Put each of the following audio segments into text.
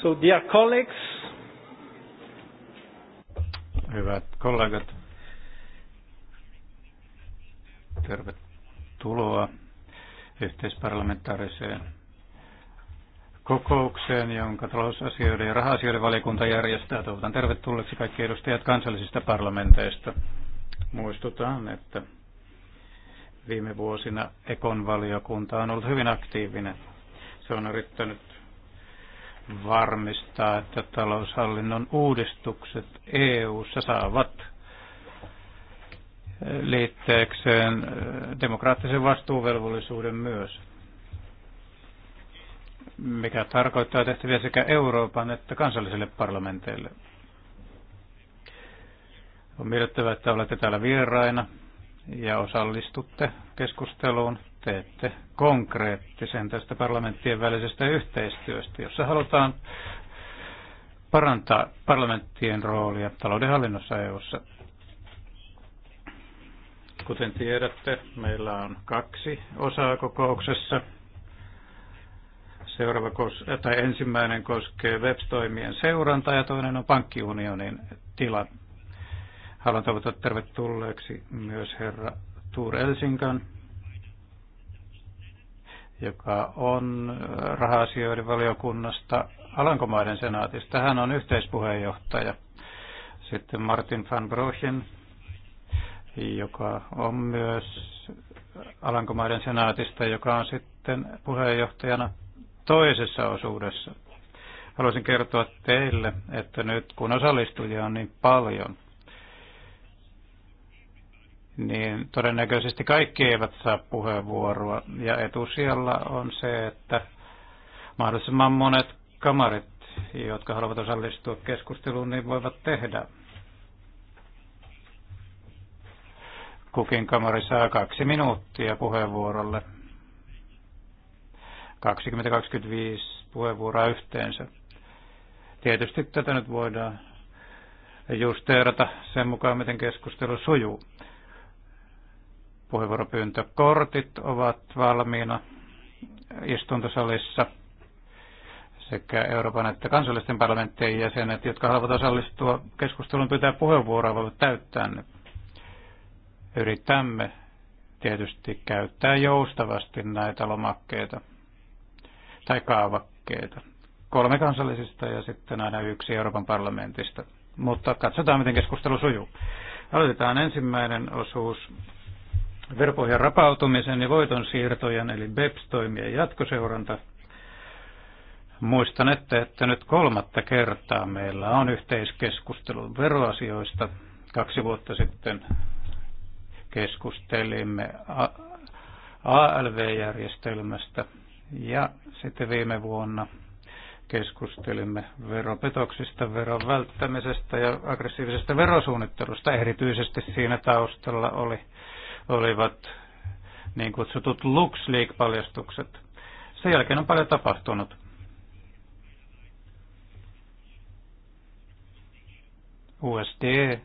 So dear colleagues, hyvät kollegat, tervetuloa yhteisparlamentaariseen kokoukseen, jonka talousasioiden ja raha-asioiden valiokunta järjestää. Toivotan tervetulleeksi kaikki edustajat kansallisista parlamenteista. Muistutaan, että viime vuosina Ekon valiokunta on ollut hyvin aktiivinen. Se on yrittänyt varmistaa, että taloushallinnon uudistukset EU-ssa saavat liitteekseen demokraattisen vastuuvelvollisuuden myös, mikä tarkoittaa tehtäviä sekä Euroopan että kansallisille parlamenteille. On miellyttävää, että olette täällä vieraina ja osallistutte keskusteluun, teette konkreettisen tästä parlamenttien välisestä yhteistyöstä, jossa halutaan parantaa parlamenttien roolia taloudenhallinnossa EU:ssa. Kuten tiedätte, meillä on kaksi osaa kokouksessa. Seuraava tai ensimmäinen koskee web-toimien seurantaa ja toinen on pankkiunionin tila. Haluan toivottaa tervetulleeksi myös herra Tuur Elsinkan, joka on äh, raha-asioiden valiokunnasta Alankomaiden senaatista. Hän on yhteispuheenjohtaja. Sitten Martin van Brochen, joka on myös Alankomaiden senaatista, joka on sitten puheenjohtajana toisessa osuudessa. Haluaisin kertoa teille, että nyt kun osallistujia on niin paljon, niin todennäköisesti kaikki eivät saa puheenvuoroa. Ja etusijalla on se, että mahdollisimman monet kamarit, jotka haluavat osallistua keskusteluun, niin voivat tehdä. Kukin kamari saa kaksi minuuttia puheenvuorolle. 20-25 puheenvuoroa yhteensä. Tietysti tätä nyt voidaan justeerata sen mukaan, miten keskustelu sujuu puheenvuoropyyntökortit ovat valmiina istuntosalissa sekä Euroopan että kansallisten parlamenttien jäsenet, jotka haluavat osallistua keskusteluun pyytää puheenvuoroa, voivat täyttää ne. Yritämme tietysti käyttää joustavasti näitä lomakkeita tai kaavakkeita. Kolme kansallisista ja sitten aina yksi Euroopan parlamentista. Mutta katsotaan, miten keskustelu sujuu. Aloitetaan ensimmäinen osuus verkkopohjan rapautumisen ja voitonsiirtojen eli BEPS-toimien jatkoseuranta. Muistan, että, että nyt kolmatta kertaa meillä on yhteiskeskustelu veroasioista. Kaksi vuotta sitten keskustelimme ALV-järjestelmästä ja sitten viime vuonna keskustelimme veropetoksista, veron välttämisestä ja aggressiivisesta verosuunnittelusta. Erityisesti siinä taustalla oli olivat niin kutsutut league paljastukset Sen jälkeen on paljon tapahtunut. USD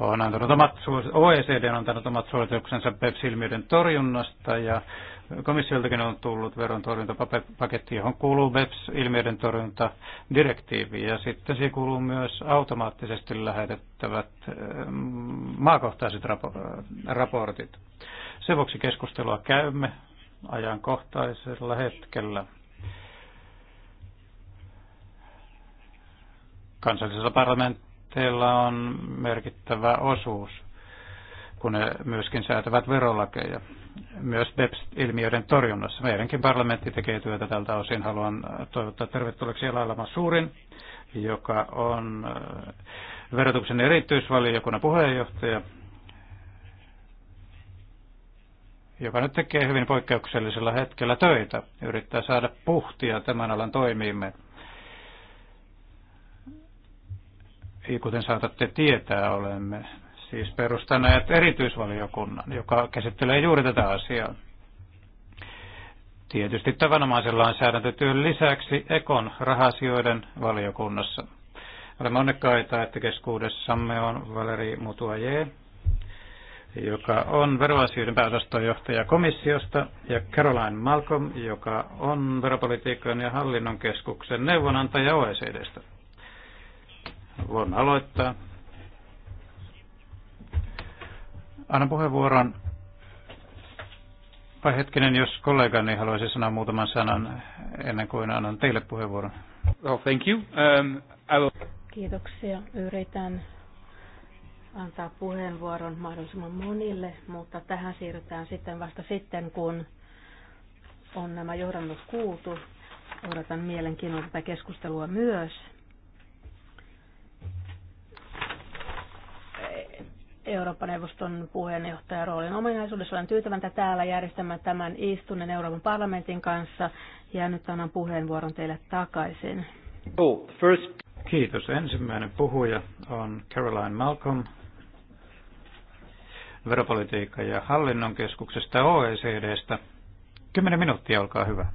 on antanut omat, OECD on antanut omat suosituksensa pepsilmiöiden torjunnasta ja Komissioltakin on tullut veron torjuntapaketti, johon kuuluu BEPS-ilmiöiden torjuntadirektiivi ja sitten siihen kuuluu myös automaattisesti lähetettävät eh, maakohtaiset raportit. Sen vuoksi keskustelua käymme ajankohtaisella hetkellä. Kansallisella parlamentteilla on merkittävä osuus, kun ne myöskin säätävät verolakeja myös BEPS-ilmiöiden torjunnassa. Meidänkin parlamentti tekee työtä tältä osin. Haluan äh, toivottaa tervetulleeksi Elailama Suurin, joka on äh, verotuksen erityisvaliokunnan puheenjohtaja, joka nyt tekee hyvin poikkeuksellisella hetkellä töitä, yrittää saada puhtia tämän alan toimiimme. Kuten saatatte tietää, olemme siis perustaneet erityisvaliokunnan, joka käsittelee juuri tätä asiaa. Tietysti tavanomaisen lainsäädäntötyön lisäksi Ekon rahasioiden valiokunnassa. Olemme onnekkaita, että keskuudessamme on Valeri Mutuaje, joka on veroasioiden päätöstöjohtaja komissiosta, ja Caroline Malcolm, joka on veropolitiikan ja hallinnon keskuksen neuvonantaja OECDstä. Voin aloittaa. Annan puheenvuoron. Vai hetkinen, jos kollegani haluaisi sanoa muutaman sanan ennen kuin annan teille puheenvuoron. Oh, thank you. Um, I will... Kiitoksia. Yritän antaa puheenvuoron mahdollisimman monille, mutta tähän siirrytään sitten vasta sitten, kun on nämä johdannut kuultu. Odotan mielenkiinnolla tätä keskustelua myös. Eurooppa-neuvoston puheenjohtajan roolin ominaisuudessa. Olen tyytyväntä täällä järjestämään tämän istunnon Euroopan parlamentin kanssa ja nyt annan puheenvuoron teille takaisin. Oh, first... Kiitos. Ensimmäinen puhuja on Caroline Malcolm veropolitiikan ja hallinnon keskuksesta OECDstä. Kymmenen minuuttia, olkaa hyvä.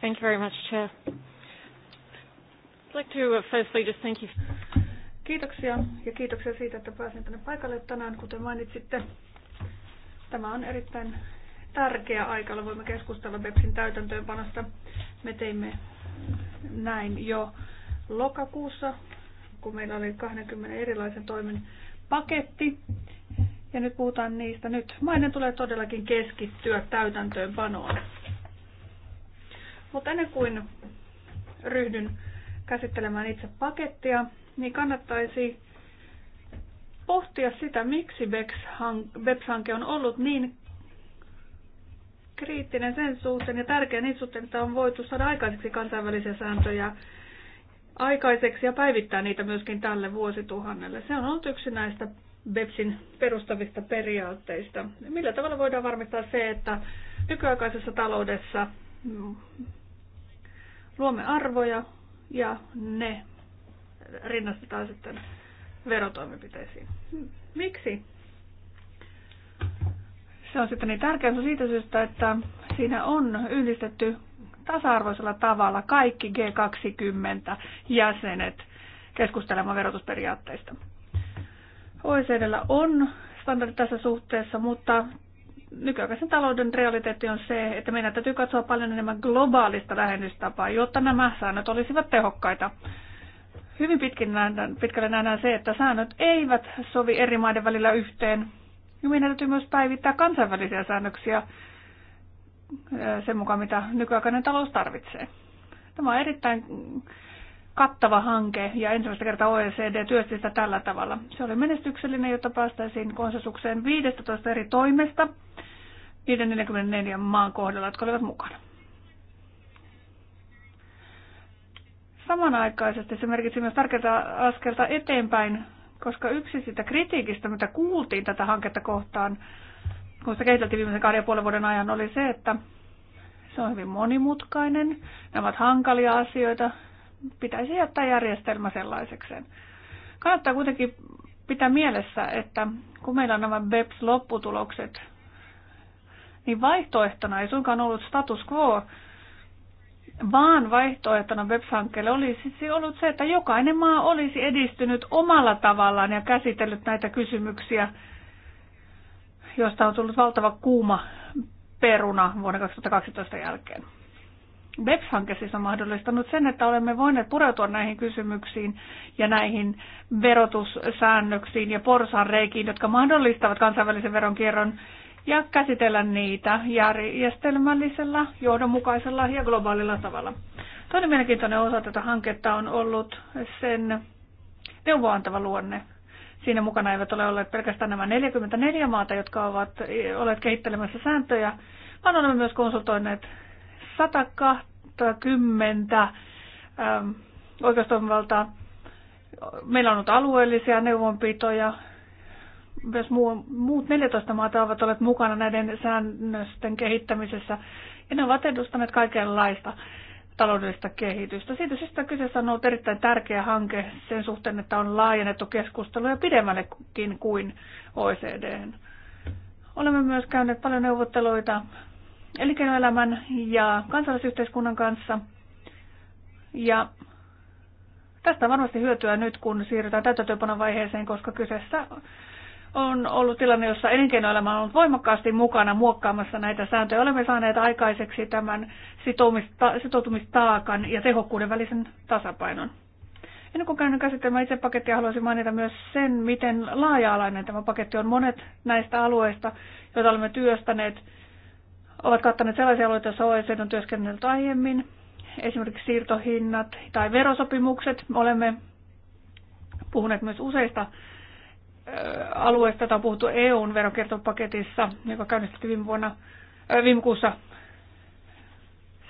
Thank you very much, Chair. I'd like to uh, firstly just thank you. Kiitoksia ja kiitoksia siitä, että pääsin tänne paikalle tänään, kuten mainitsitte. Tämä on erittäin tärkeä aika, jolla voimme keskustella BEPSin täytäntöönpanosta. Me teimme näin jo lokakuussa, kun meillä oli 20 erilaisen toimen paketti. Ja nyt puhutaan niistä nyt. mainen tulee todellakin keskittyä täytäntöönpanoon. Mutta ennen kuin ryhdyn käsittelemään itse pakettia, niin kannattaisi pohtia sitä, miksi BEPS-hanke on ollut niin kriittinen sen suhteen ja tärkeä niin suhteen, että on voitu saada aikaiseksi kansainvälisiä sääntöjä aikaiseksi ja päivittää niitä myöskin tälle vuosituhannelle. Se on ollut yksi näistä BEPSin perustavista periaatteista. Millä tavalla voidaan varmistaa se, että nykyaikaisessa taloudessa luomme arvoja ja ne rinnastetaan sitten verotoimenpiteisiin. Miksi? Se on sitten niin tärkeä se siitä syystä, että siinä on yhdistetty tasa-arvoisella tavalla kaikki G20-jäsenet keskustelemaan verotusperiaatteista. OECDllä on standardi tässä suhteessa, mutta nykyaikaisen talouden realiteetti on se, että meidän täytyy katsoa paljon enemmän globaalista lähennystapaa, jotta nämä säännöt olisivat tehokkaita. Hyvin pitkälle nähdään se, että säännöt eivät sovi eri maiden välillä yhteen. Ja meidän täytyy myös päivittää kansainvälisiä säännöksiä sen mukaan, mitä nykyaikainen talous tarvitsee. Tämä on erittäin kattava hanke ja ensimmäistä kertaa OECD työsti sitä tällä tavalla. Se oli menestyksellinen, jotta päästäisiin konsensukseen 15 eri toimesta, 54 maan kohdalla, jotka olivat mukana. Samanaikaisesti se merkitsi myös tärkeää askelta eteenpäin, koska yksi sitä kritiikistä, mitä kuultiin tätä hanketta kohtaan, kun sitä kehiteltiin viimeisen kahden ja puolen vuoden ajan, oli se, että se on hyvin monimutkainen, nämä ovat hankalia asioita, pitäisi jättää järjestelmä sellaisekseen. Kannattaa kuitenkin pitää mielessä, että kun meillä on nämä BEPS-lopputulokset, niin vaihtoehtona ei suinkaan ollut status quo, vaan vaihtoehtona beps olisi ollut se, että jokainen maa olisi edistynyt omalla tavallaan ja käsitellyt näitä kysymyksiä, joista on tullut valtava kuuma peruna vuoden 2012 jälkeen. BEPS-hanke siis on mahdollistanut sen, että olemme voineet pureutua näihin kysymyksiin ja näihin verotussäännöksiin ja porsanreikiin, jotka mahdollistavat kansainvälisen veronkierron ja käsitellä niitä järjestelmällisellä, johdonmukaisella ja globaalilla tavalla. Toinen mielenkiintoinen osa tätä hanketta on ollut sen neuvoantava luonne. Siinä mukana eivät ole olleet pelkästään nämä 44 maata, jotka ovat olleet kehittelemässä sääntöjä, vaan olemme myös konsultoineet 120 ähm, oikeustoimivaltaa. Meillä on ollut alueellisia neuvonpitoja, myös muu, muut 14 maata ovat olleet mukana näiden säännösten kehittämisessä, ja ne ovat edustaneet kaikenlaista taloudellista kehitystä. Siitä syystä kyseessä on ollut erittäin tärkeä hanke sen suhteen, että on laajennettu keskustelua pidemmällekin kuin OECD. Olemme myös käyneet paljon neuvotteluita elinkeinoelämän ja kansalaisyhteiskunnan kanssa. Ja tästä on varmasti hyötyä nyt, kun siirrytään täytäntöönpanon vaiheeseen, koska kyseessä on ollut tilanne, jossa elinkeinoelämä on ollut voimakkaasti mukana muokkaamassa näitä sääntöjä. Olemme saaneet aikaiseksi tämän sitoutumistaakan ja tehokkuuden välisen tasapainon. Ennen kuin käyn käsittelemään itse pakettia, haluaisin mainita myös sen, miten laaja-alainen tämä paketti on. Monet näistä alueista, joita olemme työstäneet, ovat kattaneet sellaisia alueita, joissa OECD on työskennellyt aiemmin. Esimerkiksi siirtohinnat tai verosopimukset. Olemme puhuneet myös useista alueesta, jota on puhuttu EUn verokiertopaketissa, joka käynnistettiin viime, vuonna, äh, viime kuussa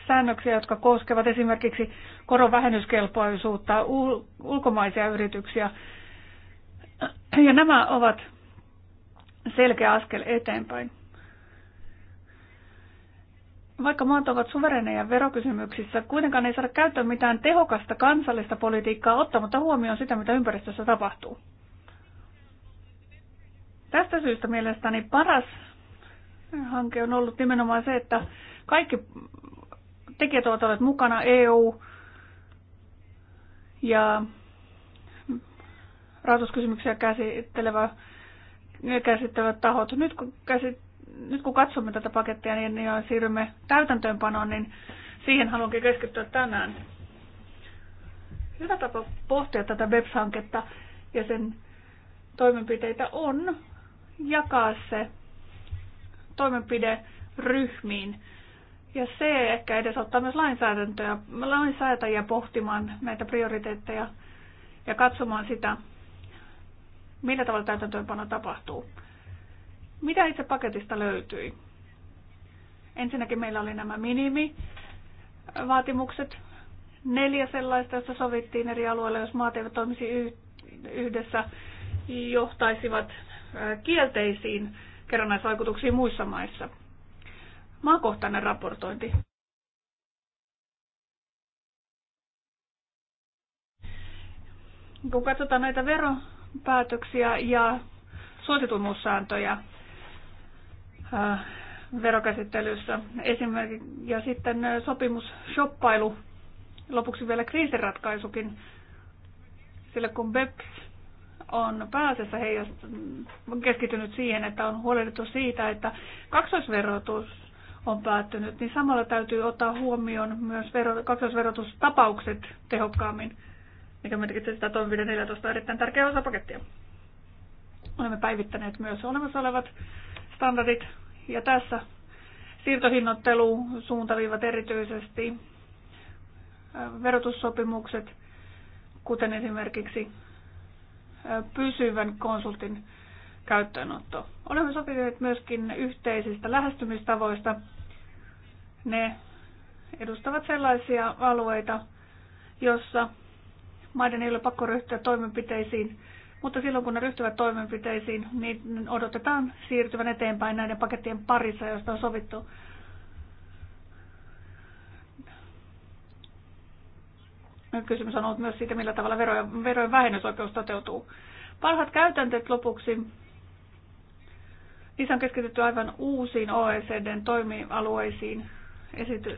säännöksiä, jotka koskevat esimerkiksi koron vähennyskelpoisuutta ulkomaisia yrityksiä. Ja nämä ovat selkeä askel eteenpäin. Vaikka maat ovat suvereneja verokysymyksissä, kuitenkaan ei saada käyttöön mitään tehokasta kansallista politiikkaa ottamatta huomioon sitä, mitä ympäristössä tapahtuu. Tästä syystä mielestäni paras hanke on ollut nimenomaan se, että kaikki tekijät ovat olleet mukana, EU ja rahoituskysymyksiä käsittelevä, käsittelevät tahot. Nyt kun, käsit, nyt kun katsomme tätä pakettia niin, ja siirrymme täytäntöönpanoon, niin siihen haluankin keskittyä tänään. Hyvä tapa pohtia tätä BEPS-hanketta ja sen toimenpiteitä on jakaa se toimenpide ryhmiin. Ja se ehkä ottaa myös lainsäädäntöä, lainsäätäjiä pohtimaan näitä prioriteetteja ja katsomaan sitä, millä tavalla täytäntöönpano tapahtuu. Mitä itse paketista löytyi? Ensinnäkin meillä oli nämä minimivaatimukset, neljä sellaista, joista sovittiin eri alueilla, jos maat eivät toimisi yhdessä, johtaisivat kielteisiin kerrannaisvaikutuksiin muissa maissa. Maakohtainen raportointi. Kun katsotaan näitä veropäätöksiä ja suositumussääntöjä verokäsittelyssä esimerkiksi, ja sitten sopimusshoppailu, lopuksi vielä kriisiratkaisukin, sillä kun BEPS on pääasiassa keskittynyt siihen, että on huolehdittu siitä, että kaksoisverotus on päättynyt, niin samalla täytyy ottaa huomioon myös vero, kaksoisverotustapaukset tehokkaammin, mikä merkitsee sitä toimenpide 14 erittäin tärkeä osa pakettia. Olemme päivittäneet myös olemassa olevat standardit ja tässä siirtohinnoittelu suuntaviivat erityisesti verotussopimukset, kuten esimerkiksi pysyvän konsultin käyttöönotto. Olemme sopineet myöskin yhteisistä lähestymistavoista. Ne edustavat sellaisia alueita, jossa maiden ei ole pakko ryhtyä toimenpiteisiin, mutta silloin kun ne ryhtyvät toimenpiteisiin, niin odotetaan siirtyvän eteenpäin näiden pakettien parissa, joista on sovittu. Kysymys on ollut myös siitä, millä tavalla verojen, verojen vähennysoikeus toteutuu. Parhaat käytänteet lopuksi. Niissä on keskitytty aivan uusiin OECDn toimialueisiin,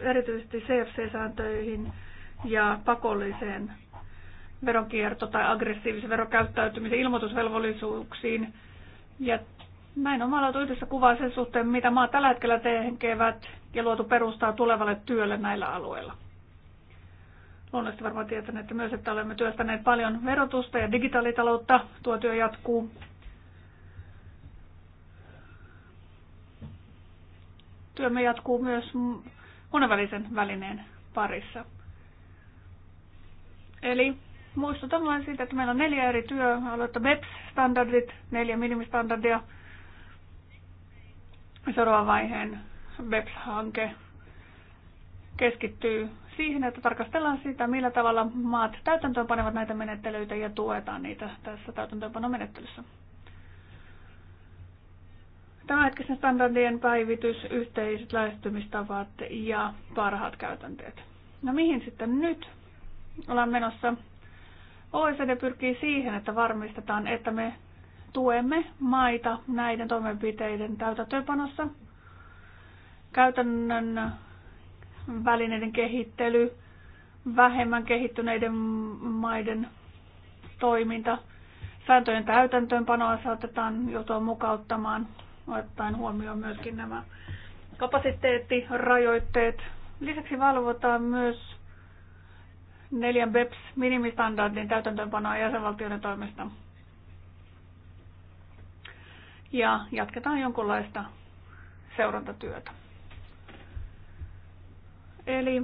erityisesti CFC-sääntöihin ja pakolliseen veronkierto- tai aggressiivisen verokäyttäytymisen ilmoitusvelvollisuuksiin. Ja näin on maalattu yhdessä kuvaa sen suhteen, mitä maat tällä hetkellä tekevät ja luotu perustaa tulevalle työlle näillä alueilla. Luonnollisesti varmaan tietäneet myös, että olemme työstäneet paljon verotusta ja digitaalitaloutta. Tuo työ jatkuu. Työmme jatkuu myös monenvälisen välineen parissa. Eli muistutan vain siitä, että meillä on neljä eri työaluetta, BEPS-standardit, neljä minimistandardia, seuraavan vaiheen BEPS-hanke, keskittyy siihen, että tarkastellaan sitä, millä tavalla maat täytäntöönpanevat näitä menettelyitä ja tuetaan niitä tässä täytäntöönpanomenettelyssä. Tämänhetkisen standardien päivitys, yhteiset lähestymistavat ja parhaat käytänteet. No mihin sitten nyt ollaan menossa? OECD pyrkii siihen, että varmistetaan, että me tuemme maita näiden toimenpiteiden täytäntöönpanossa. Käytännön välineiden kehittely, vähemmän kehittyneiden maiden toiminta. Sääntöjen täytäntöönpanoa saatetaan joutua mukauttamaan, ottaen huomioon myöskin nämä kapasiteettirajoitteet. Lisäksi valvotaan myös neljän BEPS-minimistandardin täytäntöönpanoa jäsenvaltioiden toimesta. Ja jatketaan jonkunlaista seurantatyötä. Eli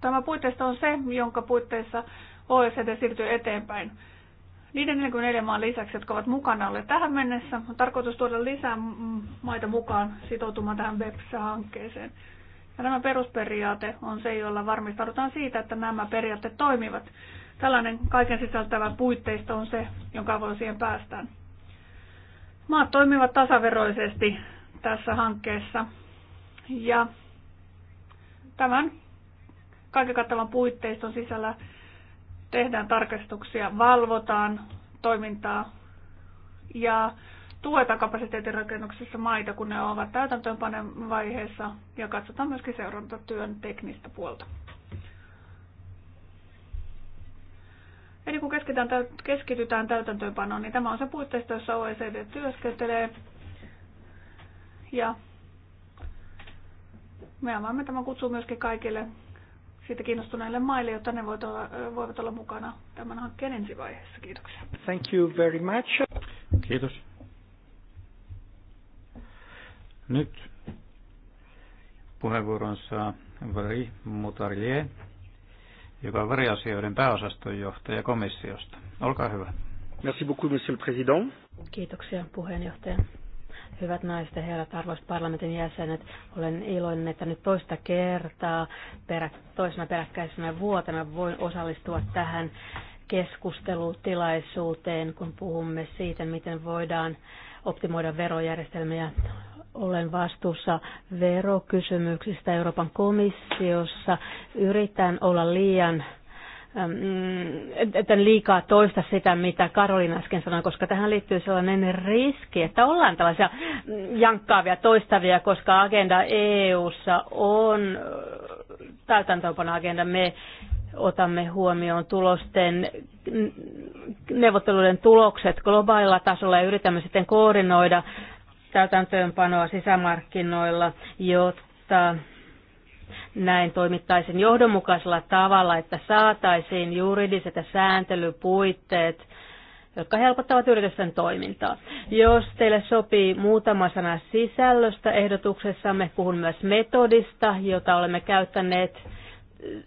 tämä puitteista on se, jonka puitteissa OECD siirtyy eteenpäin. Niiden 44 maan lisäksi, jotka ovat mukana olleet tähän mennessä, on tarkoitus tuoda lisää maita mukaan sitoutumaan tähän BEPS-hankkeeseen. Ja tämä perusperiaate on se, jolla varmistaudutaan siitä, että nämä periaatteet toimivat. Tällainen kaiken sisältävä puitteista on se, jonka avulla siihen päästään. Maat toimivat tasaveroisesti tässä hankkeessa ja tämän kaiken kattavan puitteiston sisällä tehdään tarkastuksia, valvotaan toimintaa ja tuetaan kapasiteetin rakennuksessa maita, kun ne ovat täytäntöönpanen vaiheessa ja katsotaan myöskin seurantatyön teknistä puolta. Eli kun keskitytään täytäntöönpanoon, niin tämä on se puitteista, jossa OECD työskentelee. Ja me avaamme tämän kutsun myöskin kaikille siitä kiinnostuneille maille, jotta ne voivat olla, voivat olla mukana tämän hankkeen vaiheessa. Kiitoksia. Thank you very much. Kiitos. Nyt puheenvuoron saa Vari Mutarier, joka on variasioiden pääosaston johtaja komissiosta. Olkaa hyvä. Merci beaucoup, monsieur le président. Kiitoksia puheenjohtaja. Hyvät naiset ja herrat, arvoisat parlamentin jäsenet, olen iloinen, että nyt toista kertaa perä, toisena peräkkäisenä vuotena voin osallistua tähän keskustelutilaisuuteen, kun puhumme siitä, miten voidaan optimoida verojärjestelmiä. Olen vastuussa verokysymyksistä Euroopan komissiossa. Yritän olla liian etten liikaa toista sitä, mitä Karolin äsken sanoi, koska tähän liittyy sellainen riski, että ollaan tällaisia jankkaavia toistavia, koska agenda EU:ssa on äh, täytäntöönpano agenda. Me otamme huomioon tulosten, neuvotteluiden tulokset globaalilla tasolla ja yritämme sitten koordinoida täytäntöönpanoa sisämarkkinoilla, jotta näin toimittaisin johdonmukaisella tavalla, että saataisiin juridiset ja sääntelypuitteet, jotka helpottavat yritysten toimintaa. Jos teille sopii muutama sana sisällöstä ehdotuksessamme, puhun myös metodista, jota olemme käyttäneet äh,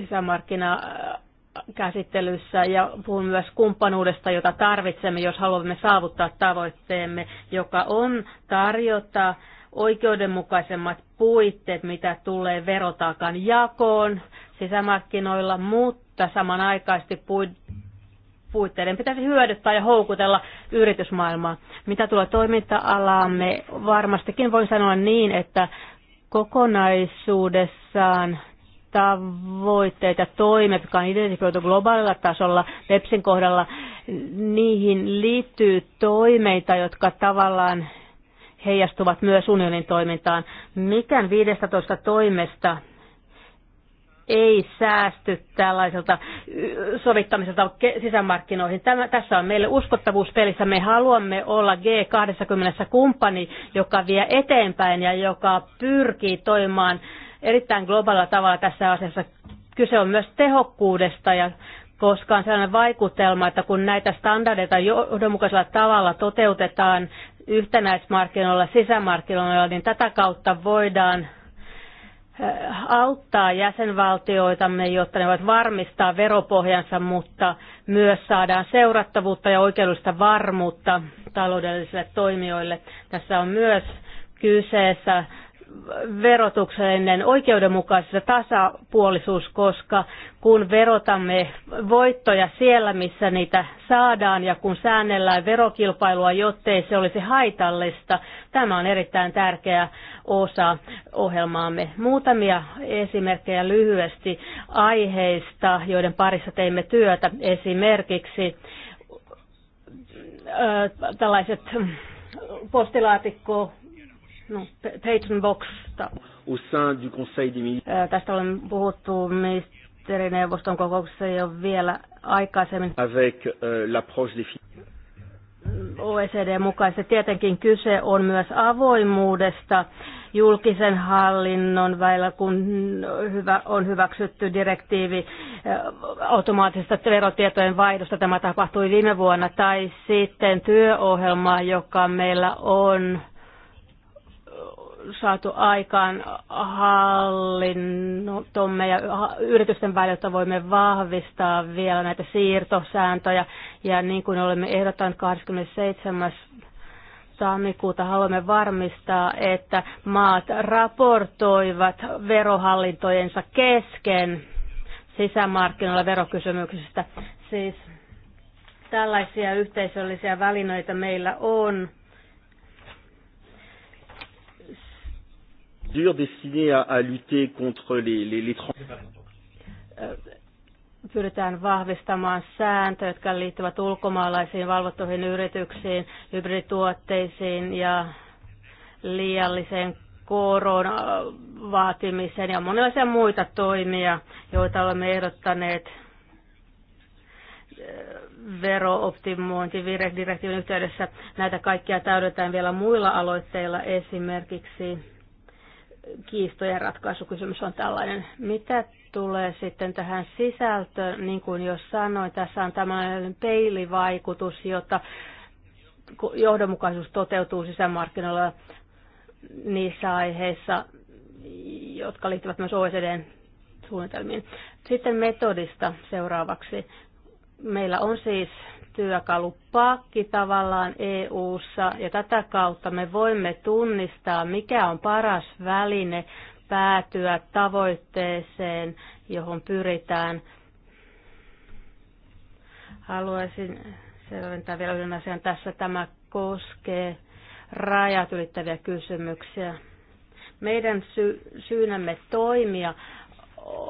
sisämarkkina äh, käsittelyssä ja puhun myös kumppanuudesta, jota tarvitsemme, jos haluamme saavuttaa tavoitteemme, joka on tarjota oikeudenmukaisemmat puitteet, mitä tulee verotaakan jakoon sisämarkkinoilla, mutta samanaikaisesti puitteiden pitäisi hyödyttää ja houkutella yritysmaailmaa. Mitä tulee toiminta-alaamme, varmastikin voin sanoa niin, että kokonaisuudessaan tavoitteet ja toimet, jotka on identifioitu globaalilla tasolla WEPSin kohdalla, niihin liittyy toimeita, jotka tavallaan heijastuvat myös unionin toimintaan. Mikään 15 toimesta ei säästy tällaiselta sovittamiselta sisämarkkinoihin. Tämä, tässä on meille uskottavuuspelissä. Me haluamme olla G20 kumppani, joka vie eteenpäin ja joka pyrkii toimimaan erittäin globaalilla tavalla tässä asiassa. Kyse on myös tehokkuudesta ja koska on sellainen vaikutelma, että kun näitä standardeita johdonmukaisella tavalla toteutetaan, yhtenäismarkkinoilla, sisämarkkinoilla, niin tätä kautta voidaan auttaa jäsenvaltioitamme, jotta ne voivat varmistaa veropohjansa, mutta myös saadaan seurattavuutta ja oikeudellista varmuutta taloudellisille toimijoille. Tässä on myös kyseessä verotuksellinen oikeudenmukaisuus ja tasapuolisuus, koska kun verotamme voittoja siellä, missä niitä saadaan ja kun säännellään verokilpailua, jottei se olisi haitallista, tämä on erittäin tärkeä osa ohjelmaamme. Muutamia esimerkkejä lyhyesti aiheista, joiden parissa teimme työtä. Esimerkiksi äh, tällaiset postilaatikko non, Peyton Boxta. Au sein du Conseil des ministres. Tästä olen puhuttu ministerineuvoston kokouksessa jo vielä aikaisemmin. Avec euh, l'approche des OECD mukaisesti tietenkin kyse on myös avoimuudesta julkisen hallinnon väillä, kun hyvä, on hyväksytty direktiivi automaattisesta verotietojen vaihdosta. Tämä tapahtui viime vuonna. Tai sitten työohjelma, joka meillä on saatu aikaan hallinnutomme ja yritysten välillä, jotta voimme vahvistaa vielä näitä siirtosääntöjä. Ja niin kuin olemme ehdottaneet 27 tammikuuta haluamme varmistaa, että maat raportoivat verohallintojensa kesken sisämarkkinoilla verokysymyksistä. Siis tällaisia yhteisöllisiä välineitä meillä on. mesures destinées à, à lutter contre les, les, les pyritään vahvistamaan sääntöjä, jotka liittyvät ulkomaalaisiin valvottuihin yrityksiin, hybridituotteisiin ja liialliseen koron vaatimiseen ja monenlaisia muita toimia, joita olemme ehdottaneet verooptimointidirektiivin yhteydessä. Näitä kaikkia täydetään vielä muilla aloitteilla, esimerkiksi kiistojen ratkaisukysymys on tällainen. Mitä tulee sitten tähän sisältöön, niin kuin jo sanoin, tässä on tämmöinen peilivaikutus, jota johdonmukaisuus toteutuu sisämarkkinoilla niissä aiheissa, jotka liittyvät myös OECDn suunnitelmiin. Sitten metodista seuraavaksi. Meillä on siis työkalupakki tavallaan EU:ssa ja tätä kautta me voimme tunnistaa, mikä on paras väline päätyä tavoitteeseen, johon pyritään. Haluaisin selventää vielä yhden asian. Tässä tämä koskee rajat ylittäviä kysymyksiä. Meidän sy- syynämme toimia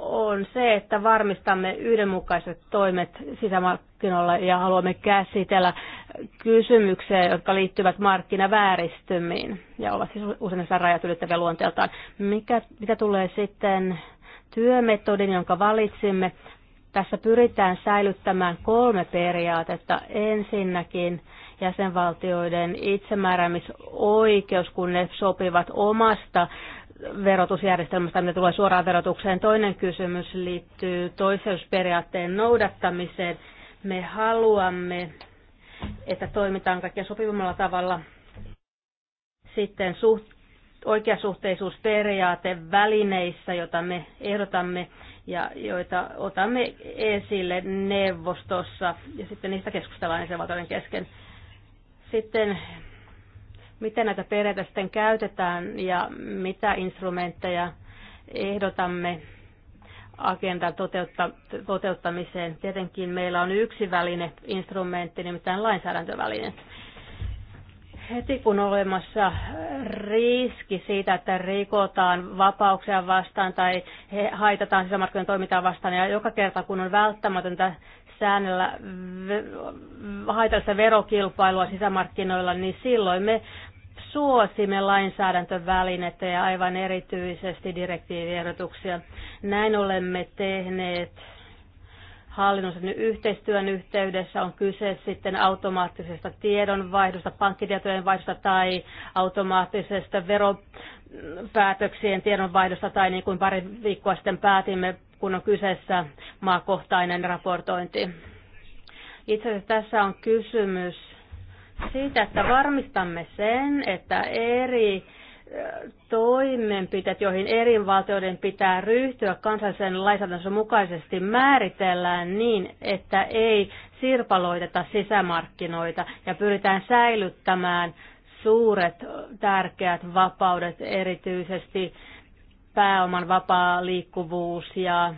on se, että varmistamme yhdenmukaiset toimet sisämarkkinoilla ja haluamme käsitellä kysymyksiä, jotka liittyvät markkinavääristymiin ja ovat siis usein rajat ylittäviä luonteeltaan. Mikä, mitä tulee sitten työmetodin, jonka valitsimme? Tässä pyritään säilyttämään kolme periaatetta. Ensinnäkin jäsenvaltioiden itsemääräämisoikeus, kun ne sopivat omasta verotusjärjestelmästä, ne tulee suoraan verotukseen. Toinen kysymys liittyy toiseusperiaatteen noudattamiseen. Me haluamme, että toimitaan kaikkein sopivimmalla tavalla. Sitten suht, oikeasuhteisuusperiaate välineissä, jota me ehdotamme ja joita otamme esille neuvostossa ja sitten niistä keskustellaan jäsenvaltioiden kesken. Sitten Miten näitä perheitä sitten käytetään ja mitä instrumentteja ehdotamme agendan toteutta, toteuttamiseen. Tietenkin meillä on yksi väline, instrumentti, nimittäin lainsäädäntöväline. Heti kun on olemassa riski siitä, että rikotaan vapauksia vastaan tai haitataan sisämarkkinoiden toimintaa vastaan, ja joka kerta kun on välttämätöntä säännellä haitallista verokilpailua sisämarkkinoilla, niin silloin me suosimme lainsäädäntövälinettä ja aivan erityisesti direktiiviehdotuksia. Näin olemme tehneet hallinnollisen yhteistyön yhteydessä on kyse sitten automaattisesta tiedonvaihdosta, pankkitietojen vaihdosta tai automaattisesta veropäätöksien tiedonvaihdosta tai niin kuin pari viikkoa sitten päätimme kun on kyseessä maakohtainen raportointi. Itse asiassa tässä on kysymys siitä, että varmistamme sen, että eri toimenpiteet, joihin eri valtioiden pitää ryhtyä kansallisen lainsäädännön mukaisesti, määritellään niin, että ei sirpaloiteta sisämarkkinoita ja pyritään säilyttämään suuret tärkeät vapaudet, erityisesti pääoman vapaa liikkuvuus ja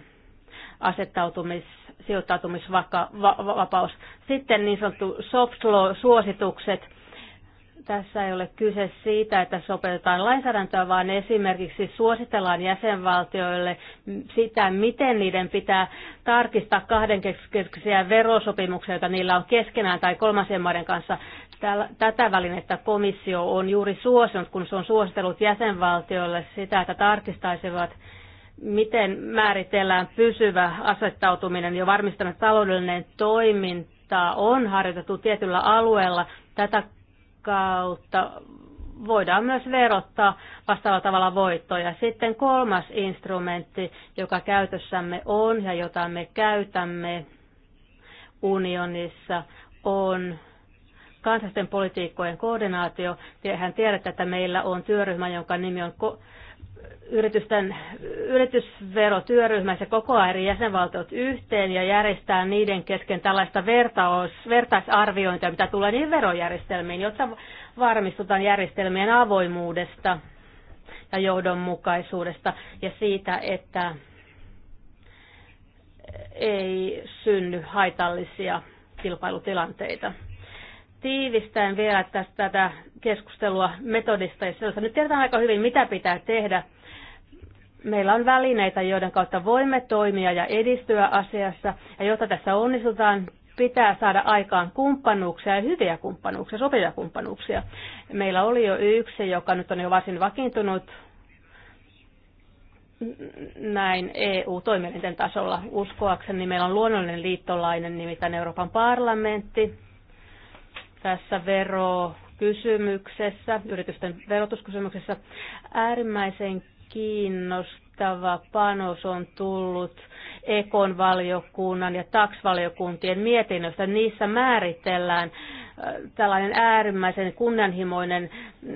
asettautumis sijoittautumisvapaus. Sitten niin sanottu soft law-suositukset. Tässä ei ole kyse siitä, että sopeutetaan lainsäädäntöä, vaan esimerkiksi suositellaan jäsenvaltioille sitä, miten niiden pitää tarkistaa kahdenkeskisiä verosopimuksia, joita niillä on keskenään tai kolmansien maiden kanssa tätä välinettä komissio on juuri suosinut, kun se on suositellut jäsenvaltioille sitä, että tarkistaisivat, miten määritellään pysyvä asettautuminen ja varmistamme, että taloudellinen toiminta on harjoitettu tietyllä alueella. Tätä kautta voidaan myös verottaa vastaavalla tavalla voittoja. Sitten kolmas instrumentti, joka käytössämme on ja jota me käytämme unionissa, on kansallisten politiikkojen koordinaatio. Hän tiedät, että meillä on työryhmä, jonka nimi on yritysten, yritysverotyöryhmä, se kokoaa eri jäsenvaltiot yhteen ja järjestää niiden kesken tällaista vertaus, vertaisarviointia, mitä tulee niihin verojärjestelmiin, jotta varmistutaan järjestelmien avoimuudesta ja johdonmukaisuudesta ja siitä, että ei synny haitallisia kilpailutilanteita tiivistäen vielä tästä, tätä keskustelua metodista ja sellaista. Nyt tiedetään aika hyvin, mitä pitää tehdä. Meillä on välineitä, joiden kautta voimme toimia ja edistyä asiassa. Ja jotta tässä onnistutaan, pitää saada aikaan kumppanuuksia ja hyviä kumppanuuksia, sopivia kumppanuuksia. Meillä oli jo yksi, joka nyt on jo varsin vakiintunut näin EU-toimielinten tasolla uskoakseni. Meillä on luonnollinen liittolainen, nimittäin Euroopan parlamentti tässä verokysymyksessä, yritysten verotuskysymyksessä. Äärimmäisen kiinnostava panos on tullut Ekon valiokunnan ja taksvaliokuntien mietinnöstä. Niissä määritellään äh, tällainen äärimmäisen kunnianhimoinen mm,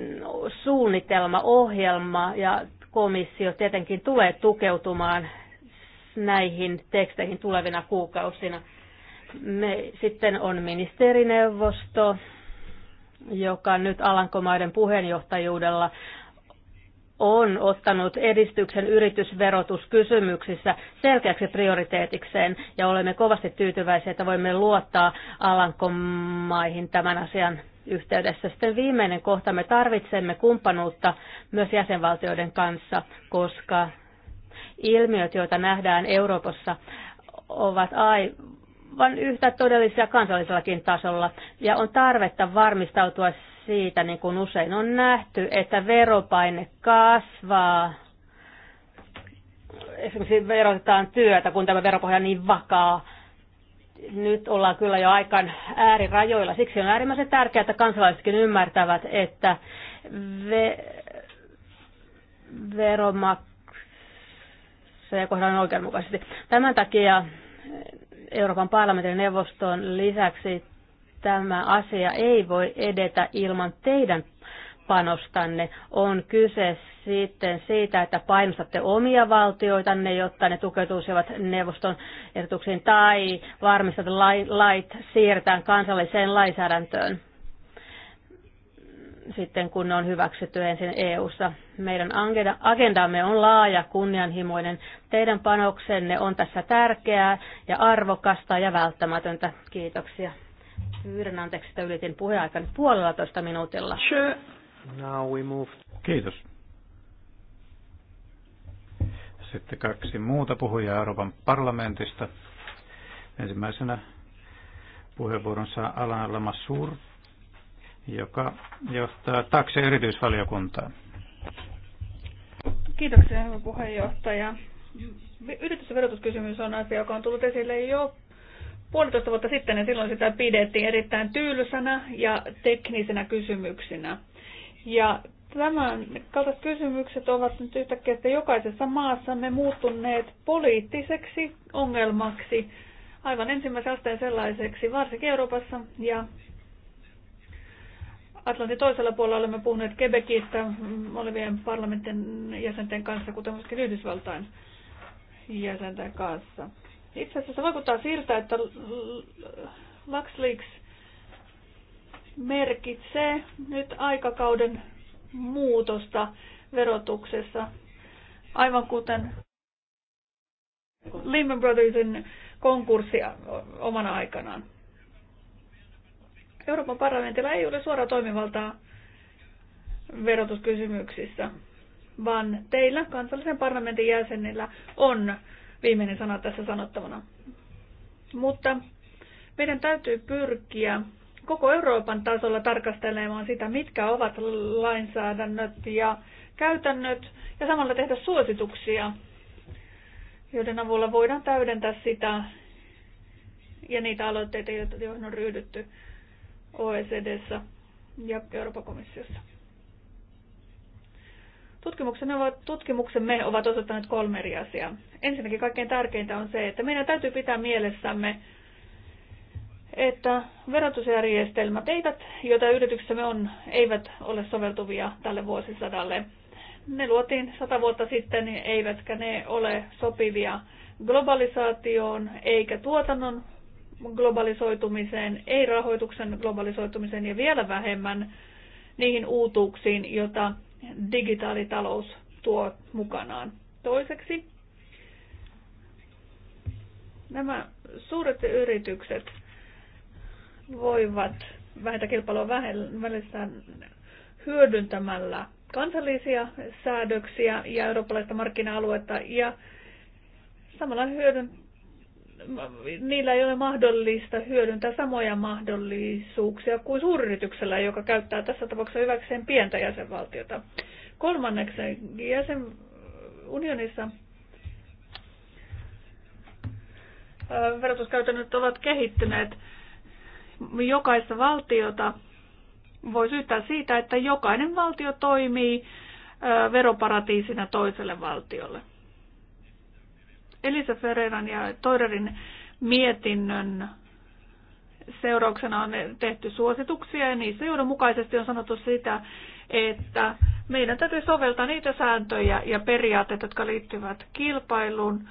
suunnitelma, ohjelma ja komissio tietenkin tulee tukeutumaan näihin teksteihin tulevina kuukausina. Me, sitten on ministerineuvosto, joka nyt Alankomaiden puheenjohtajuudella on ottanut edistyksen yritysverotuskysymyksissä selkeäksi prioriteetikseen ja olemme kovasti tyytyväisiä, että voimme luottaa Alankomaihin tämän asian yhteydessä. Sitten viimeinen kohta, me tarvitsemme kumppanuutta myös jäsenvaltioiden kanssa, koska ilmiöt, joita nähdään Euroopassa, ovat vaan yhtä todellisia kansallisellakin tasolla. Ja on tarvetta varmistautua siitä, niin kuin usein on nähty, että veropaine kasvaa. Esimerkiksi verotetaan työtä, kun tämä veropohja on niin vakaa. Nyt ollaan kyllä jo aikaan äärirajoilla. Siksi on äärimmäisen tärkeää, että kansalaisetkin ymmärtävät, että ve- veromaksuja kohdellaan oikeudenmukaisesti. Tämän takia Euroopan parlamentin neuvoston lisäksi tämä asia ei voi edetä ilman teidän panostanne. On kyse sitten siitä, että painostatte omia valtioitanne, jotta ne tukeutuisivat neuvoston ehdotuksiin, tai varmistatte lait siirtään kansalliseen lainsäädäntöön sitten kun ne on hyväksytty ensin EU-ssa. Meidän agendamme on laaja, kunnianhimoinen. Teidän panoksenne on tässä tärkeää ja arvokasta ja välttämätöntä. Kiitoksia. Pyydän anteeksi, että ylitin puheaikani puolellatoista minuutilla. Sure. Now we move. Kiitos. Sitten kaksi muuta puhujaa Euroopan parlamentista. Ensimmäisenä puheenvuoron saa Alan Lamassur joka johtaa takse yritysvaliokuntaan. Kiitoksia, hyvä puheenjohtaja. Yritysverotuskysymys on asia, joka on tullut esille jo puolitoista vuotta sitten, ja silloin sitä pidettiin erittäin tylsänä ja teknisenä kysymyksinä. Ja tämän kaltaiset kysymykset ovat nyt yhtäkkiä, että jokaisessa maassamme muuttuneet poliittiseksi ongelmaksi, aivan ensimmäisen asteen sellaiseksi, varsinkin Euroopassa, ja Atlantin toisella puolella olemme puhuneet Quebecistä mm, olevien parlamentin jäsenten kanssa, kuten myöskin Yhdysvaltain jäsenten kanssa. Itse asiassa vaikuttaa siltä, että LuxLeaks merkitsee nyt aikakauden muutosta verotuksessa, aivan kuten Lehman Brothersin konkurssia omana aikanaan. Euroopan parlamentilla ei ole suoraa toimivaltaa verotuskysymyksissä, vaan teillä, kansallisen parlamentin jäsenillä, on viimeinen sana tässä sanottavana. Mutta meidän täytyy pyrkiä koko Euroopan tasolla tarkastelemaan sitä, mitkä ovat lainsäädännöt ja käytännöt, ja samalla tehdä suosituksia, joiden avulla voidaan täydentää sitä ja niitä aloitteita, joihin on ryhdytty. OECDssä ja Euroopan komissiossa. Tutkimuksemme ovat, tutkimuksemme ovat osoittaneet kolme eri asiaa. Ensinnäkin kaikkein tärkeintä on se, että meidän täytyy pitää mielessämme, että verotusjärjestelmät, eivät, joita yrityksemme on, eivät ole soveltuvia tälle vuosisadalle. Ne luotiin sata vuotta sitten, eivätkä ne ole sopivia globalisaatioon eikä tuotannon globalisoitumiseen, ei rahoituksen globalisoitumiseen ja vielä vähemmän niihin uutuuksiin, joita digitaalitalous tuo mukanaan. Toiseksi nämä suuret yritykset voivat vähentää kilpailua välissään hyödyntämällä kansallisia säädöksiä ja eurooppalaista markkina-aluetta ja samalla hyödyn, niillä ei ole mahdollista hyödyntää samoja mahdollisuuksia kuin suuryrityksellä, joka käyttää tässä tapauksessa hyväkseen pientä jäsenvaltiota. Kolmanneksi jäsen unionissa verotuskäytännöt ovat kehittyneet. Jokaista valtiota voi syyttää siitä, että jokainen valtio toimii veroparatiisina toiselle valtiolle. Elisa Ferreiran ja Toirerin mietinnön seurauksena on tehty suosituksia ja niissä johdonmukaisesti on sanottu sitä, että meidän täytyy soveltaa niitä sääntöjä ja periaatteita, jotka liittyvät kilpailuun.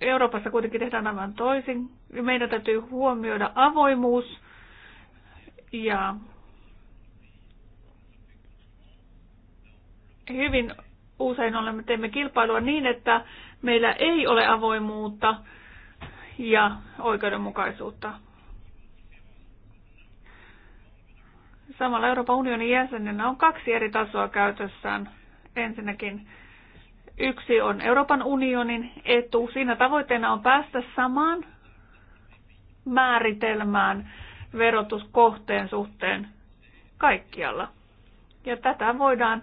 Euroopassa kuitenkin tehdään aivan toisin. Meidän täytyy huomioida avoimuus ja hyvin usein olemme, teemme kilpailua niin, että meillä ei ole avoimuutta ja oikeudenmukaisuutta. Samalla Euroopan unionin jäsenenä on kaksi eri tasoa käytössään. Ensinnäkin yksi on Euroopan unionin etu. Siinä tavoitteena on päästä samaan määritelmään verotuskohteen suhteen kaikkialla. Ja tätä voidaan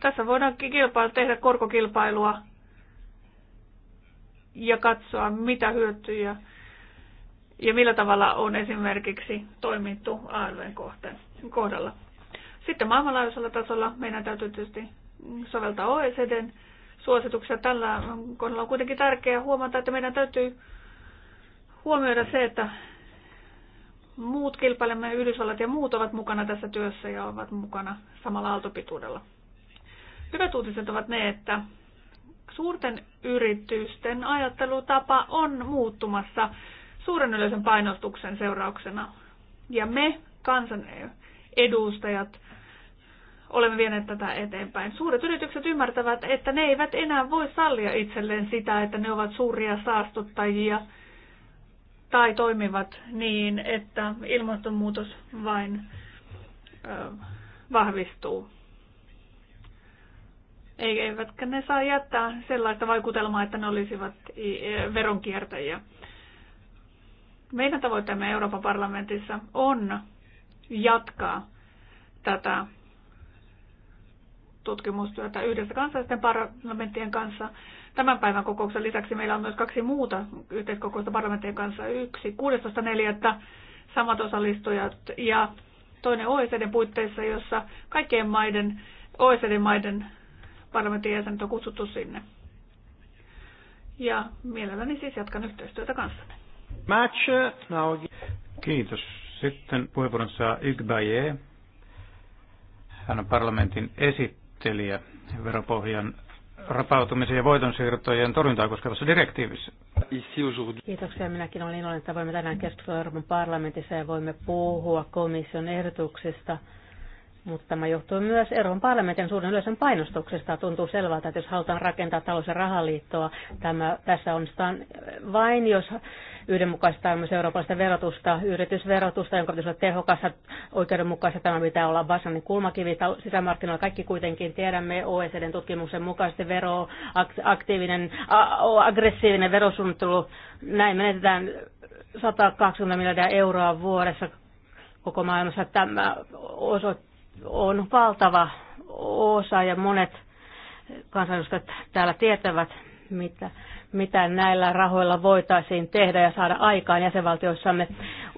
tässä voidaan kilpailu, tehdä korkokilpailua ja katsoa, mitä hyötyjä ja millä tavalla on esimerkiksi toimittu ALVn kohdalla. Sitten maailmanlaajuisella tasolla meidän täytyy tietysti soveltaa OECDn suosituksia. Tällä kohdalla on kuitenkin tärkeää huomata, että meidän täytyy huomioida se, että muut kilpailemme, Yhdysvallat ja muut ovat mukana tässä työssä ja ovat mukana samalla aaltopituudella. Hyvät uutiset ovat ne, että suurten yritysten ajattelutapa on muuttumassa suuren yleisön painostuksen seurauksena. Ja me kansan edustajat olemme vieneet tätä eteenpäin. Suuret yritykset ymmärtävät, että ne eivät enää voi sallia itselleen sitä, että ne ovat suuria saastuttajia tai toimivat niin, että ilmastonmuutos vain ö, vahvistuu eivätkä ne saa jättää sellaista vaikutelmaa, että ne olisivat e, veronkiertäjiä. Meidän tavoitteemme Euroopan parlamentissa on jatkaa tätä tutkimustyötä yhdessä kansallisten parlamenttien kanssa. Tämän päivän kokouksen lisäksi meillä on myös kaksi muuta yhteiskokousta parlamenttien kanssa. Yksi 16.4. samat osallistujat ja toinen OECDn puitteissa, jossa kaikkien maiden, OECD-maiden parlamentin jäsenet on kutsuttu sinne. Ja mielelläni siis jatkan yhteistyötä kanssanne. Match. Now. Kiitos. Sitten puheenvuoron saa Ygbaye. Hän on parlamentin esittelijä veropohjan rapautumisen ja voitonsiirtojen torjuntaa koskevassa direktiivissä. Kiitoksia. Minäkin olen iloinen, että voimme tänään keskustella Euroopan parlamentissa ja voimme puhua komission ehdotuksesta – mutta tämä johtuu myös Euroopan parlamentin suuren yleisön painostuksesta. Tuntuu selvältä, että jos halutaan rakentaa talous- ja rahaliittoa, tämä, tässä onnistaan vain, jos yhdenmukaistaan myös eurooppalaista verotusta, yritysverotusta, jonka pitäisi olla tehokasta, oikeudenmukaista. Tämä pitää olla Basanin kulmakivi sisämarkkinoilla. Kaikki kuitenkin tiedämme OECDn tutkimuksen mukaisesti vero, aktiivinen, aggressiivinen verosuunnittelu. Näin menetetään 120 miljardia euroa vuodessa koko maailmassa. Tämä osoittaa on valtava osa ja monet kansanedustajat täällä tietävät, mitä, mitä näillä rahoilla voitaisiin tehdä ja saada aikaan jäsenvaltioissamme.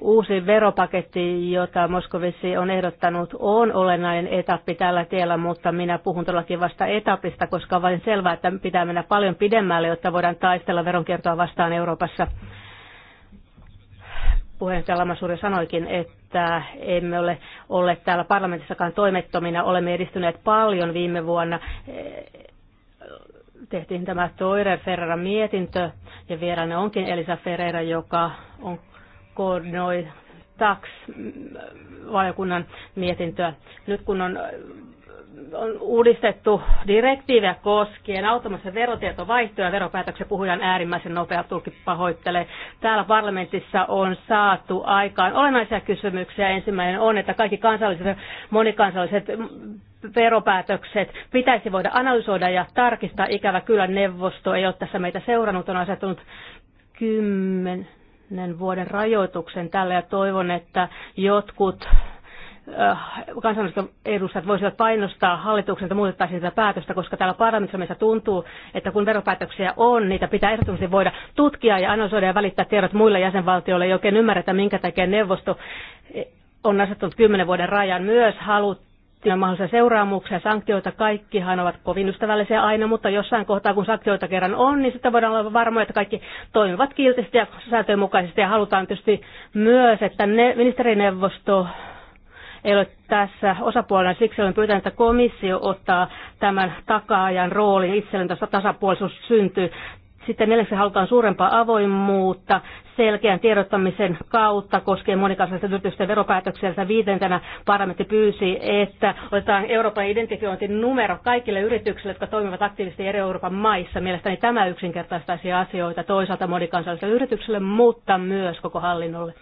Uusi veropaketti, jota Moskovissi on ehdottanut, on olennainen etappi tällä tiellä, mutta minä puhun todellakin vasta etapista, koska on vain selvää, että pitää mennä paljon pidemmälle, jotta voidaan taistella veronkiertoa vastaan Euroopassa puheenjohtaja Lamasuri sanoikin, että emme ole olleet täällä parlamentissakaan toimettomina. Olemme edistyneet paljon viime vuonna. Eh, tehtiin tämä Toire Ferreran mietintö ja vieraana onkin Elisa Ferreira, joka on koordinoi TAX-valiokunnan mietintöä. Nyt kun on on uudistettu direktiiviä koskien automaattisen verotietovaihtoja ja veropäätöksen puhujan äärimmäisen nopea tulkki pahoittelee. Täällä parlamentissa on saatu aikaan olennaisia kysymyksiä. Ensimmäinen on, että kaikki kansalliset ja monikansalliset veropäätökset pitäisi voida analysoida ja tarkistaa. Ikävä kyllä neuvosto ei ole tässä meitä seurannut, on asettunut kymmenen vuoden rajoituksen tällä ja toivon, että jotkut Äh, kansalliset edustajat voisivat painostaa hallitukselta muutettaisiin tätä päätöstä, koska täällä parlamentissa tuntuu, että kun veropäätöksiä on, niitä pitää ehdottomasti voida tutkia ja analysoida ja välittää tiedot muille jäsenvaltioille, ei oikein ymmärretä, minkä takia neuvosto eh, on asettanut kymmenen vuoden rajan myös haluttu ja mahdollisia seuraamuksia, sanktioita, kaikkihan ovat kovin ystävällisiä aina, mutta jossain kohtaa, kun sanktioita kerran on, niin sitten voidaan olla varmoja, että kaikki toimivat kiltisti ja sääntöjen mukaisesti. Ja halutaan tietysti myös, että ne, ministerineuvosto ei ole tässä osapuolena. Siksi olen pyytänyt, että komissio ottaa tämän takaajan roolin itselleen, tässä tasapuolisuus syntyy. Sitten neljäksi halutaan suurempaa avoimuutta selkeän tiedottamisen kautta koskien monikansallisten yritysten veropäätöksiä. Viidentenä parlamentti pyysi, että otetaan Euroopan identifiointin numero kaikille yrityksille, jotka toimivat aktiivisesti eri Euroopan maissa. Mielestäni tämä yksinkertaistaisi asioita toisaalta monikansallisille yrityksille, mutta myös koko hallinnolle.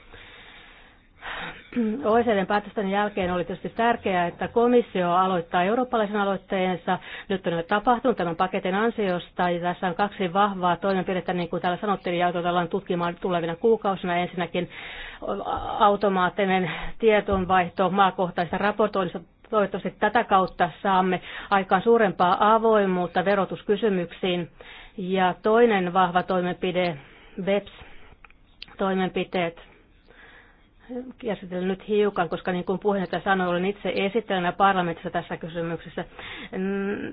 OECDn päätösten jälkeen oli tietysti tärkeää, että komissio aloittaa eurooppalaisen aloitteensa. Nyt on tapahtunut tämän paketin ansiosta ja tässä on kaksi vahvaa toimenpidettä, niin kuin täällä sanottiin, ja tuota, ollaan tutkimaan tulevina kuukausina. Ensinnäkin automaattinen tietonvaihto maakohtaisesta raportoinnista toivottavasti tätä kautta saamme aikaan suurempaa avoimuutta verotuskysymyksiin. Ja toinen vahva toimenpide, BEPS-toimenpiteet, käsitellä nyt hiukan, koska niin kuin puheenjohtaja sanoi, olen itse esittelenä parlamentissa tässä kysymyksessä. Mm,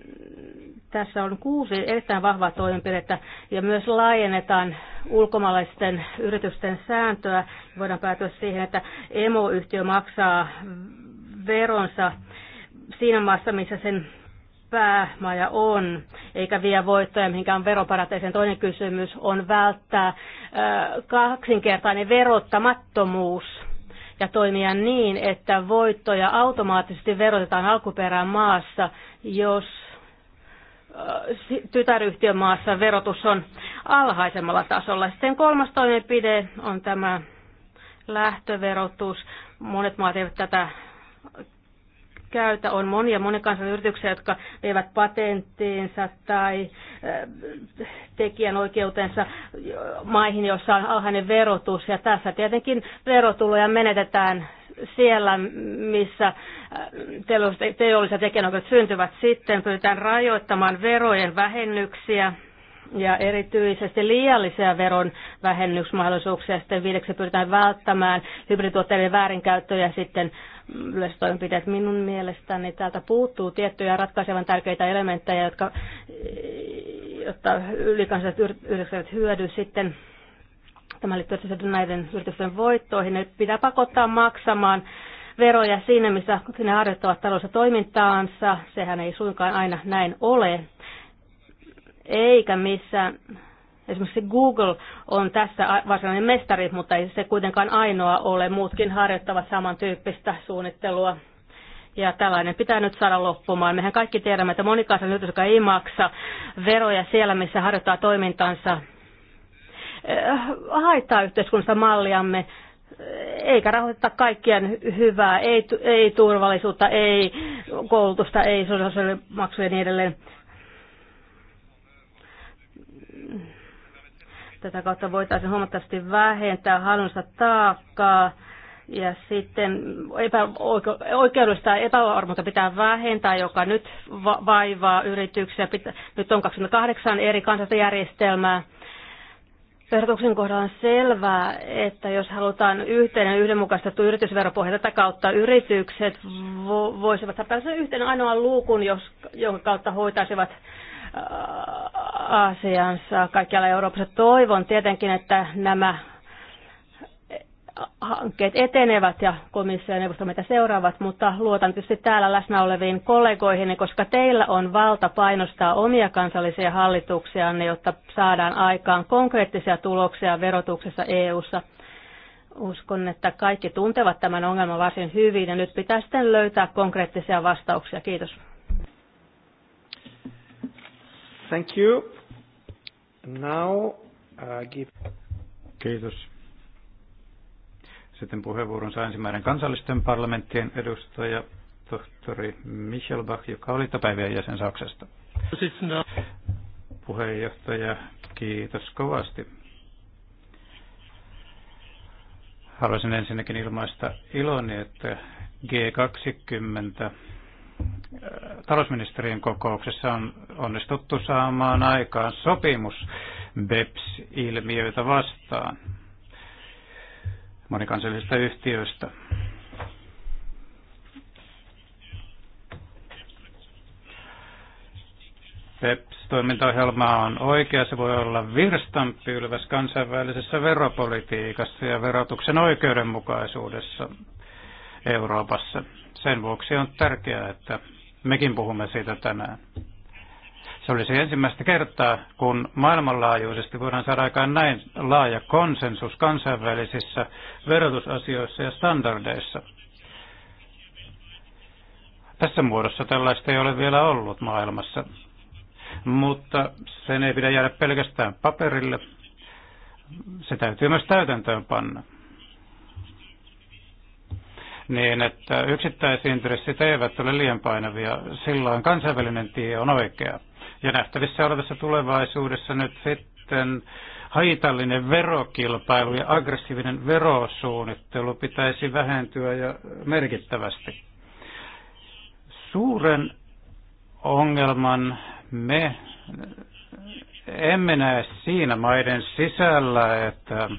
tässä on kuusi erittäin vahvaa toimenpidettä ja myös laajennetaan ulkomaalaisten yritysten sääntöä. Voidaan päätyä siihen, että emoyhtiö maksaa veronsa siinä maassa, missä sen päämaja on, eikä vie voittoja mihinkään veroparateeseen. Toinen kysymys on välttää kaksinkertainen verottamattomuus ja toimia niin, että voittoja automaattisesti verotetaan alkuperään maassa, jos äh, tytäryhtiön maassa verotus on alhaisemmalla tasolla. Sitten kolmas toimenpide on tämä lähtöverotus. Monet maat eivät tätä käytä. On monia monikansallisia yrityksiä, jotka vievät patenttiinsa tai äh, tekijänoikeutensa maihin, joissa on alhainen verotus. Ja tässä tietenkin verotuloja menetetään siellä, missä äh, teolliset tekijänoikeudet syntyvät sitten. Pyritään rajoittamaan verojen vähennyksiä ja erityisesti liiallisia veron vähennysmahdollisuuksia. Sitten viideksi pyritään välttämään hybridituotteiden väärinkäyttöjä sitten yleistoimenpiteet. Minun mielestäni täältä puuttuu tiettyjä ratkaisevan tärkeitä elementtejä, jotka, jotta ylikansalliset yritykset hyödy sitten tämä liittyy siis näiden yritysten voittoihin. Ne pitää pakottaa maksamaan veroja siinä, missä ne harjoittavat taloudessa toimintaansa. Sehän ei suinkaan aina näin ole, eikä missään Esimerkiksi Google on tässä varsinainen mestari, mutta ei se kuitenkaan ainoa ole. Muutkin harjoittavat samantyyppistä suunnittelua. Ja tällainen pitää nyt saada loppumaan. Mehän kaikki tiedämme, että monikansan yritys, joka ei maksa veroja siellä, missä harjoittaa toimintansa, eh, haittaa yhteiskunnasta malliamme, eh, eikä rahoiteta kaikkien hyvää, ei, ei turvallisuutta, ei koulutusta, ei sosiaalimaksuja ja niin edelleen. Tätä kautta voitaisiin huomattavasti vähentää hallinnosta taakkaa ja sitten oikeudellista epävarmuutta pitää vähentää, joka nyt vaivaa yrityksiä. Nyt on 28 eri kansallista järjestelmää. Verotuksen kohdalla on selvää, että jos halutaan yhteinen yhdenmukaistettu yritysveropohja, tätä kautta yritykset voisivat saada yhteen ainoan luukun, jos, jonka kautta hoitaisivat asiansa kaikkialla Euroopassa. Toivon tietenkin, että nämä hankkeet etenevät ja komissio ja neuvosto meitä seuraavat, mutta luotan tietysti täällä läsnä oleviin kollegoihin, koska teillä on valta painostaa omia kansallisia hallituksianne, jotta saadaan aikaan konkreettisia tuloksia verotuksessa EU-ssa. Uskon, että kaikki tuntevat tämän ongelman varsin hyvin ja nyt pitää sitten löytää konkreettisia vastauksia. Kiitos. Thank you. Now, uh, give... Kiitos. Sitten puheenvuoron saa ensimmäinen kansallisten parlamenttien edustaja, tohtori Bach, joka oli tapäivien jäsen Saksasta. Puheenjohtaja, kiitos kovasti. Haluaisin ensinnäkin ilmaista iloni, että G20 talousministerien kokouksessa on onnistuttu saamaan aikaan sopimus BEPS-ilmiöitä vastaan monikansallisista yhtiöistä. beps toimintaohjelma on oikea. Se voi olla virstanpylväs kansainvälisessä veropolitiikassa ja verotuksen oikeudenmukaisuudessa Euroopassa. Sen vuoksi on tärkeää, että mekin puhumme siitä tänään. Se olisi ensimmäistä kertaa, kun maailmanlaajuisesti voidaan saada aikaan näin laaja konsensus kansainvälisissä verotusasioissa ja standardeissa. Tässä muodossa tällaista ei ole vielä ollut maailmassa, mutta sen ei pidä jäädä pelkästään paperille. Se täytyy myös täytäntöön panna niin että intressit eivät ole liian painavia, silloin kansainvälinen tie on oikea. Ja nähtävissä olevassa tulevaisuudessa nyt sitten haitallinen verokilpailu ja aggressiivinen verosuunnittelu pitäisi vähentyä ja merkittävästi. Suuren ongelman me emme näe siinä maiden sisällä, että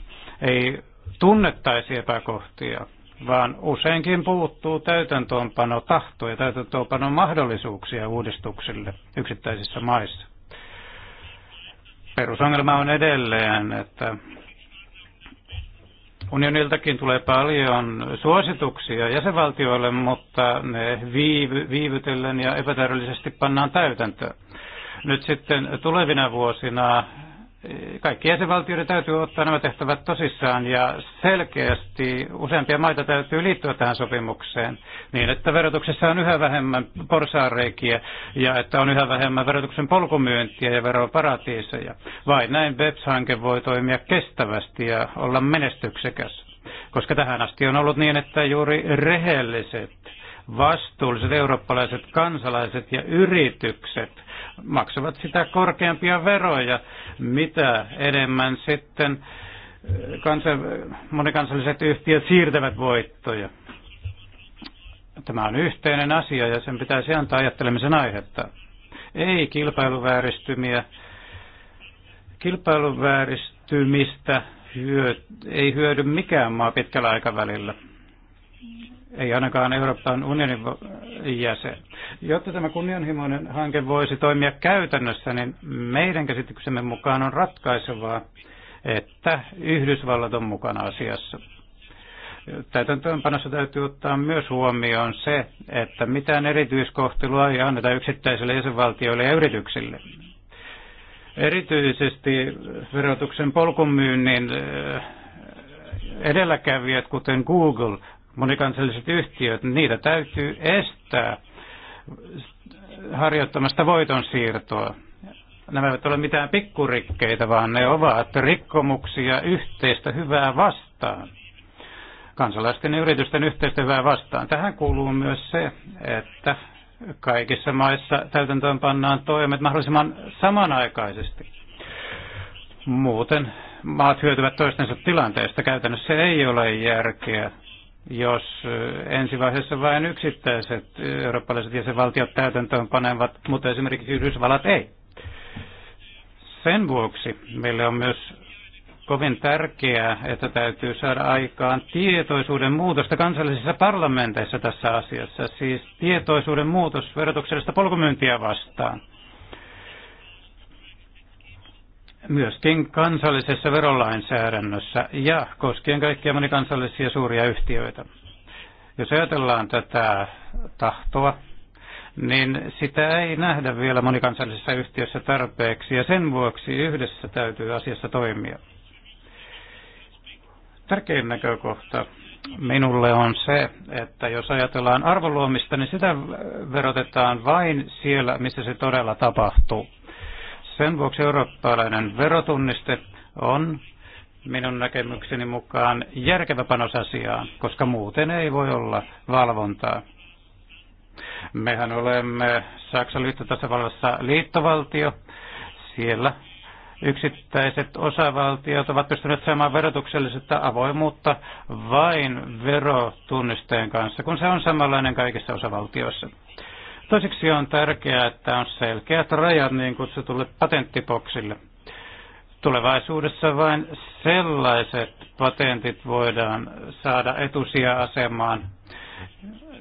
ei tunnettaisi epäkohtia – vaan useinkin puuttuu täytäntöönpano tahto ja täytäntöönpano mahdollisuuksia uudistuksille yksittäisissä maissa. Perusongelma on edelleen, että unioniltakin tulee paljon suosituksia jäsenvaltioille, mutta ne viivy, viivytellen ja epätäydellisesti pannaan täytäntöön. Nyt sitten tulevina vuosina kaikki jäsenvaltioiden täytyy ottaa nämä tehtävät tosissaan ja selkeästi useampia maita täytyy liittyä tähän sopimukseen niin, että verotuksessa on yhä vähemmän porsaareikiä ja että on yhä vähemmän verotuksen polkumyöntiä ja veroparatiiseja. Vain näin BEPS-hanke voi toimia kestävästi ja olla menestyksekäs, koska tähän asti on ollut niin, että juuri rehelliset, vastuulliset eurooppalaiset kansalaiset ja yritykset – maksavat sitä korkeampia veroja, mitä enemmän sitten eh, kansa, monikansalliset yhtiöt siirtävät voittoja. Tämä on yhteinen asia ja sen pitäisi antaa ajattelemisen aihetta. Ei kilpailuvääristymiä. Kilpailuvääristymistä hyö, ei hyödy mikään maa pitkällä aikavälillä ei ainakaan Euroopan unionin jäsen. Jotta tämä kunnianhimoinen hanke voisi toimia käytännössä, niin meidän käsityksemme mukaan on ratkaisevaa, että Yhdysvallat on mukana asiassa. Täytäntöönpanossa täytyy ottaa myös huomioon se, että mitään erityiskohtelua ei anneta yksittäisille jäsenvaltioille ja yrityksille. Erityisesti verotuksen polkumyynnin eh, edelläkävijät, kuten Google, Monikansalliset yhtiöt, niitä täytyy estää harjoittamasta voitonsiirtoa. Nämä eivät ole mitään pikkurikkeitä, vaan ne ovat rikkomuksia yhteistä hyvää vastaan kansalaisten ja yritysten hyvää vastaan. Tähän kuuluu myös se, että kaikissa maissa täytäntöön pannaan toimet mahdollisimman samanaikaisesti. Muuten maat hyötyvät toistensa tilanteesta. Käytännössä ei ole järkeä jos ensivaiheessa vain yksittäiset eurooppalaiset jäsenvaltiot täytäntöön panevat, mutta esimerkiksi Yhdysvallat ei. Sen vuoksi meille on myös kovin tärkeää, että täytyy saada aikaan tietoisuuden muutosta kansallisissa parlamenteissa tässä asiassa, siis tietoisuuden muutos verotuksellista polkumyyntiä vastaan. myöskin kansallisessa verolainsäädännössä ja koskien kaikkia monikansallisia suuria yhtiöitä. Jos ajatellaan tätä tahtoa, niin sitä ei nähdä vielä monikansallisessa yhtiössä tarpeeksi ja sen vuoksi yhdessä täytyy asiassa toimia. Tärkein näkökohta minulle on se, että jos ajatellaan arvoluomista, niin sitä verotetaan vain siellä, missä se todella tapahtuu. Sen vuoksi eurooppalainen verotunniste on minun näkemykseni mukaan järkevä panos asiaan, koska muuten ei voi olla valvontaa. Mehän olemme Saksan liittotasavallassa liittovaltio. Siellä yksittäiset osavaltiot ovat pystyneet saamaan verotuksellisesta avoimuutta vain verotunnisteen kanssa, kun se on samanlainen kaikissa osavaltioissa. Toiseksi on tärkeää, että on selkeät rajat niin kutsutulle patenttipoksille. Tulevaisuudessa vain sellaiset patentit voidaan saada etusia asemaan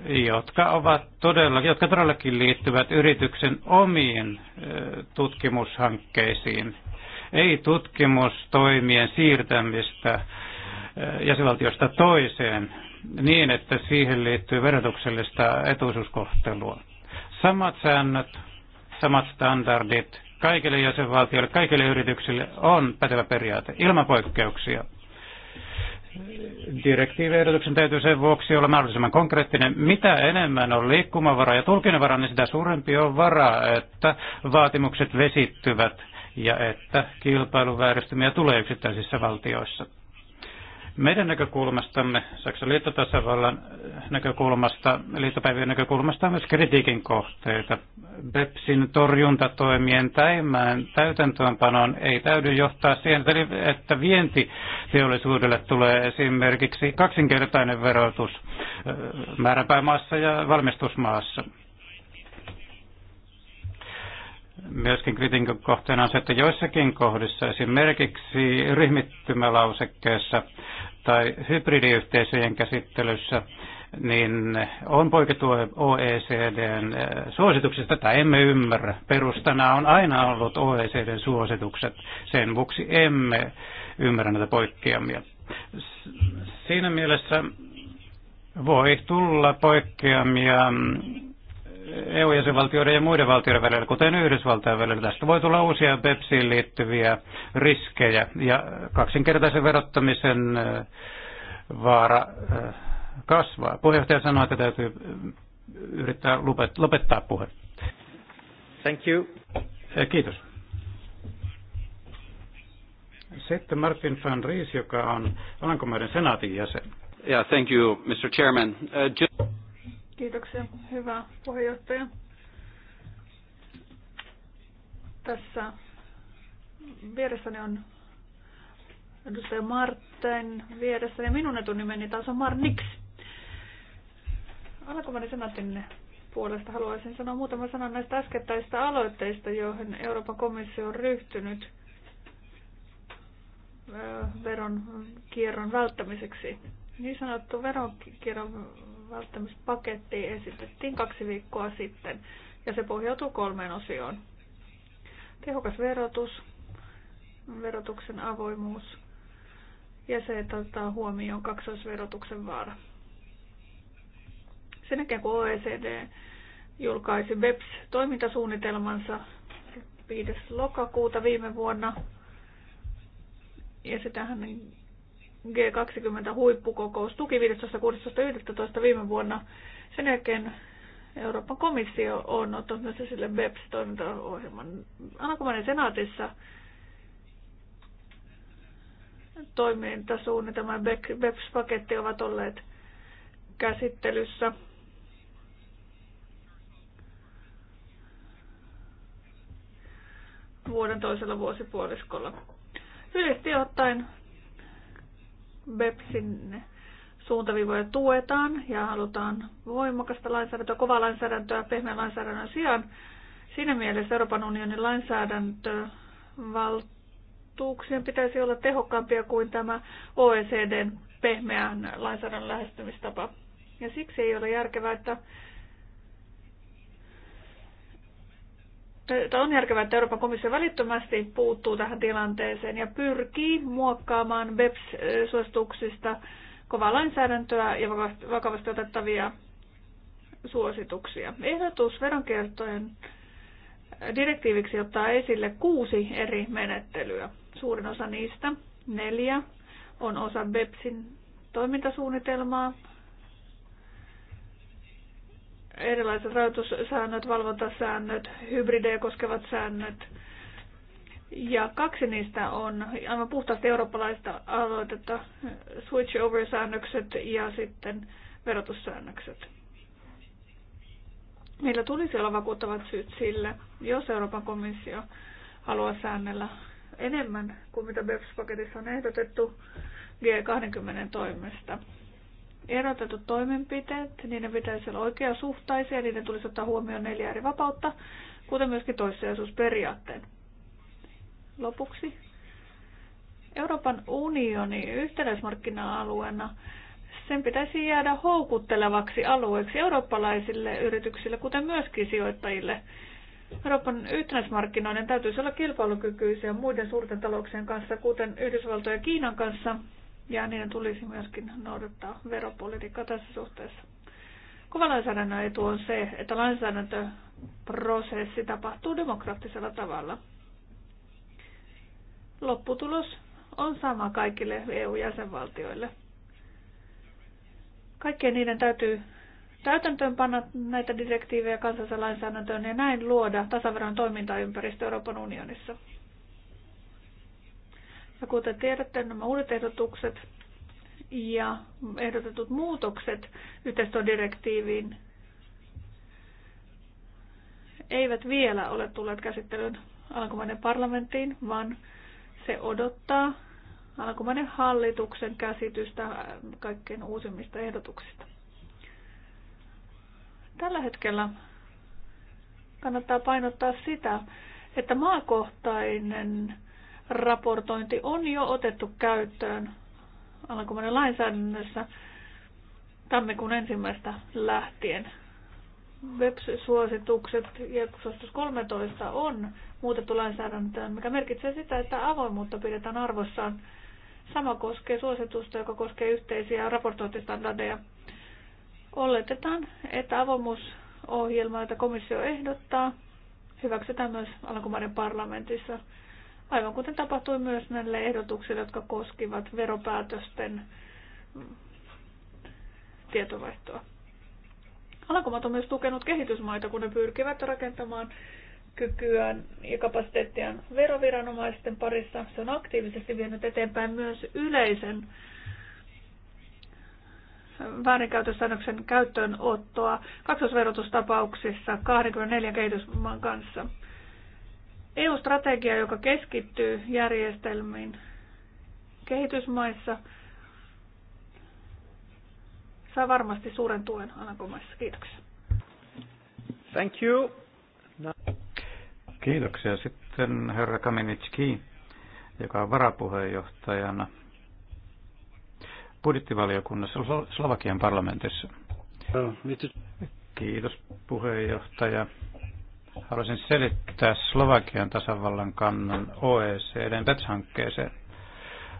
jotka, ovat todella, jotka todellakin liittyvät yrityksen omiin tutkimushankkeisiin. Ei tutkimustoimien siirtämistä jäsenvaltiosta toiseen niin, että siihen liittyy verotuksellista etuisuuskohtelua. Samat säännöt, samat standardit kaikille jäsenvaltioille, kaikille yrityksille on pätevä periaate, ilman poikkeuksia. Direktiiviehdotuksen täytyy sen vuoksi olla mahdollisimman konkreettinen. Mitä enemmän on liikkumavaraa ja tulkinnanvaraa, niin sitä suurempi on varaa, että vaatimukset vesittyvät ja että kilpailuvääristymiä tulee yksittäisissä valtioissa. Meidän näkökulmastamme, Saksan liittotasavallan näkökulmasta, liittopäivien näkökulmasta on myös kritiikin kohteita. BEPSin torjuntatoimien täymään täytäntöönpanoon ei täydy johtaa siihen, että vientiteollisuudelle tulee esimerkiksi kaksinkertainen verotus äh, määränpäämaassa ja valmistusmaassa. Myöskin kritiikin kohteena on se, että joissakin kohdissa, esimerkiksi ryhmittymälausekkeessa tai hybridiyhteisöjen käsittelyssä, niin on poikettu OECDn eh, suosituksista, tai emme ymmärrä. Perustana on aina ollut OECDn suositukset, sen vuoksi emme ymmärrä näitä poikkeamia. Siinä mielessä voi tulla poikkeamia mm, EU-jäsenvaltioiden ja muiden valtioiden välillä, kuten Yhdysvaltain välillä. Tästä voi tulla uusia BEPSiin liittyviä riskejä ja kaksinkertaisen verottamisen vaara kasvaa. Puheenjohtaja sanoi, että täytyy yrittää lopettaa puhe. Thank you. Kiitos. Sitten Martin van Ries, joka on Alankomaiden senaatin jäsen. Yeah, thank you, Mr. Chairman. Uh, just... Kiitoksia, hyvä puheenjohtaja. Tässä vieressäni on edustaja Martin vieressä ja minun etunimeni taas on Marnix. Alkuvani senaatin puolesta haluaisin sanoa muutaman sanan näistä äskettäistä aloitteista, joihin Euroopan komissio on ryhtynyt veron kierron välttämiseksi. Niin sanottu veronkierron välttämispaketti esitettiin kaksi viikkoa sitten ja se pohjautuu kolmeen osioon. Tehokas verotus, verotuksen avoimuus ja se, että otetaan huomioon kaksoisverotuksen vaara. Sen jälkeen kun OECD julkaisi BEPS-toimintasuunnitelmansa 5. lokakuuta viime vuonna, ja sitähän G20-huippukokous tuki 15.16.11. viime vuonna. Sen jälkeen Euroopan komissio on ottanut myös esille BEPS-toimintaohjelman. Anakomainen senaatissa toimintasuunnitelma ja BEPS-paketti e ovat olleet käsittelyssä. vuoden toisella vuosipuoliskolla. Yleisesti ottaen BEPSin suuntaviivoja tuetaan ja halutaan voimakasta lainsäädäntöä, kovaa lainsäädäntöä pehmeän lainsäädännön sijaan. Siinä mielessä Euroopan unionin lainsäädäntövaltuuksien pitäisi olla tehokkaampia kuin tämä OECDn pehmeän lainsäädännön lähestymistapa. Ja siksi ei ole järkevää, että on järkevää, että Euroopan komissio välittömästi puuttuu tähän tilanteeseen ja pyrkii muokkaamaan BEPS-suosituksista kovaa lainsäädäntöä ja vakavasti otettavia suosituksia. Ehdotus veronkiertojen direktiiviksi ottaa esille kuusi eri menettelyä. Suurin osa niistä, neljä, on osa BEPSin toimintasuunnitelmaa, erilaiset rajoitussäännöt, valvontasäännöt, hybridejä koskevat säännöt. Ja kaksi niistä on aivan puhtaasti eurooppalaista aloitetta, switch over-säännökset ja sitten verotussäännökset. Meillä tulisi olla vakuuttavat syyt sille, jos Euroopan komissio haluaa säännellä enemmän kuin mitä BEPS-paketissa on ehdotettu G20 toimesta erotetut toimenpiteet, niiden pitäisi olla oikeasuhtaisia, niiden tulisi ottaa huomioon neljä eri vapautta, kuten myöskin toissijaisuusperiaatteen. Lopuksi. Euroopan unioni yhtenäismarkkina-alueena sen pitäisi jäädä houkuttelevaksi alueeksi eurooppalaisille yrityksille, kuten myöskin sijoittajille. Euroopan yhtenäismarkkinoiden täytyisi olla kilpailukykyisiä muiden suurten talouksien kanssa, kuten Yhdysvaltojen ja Kiinan kanssa, ja niiden tulisi myöskin noudattaa veropolitiikkaa tässä suhteessa. Kuvalainsäädännön etu on se, että lainsäädäntöprosessi tapahtuu demokraattisella tavalla. Lopputulos on sama kaikille EU-jäsenvaltioille. Kaikkien niiden täytyy täytäntöön panna näitä direktiivejä kansallisen lainsäädäntöön ja näin luoda tasaveron toimintaympäristö Euroopan unionissa. Ja kuten tiedätte, nämä uudet ehdotukset ja ehdotetut muutokset yhteistyödirektiiviin eivät vielä ole tulleet käsittelyyn alkumainen parlamenttiin, vaan se odottaa alkumainen hallituksen käsitystä kaikkein uusimmista ehdotuksista. Tällä hetkellä kannattaa painottaa sitä, että maakohtainen raportointi on jo otettu käyttöön alkuvuoden lainsäädännössä tammikuun ensimmäistä lähtien. web suositukset ja 13 on muutettu lainsäädäntöön, mikä merkitsee sitä, että avoimuutta pidetään arvossaan. Sama koskee suositusta, joka koskee yhteisiä raportointistandardeja. Oletetaan, että avoimuusohjelma, jota komissio ehdottaa, hyväksytään myös alkumaiden parlamentissa – Aivan kuten tapahtui myös näille ehdotuksille, jotka koskivat veropäätösten tietovaihtoa. Alankomat on myös tukenut kehitysmaita, kun ne pyrkivät rakentamaan kykyään ja kapasiteettiaan veroviranomaisten parissa. Se on aktiivisesti vienyt eteenpäin myös yleisen väärinkäytössäännöksen käyttöönottoa kaksosverotustapauksissa 24 kehitysmaan kanssa. EU-strategia, joka keskittyy järjestelmiin kehitysmaissa, saa varmasti suuren tuen Alankomaissa. Kiitoksia. Thank you. No. Kiitoksia. Sitten herra Kaminitski, joka on varapuheenjohtajana budjettivaliokunnassa Slovakian parlamentissa. No, Kiitos puheenjohtaja. Haluaisin selittää Slovakian tasavallan kannan OECDn BEPS-hankkeeseen.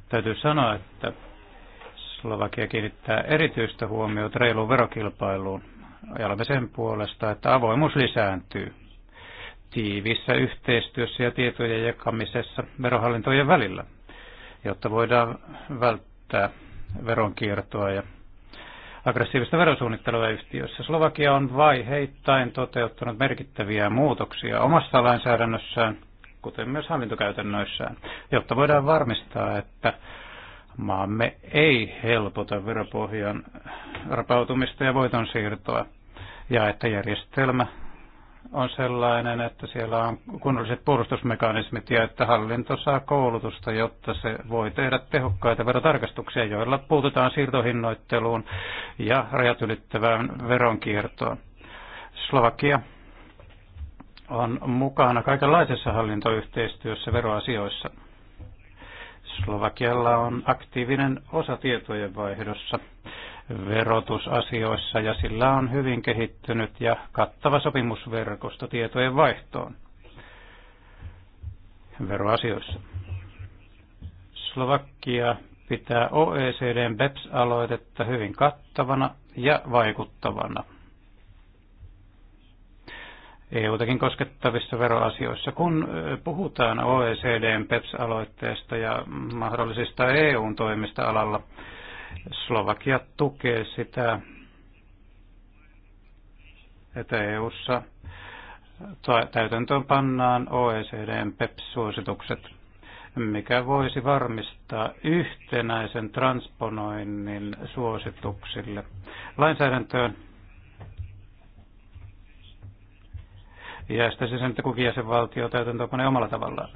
Täytyy sanoa, että Slovakia kiinnittää erityistä huomiota reiluun verokilpailuun. Ajamme sen puolesta, että avoimuus lisääntyy tiiviissä yhteistyössä ja tietojen jakamisessa verohallintojen välillä, jotta voidaan välttää veronkiertoa ja aggressiivista verosuunnittelua yhtiössä. Slovakia on vaiheittain toteuttanut merkittäviä muutoksia omassa lainsäädännössään, kuten myös hallintokäytännöissään, jotta voidaan varmistaa, että maamme ei helpota veropohjan rapautumista ja voitonsiirtoa, ja että järjestelmä on sellainen, että siellä on kunnolliset puolustusmekanismit ja että hallinto saa koulutusta, jotta se voi tehdä tehokkaita verotarkastuksia, joilla puututaan siirtohinnoitteluun ja rajat ylittävään veronkiertoon. Slovakia on mukana kaikenlaisessa hallintoyhteistyössä veroasioissa. Slovakialla on aktiivinen osa tietojenvaihdossa. vaihdossa verotusasioissa ja sillä on hyvin kehittynyt ja kattava sopimusverkosto tietojen vaihtoon veroasioissa. Slovakia pitää OECDn BEPS-aloitetta hyvin kattavana ja vaikuttavana. EU-takin koskettavissa veroasioissa. Kun puhutaan OECDn BEPS-aloitteesta ja mahdollisista EUn toimista alalla, Slovakia tukee sitä, että EU-ssa täytäntöön pannaan OECDn PEPS-suositukset, mikä voisi varmistaa yhtenäisen transponoinnin suosituksille lainsäädäntöön. Ja sitä siis, että kukin jäsenvaltio täytäntöönpanee omalla tavallaan.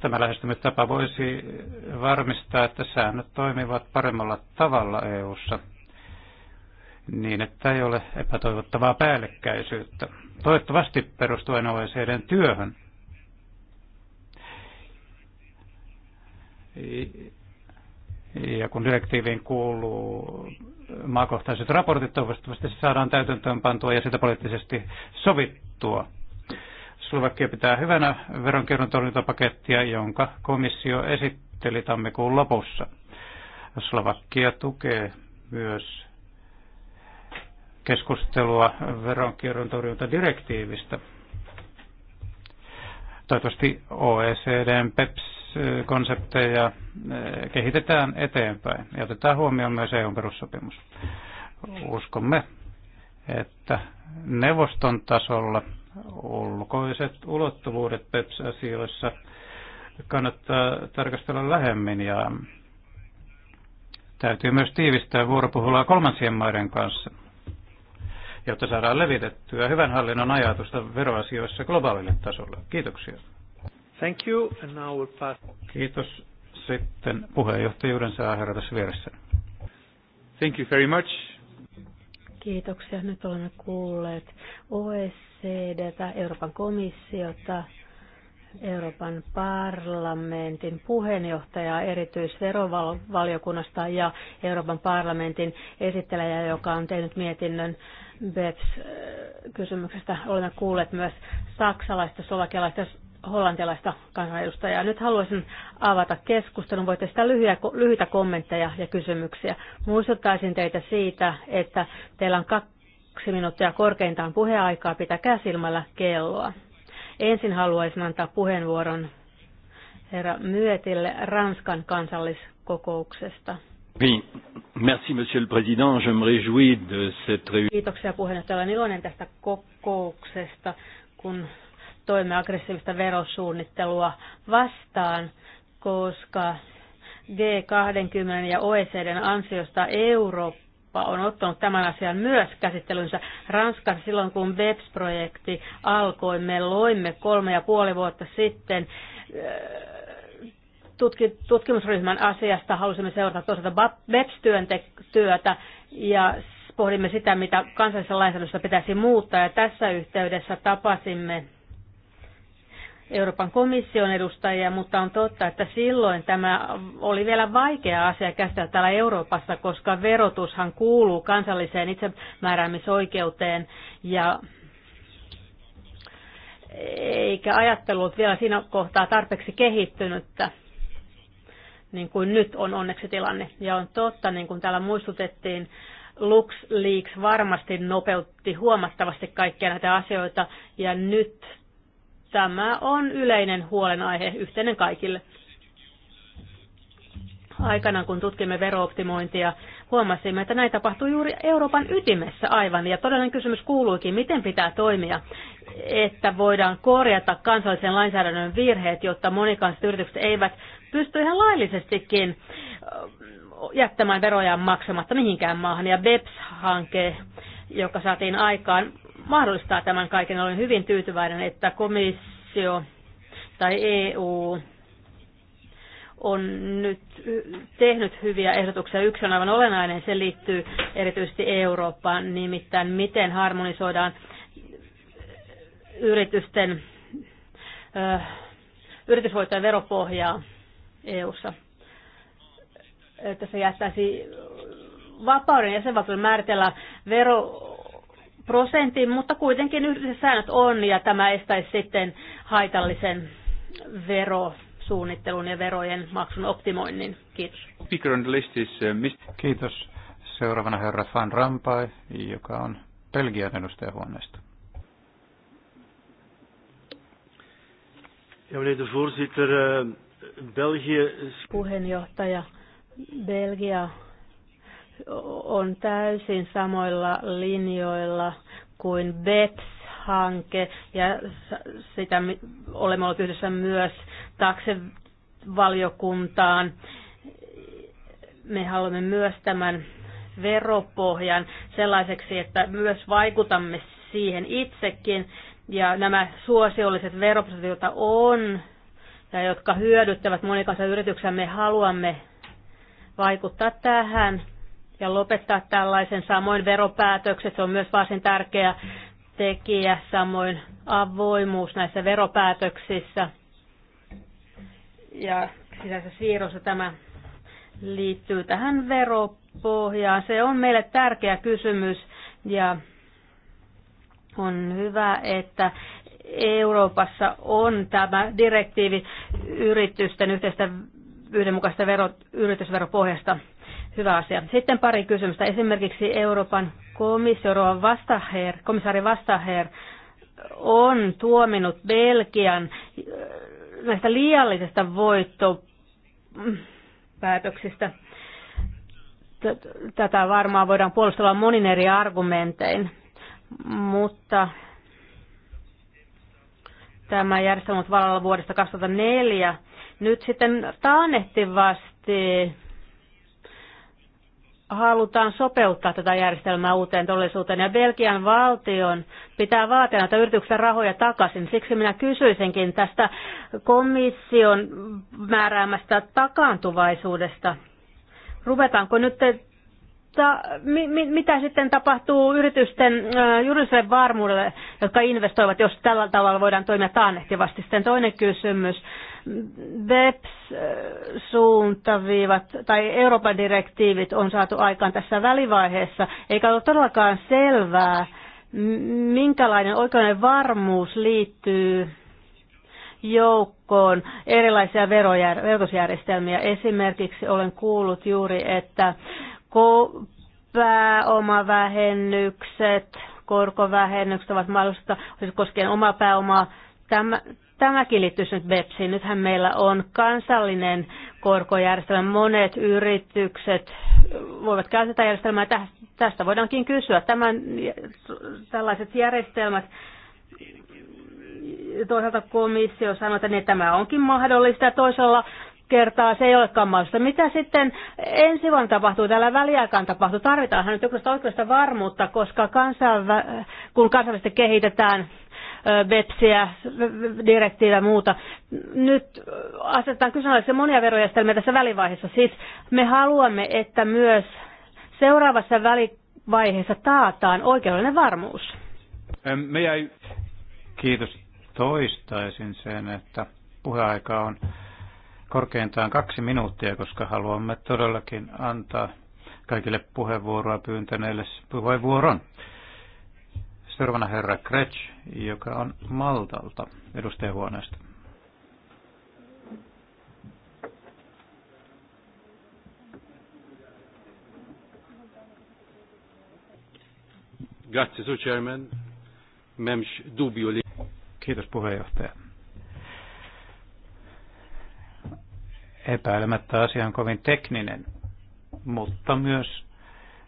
Tämä lähestymistapa voisi varmistaa, että säännöt toimivat paremmalla tavalla EU:ssa niin, että ei ole epätoivottavaa päällekkäisyyttä. Toivottavasti perustuen OECDn työhön. Ja kun direktiiviin kuuluu maakohtaiset raportit, toivottavasti se saadaan täytäntöön pantua ja sitä poliittisesti sovittua. Slovakia pitää hyvänä veronkierron torjuntapakettia, jonka komissio esitteli tammikuun lopussa. Slovakia tukee myös keskustelua veronkierron torjuntadirektiivistä. Toivottavasti OECDn PEPS-konsepteja eh, kehitetään eteenpäin ja otetaan huomioon myös EUn perussopimus. Uskomme, että neuvoston tasolla ulkoiset ulottuvuudet PEPS-asioissa kannattaa tarkastella lähemmin ja täytyy myös tiivistää vuoropuhelua kolmansien maiden kanssa, jotta saadaan levitettyä hyvän hallinnon ajatusta veroasioissa globaalille tasolle. Kiitoksia. Thank you, and now we'll pass. Kiitos. Sitten puheenjohtajuuden saa herätä vieressä. Thank you very much. Kiitoksia. Nyt olemme kuulleet OECDtä, Euroopan komissiota, Euroopan parlamentin puheenjohtajaa erityisverovaliokunnasta ja Euroopan parlamentin esittelijää, joka on tehnyt mietinnön BEPS-kysymyksestä. Äh, olemme kuulleet myös saksalaista, slovakialaista hollantilaista kansanedustajaa. Nyt haluaisin avata keskustelun. Voitte sitä lyhyitä kommentteja ja kysymyksiä. Muistuttaisin teitä siitä, että teillä on kaksi minuuttia korkeintaan puheaikaa. Pitäkää silmällä kelloa. Ensin haluaisin antaa puheenvuoron herra Myötille Ranskan kansalliskokouksesta. Oui. Merci, Monsieur le Président. Je me réjouis de cette réunion. Kiitoksia puheenjohtaja. Olen iloinen tästä kokouksesta, kun toimme aggressiivista verosuunnittelua vastaan, koska G20 ja OECDn ansiosta Eurooppa on ottanut tämän asian myös käsittelynsä. Ranskassa silloin, kun BEPS-projekti alkoi, me loimme kolme ja puoli vuotta sitten äh, tutkimusryhmän asiasta. Halusimme seurata toisaalta BEPS-työtä ja pohdimme sitä, mitä kansallisessa lainsäädännössä pitäisi muuttaa. Ja tässä yhteydessä tapasimme Euroopan komission edustajia, mutta on totta, että silloin tämä oli vielä vaikea asia käsitellä täällä Euroopassa, koska verotushan kuuluu kansalliseen itsemääräämisoikeuteen ja eikä ajattelu vielä siinä kohtaa tarpeeksi kehittynyttä, niin kuin nyt on onneksi tilanne. Ja on totta, niin kuin täällä muistutettiin, LuxLeaks varmasti nopeutti huomattavasti kaikkia näitä asioita, ja nyt Tämä on yleinen huolenaihe, yhteinen kaikille. Aikana kun tutkimme verooptimointia, huomasimme, että näin tapahtuu juuri Euroopan ytimessä aivan. Ja todellinen kysymys kuuluikin, miten pitää toimia, että voidaan korjata kansallisen lainsäädännön virheet, jotta monikansalliset yritykset eivät pysty ihan laillisestikin jättämään veroja maksamatta mihinkään maahan. Ja BEPS-hanke, joka saatiin aikaan, mahdollistaa tämän kaiken. Olen hyvin tyytyväinen, että komissio tai EU on nyt tehnyt hyviä ehdotuksia. Yksi on aivan olennainen, se liittyy erityisesti Eurooppaan, nimittäin miten harmonisoidaan yritysten, ö, yritysvoittojen veropohjaa EU-ssa. Että se jättäisi vapauden jäsenvaltiolle määritellä vero, prosentin, mutta kuitenkin yhdessä säännöt on ja tämä estäisi sitten haitallisen verosuunnittelun ja verojen maksun optimoinnin. Kiitos. Speaker on the list is, uh, Kiitos. Seuraavana herra Van Rampai, joka on Belgian edustajahuoneesta. Ja meneer de voorzitter, eh, België... Puheenjohtaja, Belgia on täysin samoilla linjoilla kuin BEPS-hanke ja sitä olemme olleet yhdessä myös taksevaliokuntaan. Me haluamme myös tämän veropohjan sellaiseksi, että myös vaikutamme siihen itsekin. Ja nämä suosiolliset veroprosentit, joita on ja jotka hyödyttävät monikansan yrityksiä, me haluamme vaikuttaa tähän ja lopettaa tällaisen. Samoin veropäätökset, se on myös varsin tärkeä tekijä, samoin avoimuus näissä veropäätöksissä ja sisäisessä siirrossa tämä liittyy tähän veropohjaan. Se on meille tärkeä kysymys ja on hyvä, että Euroopassa on tämä direktiivi yritysten yhteistä yhdenmukaista verot, yritysveropohjasta hyvä asia. Sitten pari kysymystä. Esimerkiksi Euroopan Vastaher, komissaari Vastaher on tuominut Belgian äh, näistä liiallisista voittopäätöksistä. Tätä varmaan voidaan puolustella monin eri argumentein, mutta tämä järjestelmä on vallalla vuodesta 2004. Nyt sitten taannehtivasti halutaan sopeuttaa tätä järjestelmää uuteen todellisuuteen. Ja Belgian valtion pitää vaatia näitä yrityksen rahoja takaisin. Siksi minä kysyisinkin tästä komission määräämästä takaantuvaisuudesta. Ruvetaanko nyt ta, mi, mi, mitä sitten tapahtuu yritysten äh, juridiselle varmuudelle, jotka investoivat, jos tällä tavalla voidaan toimia taannehtivasti? Sitten toinen kysymys. BEPS-suuntaviivat tai Euroopan direktiivit on saatu aikaan tässä välivaiheessa, eikä ole todellakaan selvää, minkälainen oikeuden varmuus liittyy joukkoon erilaisia verojär, verotusjärjestelmiä. Esimerkiksi olen kuullut juuri, että ko- pääomavähennykset, korkovähennykset ovat mahdollista, koskien omaa pääomaa. Tämä, Tämäkin liittyy nyt siis BEPSiin. Nythän meillä on kansallinen korkojärjestelmä. Monet yritykset voivat käyttää järjestelmää. Tästä voidaankin kysyä. Tämän, tällaiset järjestelmät toisaalta komissio sanoi, että niin, tämä onkin mahdollista ja toisella kertaa se ei ole mahdollista. Mitä sitten ensi vuonna tapahtuu, tällä väliaikaan tapahtuu? Tarvitaanhan nyt jokaista oikeasta varmuutta, koska kansainvä- kun kansainvälisesti kehitetään BEPSiä, direktiivä ja muuta. Nyt asetetaan kysymyksiä monia verojärjestelmiä tässä välivaiheessa. Siis me haluamme, että myös seuraavassa välivaiheessa taataan oikeudellinen varmuus. Me jäi... Kiitos. Toistaisin sen, että puheaika on korkeintaan kaksi minuuttia, koska haluamme todellakin antaa kaikille puheenvuoroa pyyntäneille puheenvuoron. Seuraavana herra Kretsch, joka on Maltalta edustajahuoneesta. Grazie, su chairman. Memsh dubio li... Kiitos puheenjohtaja. Epäilemättä asia on kovin tekninen, mutta myös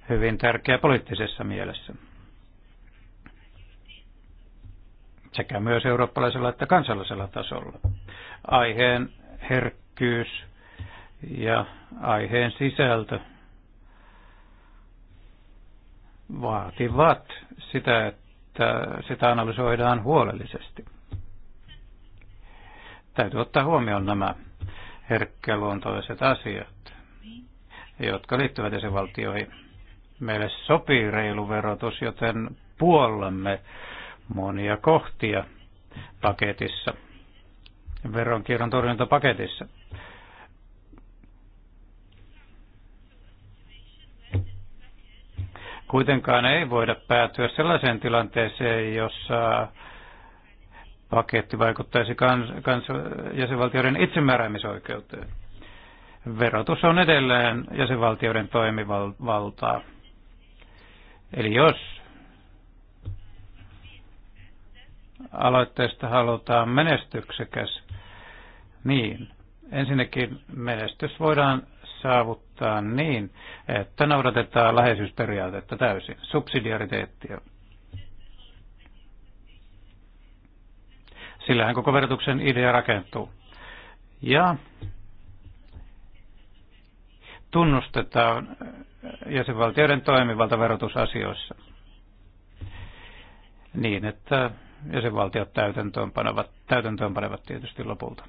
hyvin tärkeä poliittisessa mielessä. sekä myös eurooppalaisella että kansallisella tasolla. Aiheen herkkyys ja aiheen sisältö vaativat sitä, että sitä analysoidaan huolellisesti. Täytyy ottaa huomioon nämä herkkäluontoiset asiat, jotka liittyvät jäsenvaltioihin. Meille sopii reilu verotus, joten puollamme monia kohtia paketissa, veronkierron torjuntapaketissa. Kuitenkaan ei voida päätyä sellaiseen tilanteeseen, jossa paketti vaikuttaisi kans, kans, jäsenvaltioiden itsemääräämisoikeuteen. Verotus on edelleen jäsenvaltioiden toimivaltaa. Eli jos aloitteesta halutaan menestyksekäs, niin ensinnäkin menestys voidaan saavuttaa niin, että noudatetaan läheisyysperiaatetta täysin, subsidiariteettia. Sillähän koko verotuksen idea rakentuu. Ja tunnustetaan jäsenvaltioiden toimivalta verotusasioissa niin, että jäsenvaltiot täytäntöönpanevat, täytäntöönpanevat tietysti lopulta.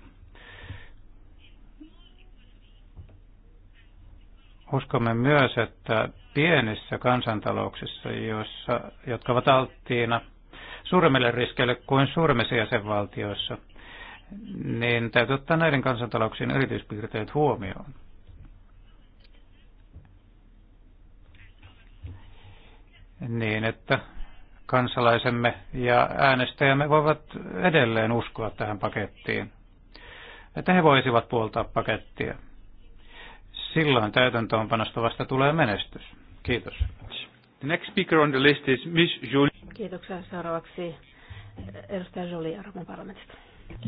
Uskomme myös, että pienissä kansantalouksissa, joissa, jotka ovat alttiina suuremmille riskeille kuin suuremmissa jäsenvaltioissa, niin täytyy ottaa näiden kansantalouksien erityispiirteet huomioon. Niin, että kansalaisemme ja äänestäjämme voivat edelleen uskoa tähän pakettiin, että he voisivat puoltaa pakettia. Silloin täytäntöönpanosta vasta tulee menestys. Kiitos. The next speaker on the list is Miss Julie. Kiitoksia. Seuraavaksi edustaja Jolie Euroopan parlamentista.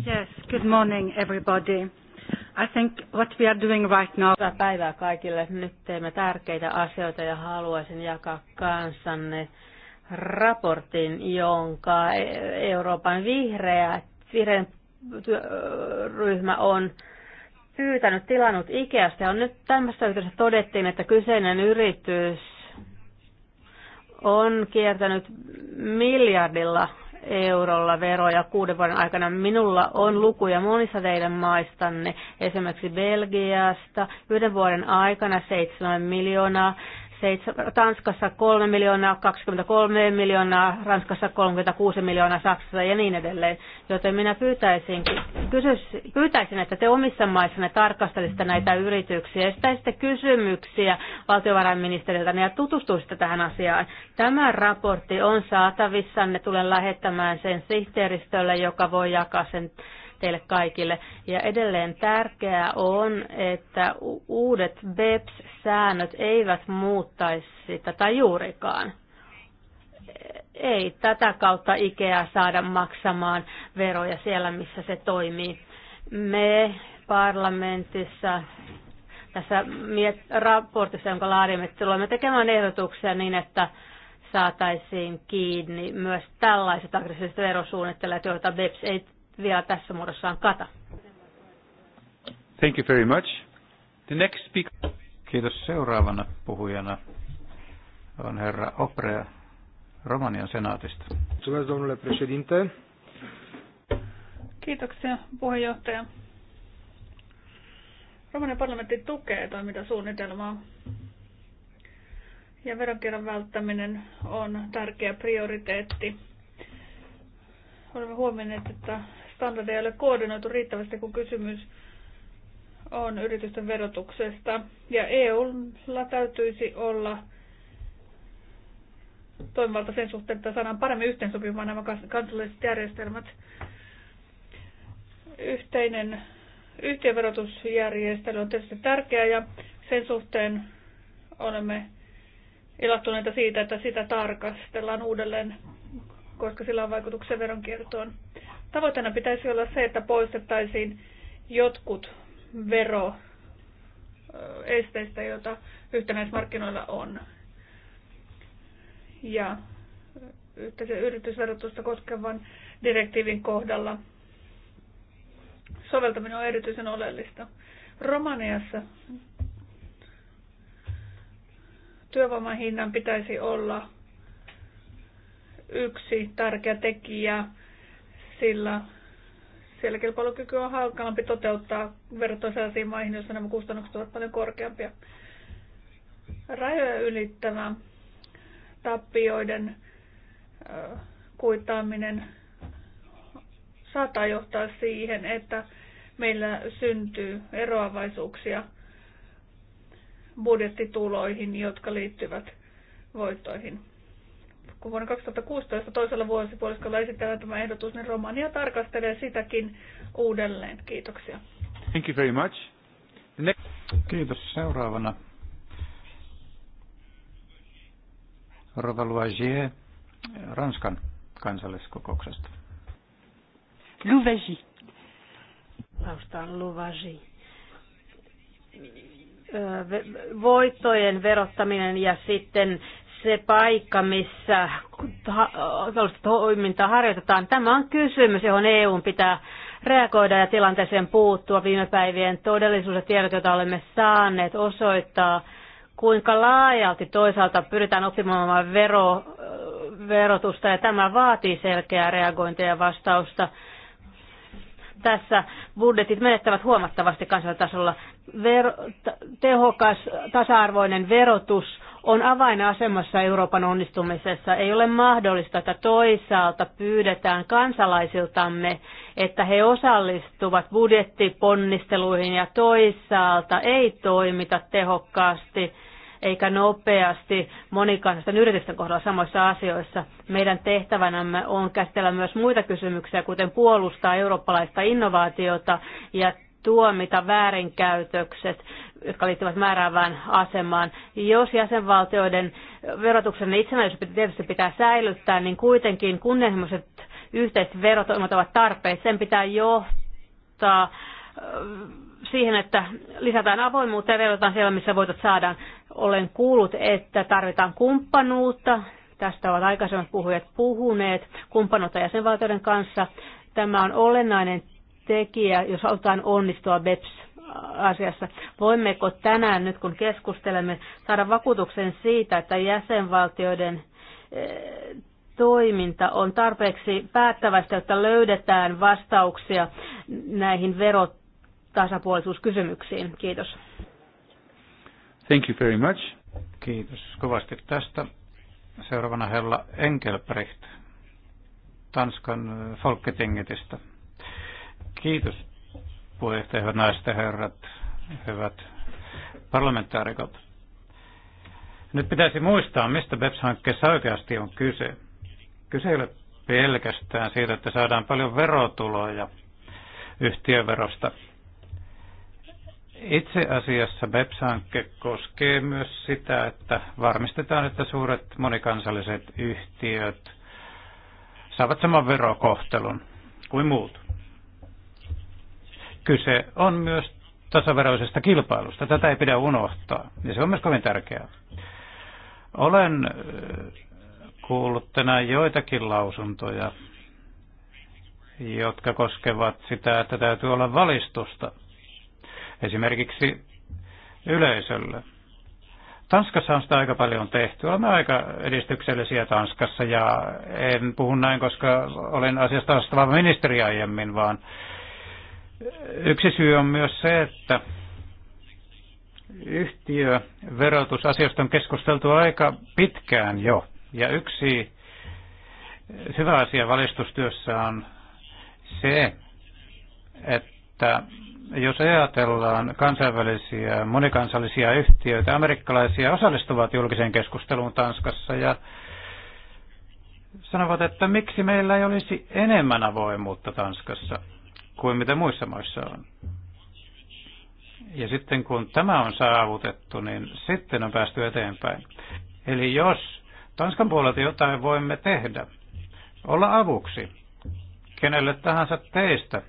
Yes, good morning everybody. I think what we are doing right now... Hyvää päivää kaikille. Nyt teemme tärkeitä asioita ja haluaisin jakaa kanssanne raportin, jonka Euroopan vihreä, vihreän ryhmä on pyytänyt, tilannut Ikeasta. Ja nyt tämmöisessä yhteydessä todettiin, että kyseinen yritys on kiertänyt miljardilla eurolla veroja kuuden vuoden aikana. Minulla on lukuja monissa teidän maistanne, esimerkiksi Belgiasta, yhden vuoden aikana 7 miljoonaa, Tanskassa 3 miljoonaa, 23 miljoonaa, Ranskassa 36 miljoonaa, Saksassa ja niin edelleen. Joten minä pyytäisin, kysyis, pyytäisin, että te omissa maissanne tarkastelisitte näitä yrityksiä, estäisitte kysymyksiä valtiovarainministeriltä ja tutustuisitte tähän asiaan. Tämä raportti on saatavissa, ne tulen lähettämään sen sihteeristölle, joka voi jakaa sen teille kaikille. Ja edelleen tärkeää on, että uudet BEPS-säännöt eivät muuttaisi tätä juurikaan. Ei tätä kautta IKEA saada maksamaan veroja siellä, missä se toimii. Me parlamentissa tässä raportissa, jonka laadimme, tulemme tekemään ehdotuksia niin, että saataisiin kiinni myös tällaiset aggressiiviset verosuunnittelijat, joita BEPS ei vielä tässä muodossaan kata. Thank you very much. The next speaker. Kiitos seuraavana puhujana on herra Oprea Romanian senaatista. Kiitoksia, puheenjohtaja. Romanian parlamentti tukee toimintasuunnitelmaa ja veronkierron välttäminen on tärkeä prioriteetti. Olemme huomanneet, että standardeja ole koordinoitu riittävästi, kun kysymys on yritysten verotuksesta. Ja EUlla täytyisi olla toimivalta sen suhteen, että saadaan paremmin yhteensopimaan nämä kansalliset järjestelmät. Yhteinen yhtiöverotusjärjestely on tietysti tärkeä ja sen suhteen olemme ilahtuneita siitä, että sitä tarkastellaan uudelleen, koska sillä on vaikutuksia veronkiertoon. Tavoitteena pitäisi olla se, että poistettaisiin jotkut veroesteistä, joita yhtenäismarkkinoilla on. Ja yhteisen yritysverotusta koskevan direktiivin kohdalla soveltaminen on erityisen oleellista. Romaniassa työvoiman hinnan pitäisi olla yksi tärkeä tekijä sillä siellä kilpailukyky on hankalampi toteuttaa verrattuna sellaisiin maihin, joissa nämä kustannukset ovat paljon korkeampia. Rajoja ylittävä tappioiden kuittaaminen saattaa johtaa siihen, että meillä syntyy eroavaisuuksia budjettituloihin, jotka liittyvät voittoihin kun vuonna 2016 toisella vuosipuoliskolla esitellään tämä ehdotus, niin Romania tarkastelee sitäkin uudelleen. Kiitoksia. Thank you very much. Next. Kiitos. Seuraavana Rova Ranskan kansalliskokouksesta. Louvagie. Taustaan Louvagie voittojen verottaminen ja sitten se paikka, missä toimintaa harjoitetaan. Tämä on kysymys, johon EUn pitää reagoida ja tilanteeseen puuttua. Viime päivien todellisuus ja tiedot, joita olemme saaneet, osoittaa, kuinka laajalti toisaalta pyritään optimoimaan vero, verotusta, ja tämä vaatii selkeää reagointia ja vastausta. Tässä budjetit menettävät huomattavasti kansallisella tasolla. Ver, tehokas, tasa-arvoinen verotus on avainasemassa Euroopan onnistumisessa. Ei ole mahdollista, että toisaalta pyydetään kansalaisiltamme, että he osallistuvat budjettiponnisteluihin ja toisaalta ei toimita tehokkaasti eikä nopeasti monikansallisten yritysten kohdalla samoissa asioissa. Meidän tehtävänämme on käsitellä myös muita kysymyksiä, kuten puolustaa eurooppalaista innovaatiota ja tuomita väärinkäytökset, jotka liittyvät määräävään asemaan. Jos jäsenvaltioiden verotuksen itsenäisyys tietysti pitää säilyttää, niin kuitenkin kunnianhimoiset yhteiset verotoimet ovat tarpeet. Sen pitää johtaa siihen, että lisätään avoimuutta ja verotetaan siellä, missä voitot saadaan. Olen kuullut, että tarvitaan kumppanuutta. Tästä ovat aikaisemmat puhujat puhuneet kumppanuutta jäsenvaltioiden kanssa. Tämä on olennainen tekijä, jos halutaan onnistua BEPS-asiassa. Voimmeko tänään nyt, kun keskustelemme, saada vakuutuksen siitä, että jäsenvaltioiden eh, toiminta on tarpeeksi päättävästä, jotta löydetään vastauksia näihin verotasapuolisuuskysymyksiin. Kiitos. Thank you very much. Kiitos kovasti tästä. Seuraavana Hella Enkelbrecht Tanskan Folketingetistä. Kiitos puheenjohtaja, hyvät naiset ja herrat, hyvät parlamentaarikot. Nyt pitäisi muistaa, mistä BEPS-hankkeessa oikeasti on kyse. Kyse ei ole pelkästään siitä, että saadaan paljon verotuloja yhtiöverosta. Itse asiassa BEPS-hankke koskee myös sitä, että varmistetaan, että suuret monikansalliset yhtiöt saavat saman verokohtelun kuin muut. Kyse on myös tasaveroisesta kilpailusta. Tätä ei pidä unohtaa, ja se on myös kovin tärkeää. Olen kuullut tänään joitakin lausuntoja, jotka koskevat sitä, että täytyy olla valistusta esimerkiksi yleisölle. Tanskassa on sitä aika paljon tehty. Olemme aika edistyksellisiä Tanskassa ja en puhu näin, koska olen asiasta vastaava ministeri aiemmin, vaan Yksi syy on myös se, että yhtiöverotusasioista on keskusteltu aika pitkään jo. Ja yksi hyvä asia valistustyössä on se, että jos ajatellaan kansainvälisiä monikansallisia yhtiöitä, amerikkalaisia osallistuvat julkiseen keskusteluun Tanskassa ja sanovat, että miksi meillä ei olisi enemmän avoimuutta Tanskassa kuin mitä muissa maissa on. Ja sitten kun tämä on saavutettu, niin sitten on päästy eteenpäin. Eli jos Tanskan puolelta jotain voimme tehdä, olla avuksi kenelle tahansa teistä,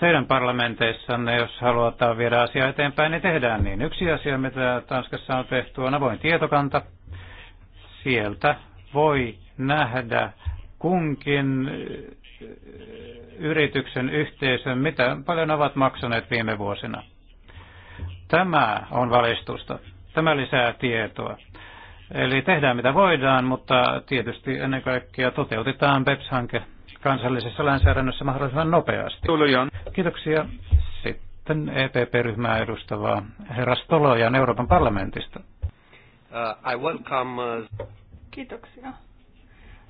teidän parlamenteissanne, jos halutaan viedä asiaa eteenpäin, niin tehdään niin. Yksi asia, mitä Tanskassa on tehty, on avoin tietokanta. Sieltä voi nähdä kunkin yrityksen yhteisön, mitä paljon ovat maksaneet viime vuosina. Tämä on valistusta. Tämä lisää tietoa. Eli tehdään mitä voidaan, mutta tietysti ennen kaikkea toteutetaan BEPS-hanke kansallisessa lainsäädännössä mahdollisimman nopeasti. Kiitoksia sitten EPP-ryhmää edustavaa herra Stolojan Euroopan parlamentista. Uh, I welcome, uh... Kiitoksia.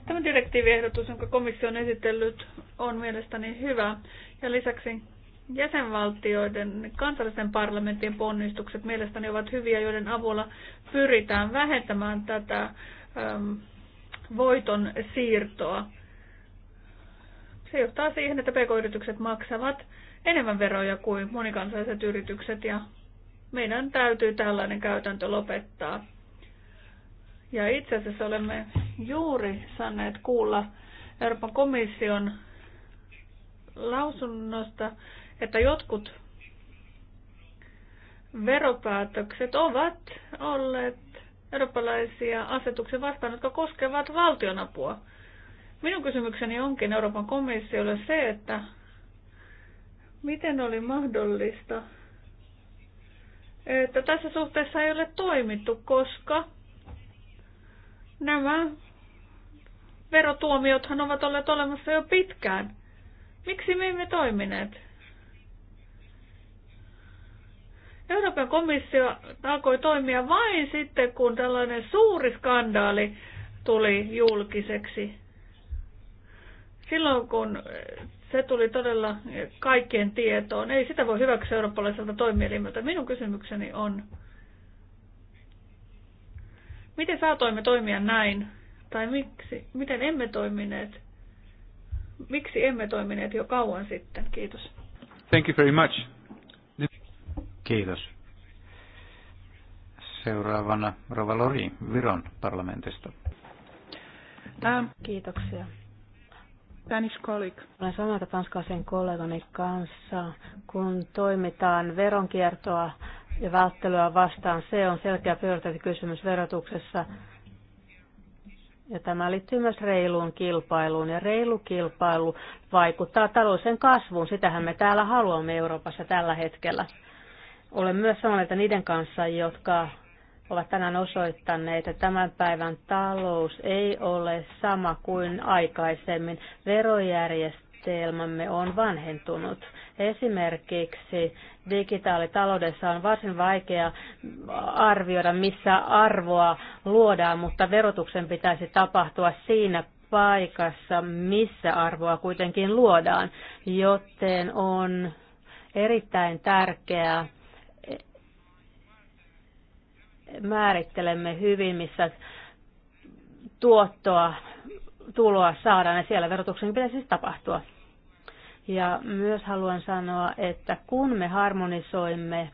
Tämä direktiiviehdotus, jonka komissio on esitellyt, on mielestäni hyvä ja lisäksi jäsenvaltioiden kansallisen parlamentin ponnistukset mielestäni ovat hyviä, joiden avulla pyritään vähentämään tätä äm, voiton siirtoa. Se johtaa siihen, että pk-yritykset maksavat enemmän veroja kuin monikansalliset yritykset ja meidän täytyy tällainen käytäntö lopettaa. Ja itse asiassa olemme juuri saaneet kuulla Euroopan komission lausunnosta, että jotkut veropäätökset ovat olleet eurooppalaisia asetuksen vastaan, jotka koskevat valtionapua. Minun kysymykseni onkin Euroopan komissiolle se, että miten oli mahdollista, että tässä suhteessa ei ole toimittu, koska Nämä verotuomiothan ovat olleet olemassa jo pitkään. Miksi me emme toimineet? Euroopan komissio alkoi toimia vain sitten, kun tällainen suuri skandaali tuli julkiseksi. Silloin kun se tuli todella kaikkien tietoon, ei sitä voi hyväksyä eurooppalaiselta toimielimeltä. Minun kysymykseni on, Miten saatoimme toimia näin? Tai miksi? Miten emme toimineet? Miksi emme toimineet jo kauan sitten? Kiitos. Thank you very much. Kiitos. Seuraavana Rova Lori Viron parlamentista. Ähm. Kiitoksia. Spanish colleague. Olen samalta tanskaisen kollegani kanssa, kun toimitaan veronkiertoa ja välttelyä vastaan. Se on selkeä kysymys verotuksessa. Ja tämä liittyy myös reiluun kilpailuun. Ja reilu kilpailu vaikuttaa talousen kasvuun. Sitähän me täällä haluamme Euroopassa tällä hetkellä. Olen myös samaa mieltä niiden kanssa, jotka ovat tänään osoittaneet, että tämän päivän talous ei ole sama kuin aikaisemmin. Verojärjestelmämme on vanhentunut Esimerkiksi digitaalitaloudessa on varsin vaikea arvioida, missä arvoa luodaan, mutta verotuksen pitäisi tapahtua siinä paikassa, missä arvoa kuitenkin luodaan, joten on erittäin tärkeää määrittelemme hyvin, missä tuottoa, tuloa saadaan ja siellä verotuksen pitäisi siis tapahtua. Ja myös haluan sanoa, että kun me harmonisoimme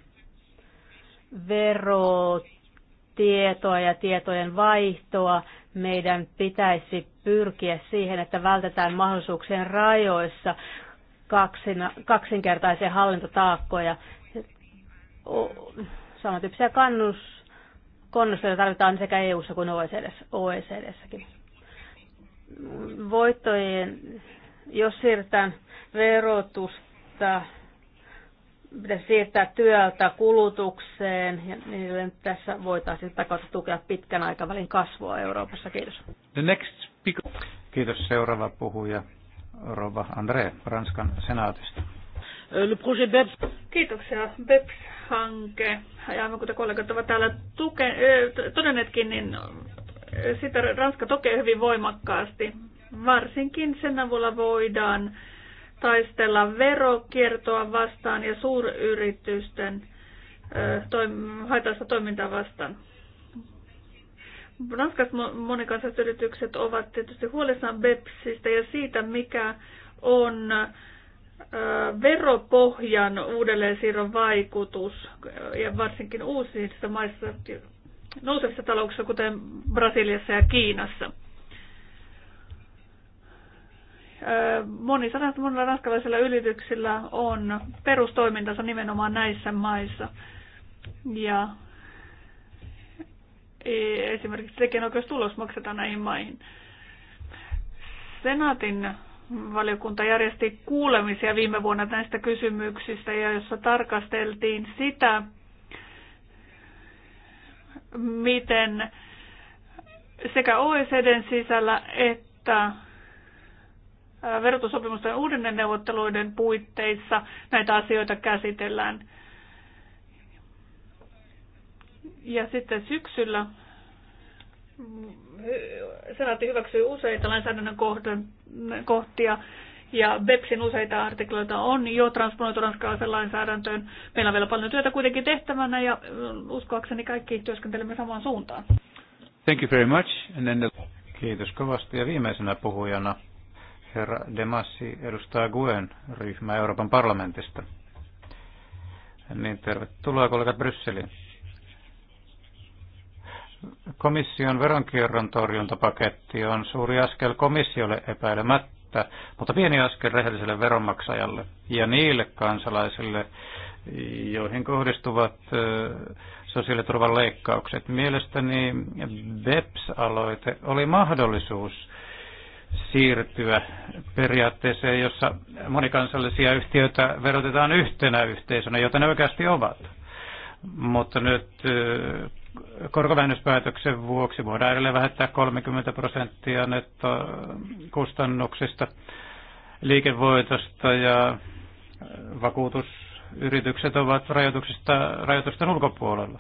verotietoa ja tietojen vaihtoa, meidän pitäisi pyrkiä siihen, että vältetään mahdollisuuksien rajoissa kaksinkertaisia hallintotaakkoja. Samantyyppisiä kannus, kannusteita tarvitaan sekä EU-ssa kuin OECDssäkin. E Voittojen, jos siirrytään verotusta pitäisi siirtää työltä kulutukseen ja niille tässä voitaisiin takaisin tukea pitkän aikavälin kasvua Euroopassa. Kiitos. The next speaker. Kiitos. Seuraava puhuja Rova André Ranskan senaatista. BEPS. Kiitoksia. BEPS-hanke. Ja aivan kuten kollegat ovat täällä tuke, todenneetkin, niin sitä Ranska tukee hyvin voimakkaasti. Varsinkin sen avulla voidaan taistella verokiertoa vastaan ja suuryritysten haitaista toimintaa vastaan. Ranskat monikansalliset yritykset ovat tietysti huolissaan BEPSistä ja siitä, mikä on veropohjan uudelleensiirron vaikutus, ja varsinkin uusissa maissa nousevissa talouksissa, kuten Brasiliassa ja Kiinassa monissa monilla ranskalaisilla yrityksillä on perustoimintansa nimenomaan näissä maissa. Ja e, esimerkiksi tekijänoikeustulos maksetaan näihin maihin. Senaatin valiokunta järjesti kuulemisia viime vuonna näistä kysymyksistä, ja jossa tarkasteltiin sitä, miten sekä OECDn sisällä että verotussopimusten uudenneen neuvotteluiden puitteissa näitä asioita käsitellään. Ja sitten syksyllä senaatti hyväksyy useita lainsäädännön kohtia ja BEPSin useita artikloita on jo transponoitu ranskalaisen lainsäädäntöön. Meillä on vielä paljon työtä kuitenkin tehtävänä ja mm, uskoakseni kaikki työskentelemme samaan suuntaan. Thank you very much. And then the... Kiitos kovasti. Ja viimeisenä puhujana Herra Demassi edustaa Guen ryhmää Euroopan parlamentista. Niin, tervetuloa kollegat Brysseliin. Komission veronkierron torjuntapaketti on suuri askel komissiolle epäilemättä, mutta pieni askel rehelliselle veronmaksajalle ja niille kansalaisille, joihin kohdistuvat sosiaaliturvan leikkaukset. Mielestäni BEPS-aloite oli mahdollisuus siirtyä periaatteeseen, jossa monikansallisia yhtiöitä verotetaan yhtenä yhteisönä, jota ne oikeasti ovat. Mutta nyt korkovähennyspäätöksen vuoksi voidaan edelleen vähettää 30 prosenttia nettokustannuksista liikevoitosta ja vakuutusyritykset ovat rajoituksista, rajoitusten ulkopuolella.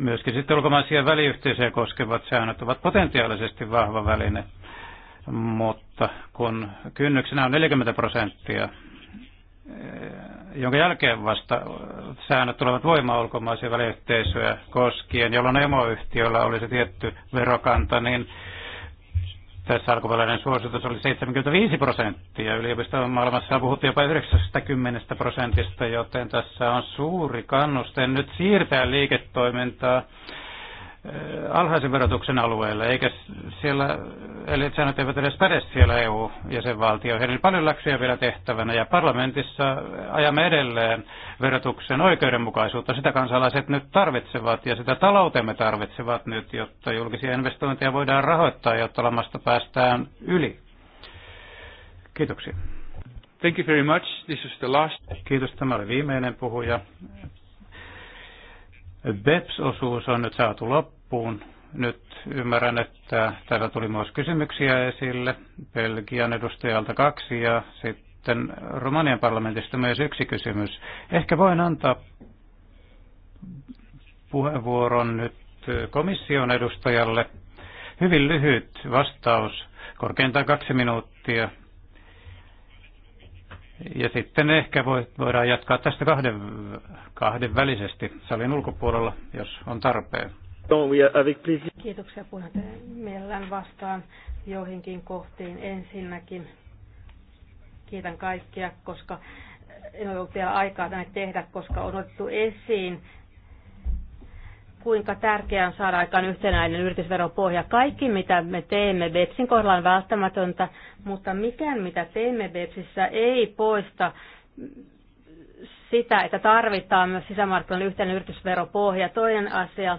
Myöskin sitten ulkomaisia väliyhteisöjä koskevat säännöt ovat potentiaalisesti vahva väline, mutta kun kynnyksenä on 40 prosenttia, jonka jälkeen vasta säännöt tulevat voimaan ulkomaisia väliyhteisöjä koskien, jolloin emoyhtiöllä olisi tietty verokanta, niin tässä alkuperäinen suositus oli 75 prosenttia. Yliopiston maailmassa puhuttu jopa 90 prosentista, joten tässä on suuri kannuste nyt siirtää liiketoimintaa alhaisen verotuksen alueella, eikä siellä, eli säännöt eivät edes päde siellä EU-jäsenvaltioihin. Eli paljon läksyjä vielä tehtävänä ja parlamentissa ajamme edelleen verotuksen oikeudenmukaisuutta. Sitä kansalaiset nyt tarvitsevat ja sitä taloutemme tarvitsevat nyt, jotta julkisia investointeja voidaan rahoittaa, jotta lamasta päästään yli. Kiitoksia. Thank you very much. This is the last. Kiitos. Tämä oli viimeinen puhuja BEPS-osuus on nyt saatu loppuun. Nyt ymmärrän, että täällä tuli myös kysymyksiä esille. Belgian edustajalta kaksi ja sitten Romanian parlamentista myös yksi kysymys. Ehkä voin antaa puheenvuoron nyt komission edustajalle. Hyvin lyhyt vastaus, korkeintaan kaksi minuuttia ja sitten ehkä voidaan jatkaa tästä kahden, kahden välisesti salin ulkopuolella, jos on tarpeen. Kiitoksia puheenjohtaja. Mielellään vastaan joihinkin kohtiin. Ensinnäkin kiitän kaikkia, koska en ole ollut vielä aikaa tänne tehdä, koska on otettu esiin kuinka tärkeää on saada aikaan yhtenäinen yritysveropohja. Kaikki, mitä me teemme BEPSin kohdalla on välttämätöntä, mutta mikään, mitä teemme BEPSissä, ei poista sitä, että tarvitaan myös sisämarkkinoille yhteinen yritysveropohja. Toinen asia,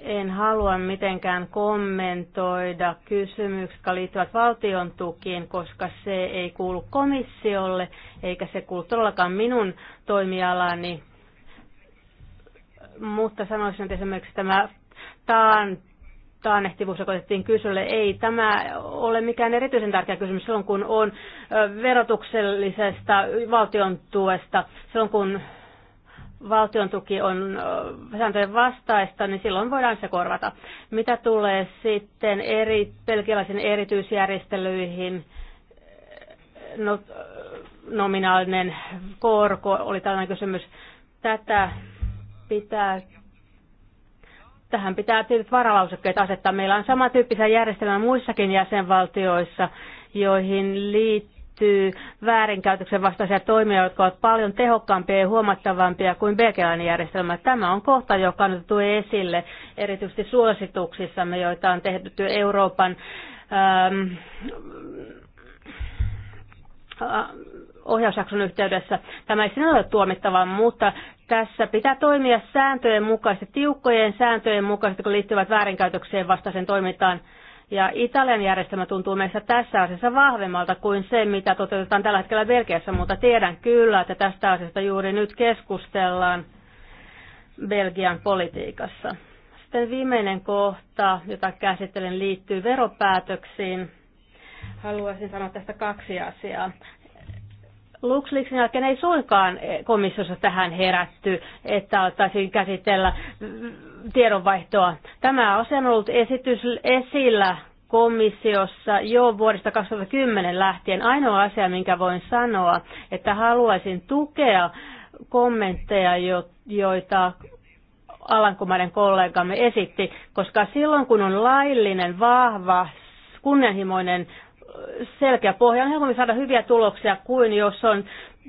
en halua mitenkään kommentoida kysymyksiä, jotka liittyvät valtion tukiin, koska se ei kuulu komissiolle, eikä se kuulu todellakaan minun toimialani mutta sanoisin, että esimerkiksi tämä taan, taannehtivuus, joka otettiin kysylle, ei tämä ole mikään erityisen tärkeä kysymys silloin, kun on verotuksellisesta valtion tuesta, silloin kun valtion tuki on sääntöjen vastaista, niin silloin voidaan se korvata. Mitä tulee sitten eri, pelkialaisiin erityisjärjestelyihin, no, nominaalinen korko oli tällainen kysymys. Tätä pitää tähän pitää tietyt varalausekkeet asettaa. Meillä on samantyyppisiä järjestelmiä muissakin jäsenvaltioissa, joihin liittyy väärinkäytöksen vastaisia toimia, jotka ovat paljon tehokkaampia ja huomattavampia kuin BGLn järjestelmä. Tämä on kohta, joka on otettu esille erityisesti suosituksissamme, joita on tehty Euroopan ähm, äh, ohjausjakson yhteydessä. Tämä ei sinänsä ole tuomittavaa, mutta tässä pitää toimia sääntöjen mukaisesti, tiukkojen sääntöjen mukaisesti, kun liittyvät väärinkäytökseen vastaiseen toimintaan. Ja Italian järjestelmä tuntuu meistä tässä asiassa vahvemmalta kuin se, mitä toteutetaan tällä hetkellä Belgiassa, mutta tiedän kyllä, että tästä asiasta juuri nyt keskustellaan Belgian politiikassa. Sitten viimeinen kohta, jota käsittelen, liittyy veropäätöksiin. Haluaisin sanoa tästä kaksi asiaa. LuxLeaksin jälkeen ei suinkaan komissiossa tähän herätty, että ottaisiin käsitellä tiedonvaihtoa. Tämä asia on ollut esitys esillä komissiossa jo vuodesta 2010 lähtien. Ainoa asia, minkä voin sanoa, että haluaisin tukea kommentteja, joita Alankomaiden kollegamme esitti, koska silloin kun on laillinen, vahva, kunnianhimoinen selkeä pohja. On helpompi saada hyviä tuloksia kuin jos on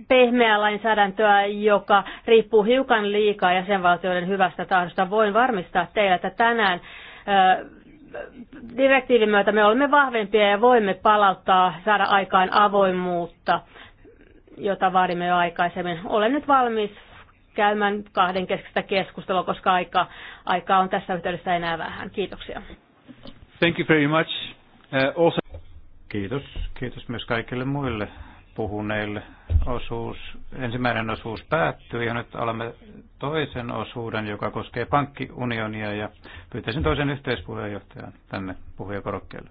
pehmeää lainsäädäntöä, joka riippuu hiukan liikaa jäsenvaltioiden hyvästä tahdosta. Voin varmistaa teille, että tänään direktiivin myötä me olemme vahvempia ja voimme palauttaa, saada aikaan avoimuutta, jota vaadimme jo aikaisemmin. Olen nyt valmis käymään kahden keskistä keskustelua, koska aika, aika on tässä yhteydessä enää vähän. Kiitoksia. Thank you very much. Uh, also... Kiitos. Kiitos myös kaikille muille puhuneille. Osuus, ensimmäinen osuus päättyy ja nyt alamme toisen osuuden, joka koskee pankkiunionia ja pyytäisin toisen yhteispuheenjohtajan tänne puhujakorokkeelle.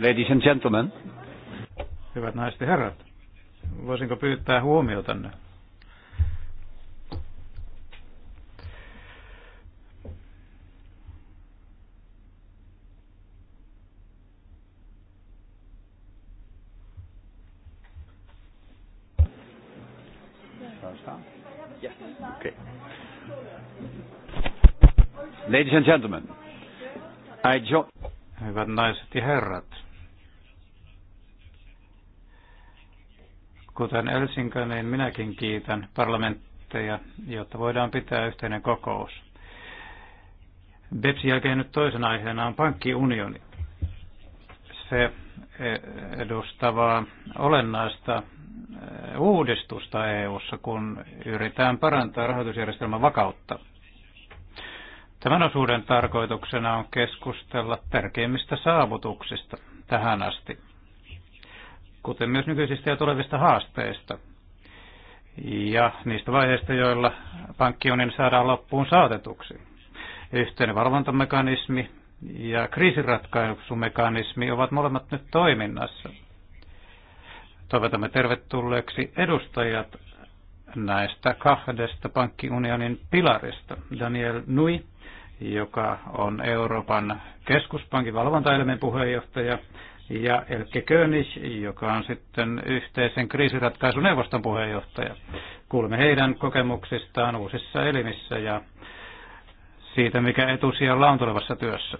Ladies and gentlemen. Hyvät naiset ja herrat, voisinko pyytää huomiota tänne? Ladies and gentlemen, I join. Hyvät naiset ja herrat, Kuten Elsinkä, niin minäkin kiitän parlamentteja, jotta voidaan pitää yhteinen kokous. BEPSin jälkeen nyt toisen aiheena on pankkiunioni. Se eh, edustavaa olennaista eh, uudistusta EU:ssa, kun yritetään parantaa rahoitusjärjestelmän vakautta. Tämän osuuden tarkoituksena on keskustella tärkeimmistä saavutuksista tähän asti kuten myös nykyisistä ja tulevista haasteista ja niistä vaiheista, joilla pankkiunin saadaan loppuun saatetuksi. Yhteinen valvontamekanismi ja kriisiratkaisumekanismi ovat molemmat nyt toiminnassa. Toivotamme tervetulleeksi edustajat näistä kahdesta pankkiunionin pilarista. Daniel Nui, joka on Euroopan keskuspankin valvontaelimen puheenjohtaja, ja Elke König, joka on sitten yhteisen kriisiratkaisuneuvoston puheenjohtaja. Kuulemme heidän kokemuksistaan uusissa elimissä ja siitä, mikä etusijalla on tulevassa työssä.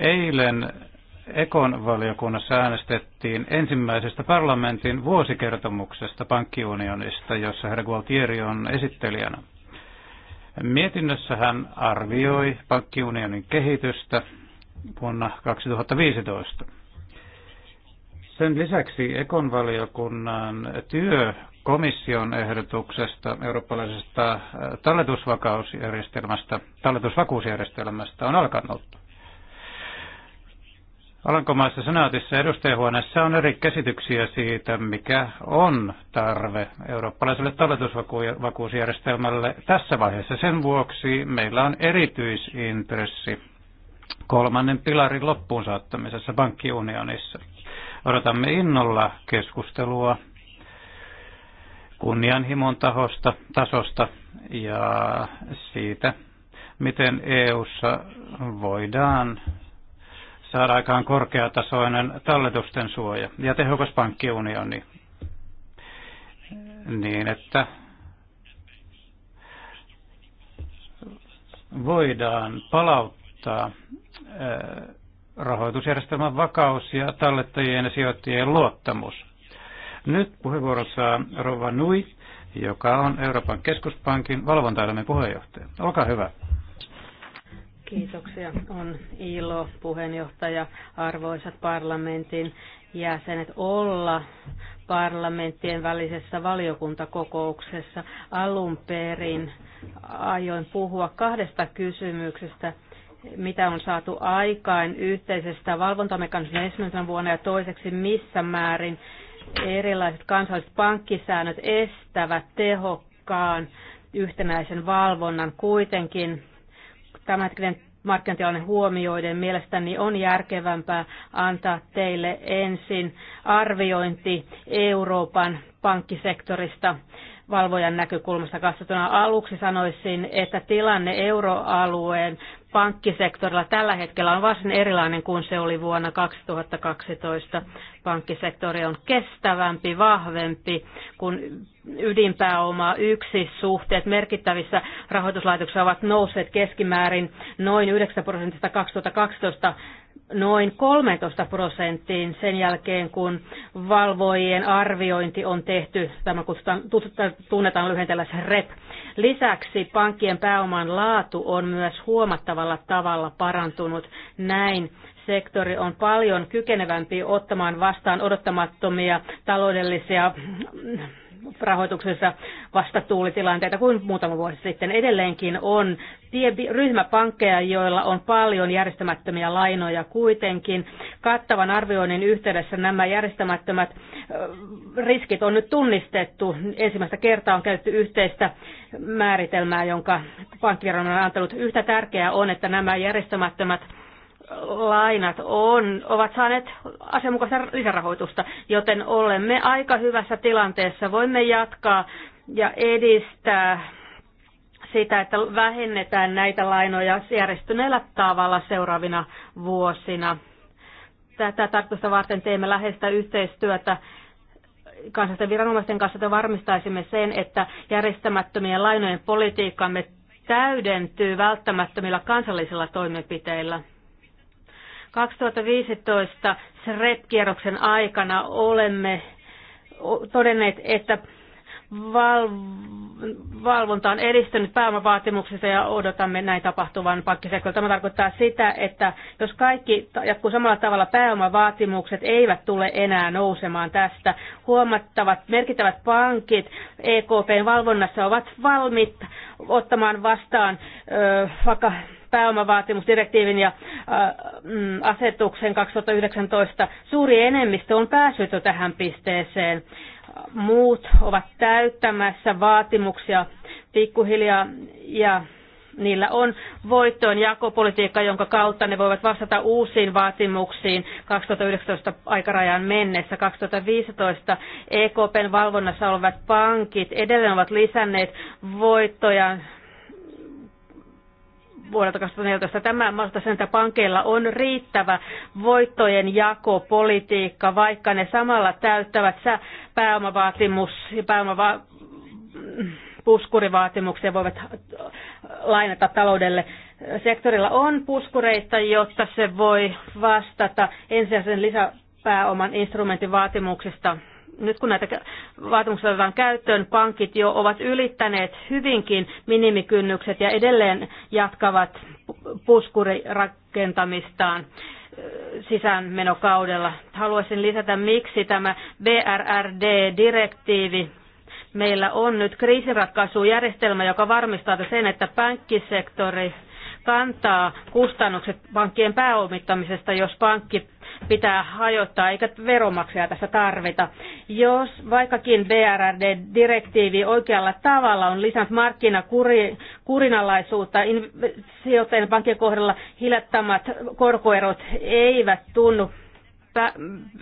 Eilen Ekon valiokunnassa äänestettiin ensimmäisestä parlamentin vuosikertomuksesta pankkiunionista, jossa herra Gualtieri on esittelijänä. Mietinnössä hän arvioi pankkiunionin kehitystä vuonna 2015. Sen lisäksi ekonvaliokunnan työ komission ehdotuksesta eurooppalaisesta äh, talletusvakausjärjestelmästä, talletusvakuusjärjestelmästä on alkanut. Alankomaissa senaatissa edustajahuoneessa on eri käsityksiä siitä, mikä on tarve eurooppalaiselle talletusvakuusjärjestelmälle tässä vaiheessa. Sen vuoksi meillä on erityisintressi kolmannen pilarin loppuun saattamisessa pankkiunionissa. Odotamme innolla keskustelua kunnianhimon tahosta, tasosta ja siitä, miten EU:ssa voidaan saada aikaan korkeatasoinen talletusten suoja ja tehokas pankkiunioni niin, että voidaan palauttaa varmistaa eh, rahoitusjärjestelmän vakaus ja tallettajien ja sijoittajien luottamus. Nyt puheenvuorossa Rova Nui, joka on Euroopan keskuspankin valvontaelimen puheenjohtaja. Olkaa hyvä. Kiitoksia. On ilo puheenjohtaja, arvoisat parlamentin jäsenet olla parlamenttien välisessä valiokuntakokouksessa. Alun perin aion puhua kahdesta kysymyksestä – mitä on saatu aikaan yhteisestä valvontamekanismista ensimmäisenä vuonna ja toiseksi missä määrin erilaiset kansalliset pankkisäännöt estävät tehokkaan yhtenäisen valvonnan. Kuitenkin tämänhetkinen markkinatilanne huomioiden mielestäni on järkevämpää antaa teille ensin arviointi Euroopan pankkisektorista valvojan näkökulmasta katsottuna. Aluksi sanoisin, että tilanne euroalueen pankkisektorilla tällä hetkellä on varsin erilainen kuin se oli vuonna 2012. Pankkisektori on kestävämpi, vahvempi kuin ydinpääoma yksi suhteet merkittävissä rahoituslaitoksissa ovat nousseet keskimäärin noin 9 prosentista 2012 noin 13 prosenttiin sen jälkeen, kun valvojien arviointi on tehty, tämä kutsutaan, tunnetaan se REP. Lisäksi pankkien pääoman laatu on myös huomattavalla tavalla parantunut. Näin sektori on paljon kykenevämpi ottamaan vastaan odottamattomia taloudellisia rahoituksessa vastatuulitilanteita kuin muutama vuosi sitten. Edelleenkin on ryhmäpankkeja, joilla on paljon järjestämättömiä lainoja kuitenkin. Kattavan arvioinnin yhteydessä nämä järjestämättömät riskit on nyt tunnistettu. Ensimmäistä kertaa on käytetty yhteistä määritelmää, jonka pankkiviranomainen on antanut. Yhtä tärkeää on, että nämä järjestämättömät lainat on, ovat saaneet asianmukaista lisärahoitusta, joten olemme aika hyvässä tilanteessa. Voimme jatkaa ja edistää sitä, että vähennetään näitä lainoja järjestyneellä tavalla seuraavina vuosina. Tätä tarkoitusta varten teemme läheistä yhteistyötä kansallisten viranomaisten kanssa, että varmistaisimme sen, että järjestämättömien lainojen politiikkamme täydentyy välttämättömillä kansallisilla toimenpiteillä. 2015 SREP-kierroksen aikana olemme todenneet, että val- valvonta on edistynyt pääomavaatimuksista ja odotamme näin tapahtuvan pankkisektorilla. Tämä tarkoittaa sitä, että jos kaikki jatkuu samalla tavalla, pääomavaatimukset eivät tule enää nousemaan tästä. Huomattavat merkittävät pankit EKPn valvonnassa ovat valmiit ottamaan vastaan ö, vaikka pääomavaatimusdirektiivin ja äh, mm, asetuksen 2019. Suuri enemmistö on päässyt jo tähän pisteeseen. Muut ovat täyttämässä vaatimuksia pikkuhiljaa ja niillä on voittoon jakopolitiikka, jonka kautta ne voivat vastata uusiin vaatimuksiin 2019 aikarajan mennessä. 2015 EKPn valvonnassa olevat pankit edelleen ovat lisänneet voittoja vuodelta 2014. Tämä maasta sen, että pankeilla on riittävä voittojen jakopolitiikka, vaikka ne samalla täyttävät pääomavaatimus ja pääomava puskurivaatimuksia voivat lainata taloudelle. Sektorilla on puskureita, jotta se voi vastata ensisijaisen lisäpääoman instrumentin vaatimuksista nyt kun näitä vaatimuksia otetaan käyttöön, pankit jo ovat ylittäneet hyvinkin minimikynnykset ja edelleen jatkavat puskurirakentamistaan sisäänmenokaudella. Haluaisin lisätä, miksi tämä BRRD-direktiivi meillä on nyt kriisiratkaisujärjestelmä, joka varmistaa sen, että pankkisektori kantaa kustannukset pankkien pääomittamisesta, jos pankki pitää hajottaa, eikä veromaksia tässä tarvita. Jos vaikkakin BRD-direktiivi oikealla tavalla on lisännyt markkinakurinalaisuutta, sijoittajien pankkien kohdalla hiljattamat korkoerot eivät tunnu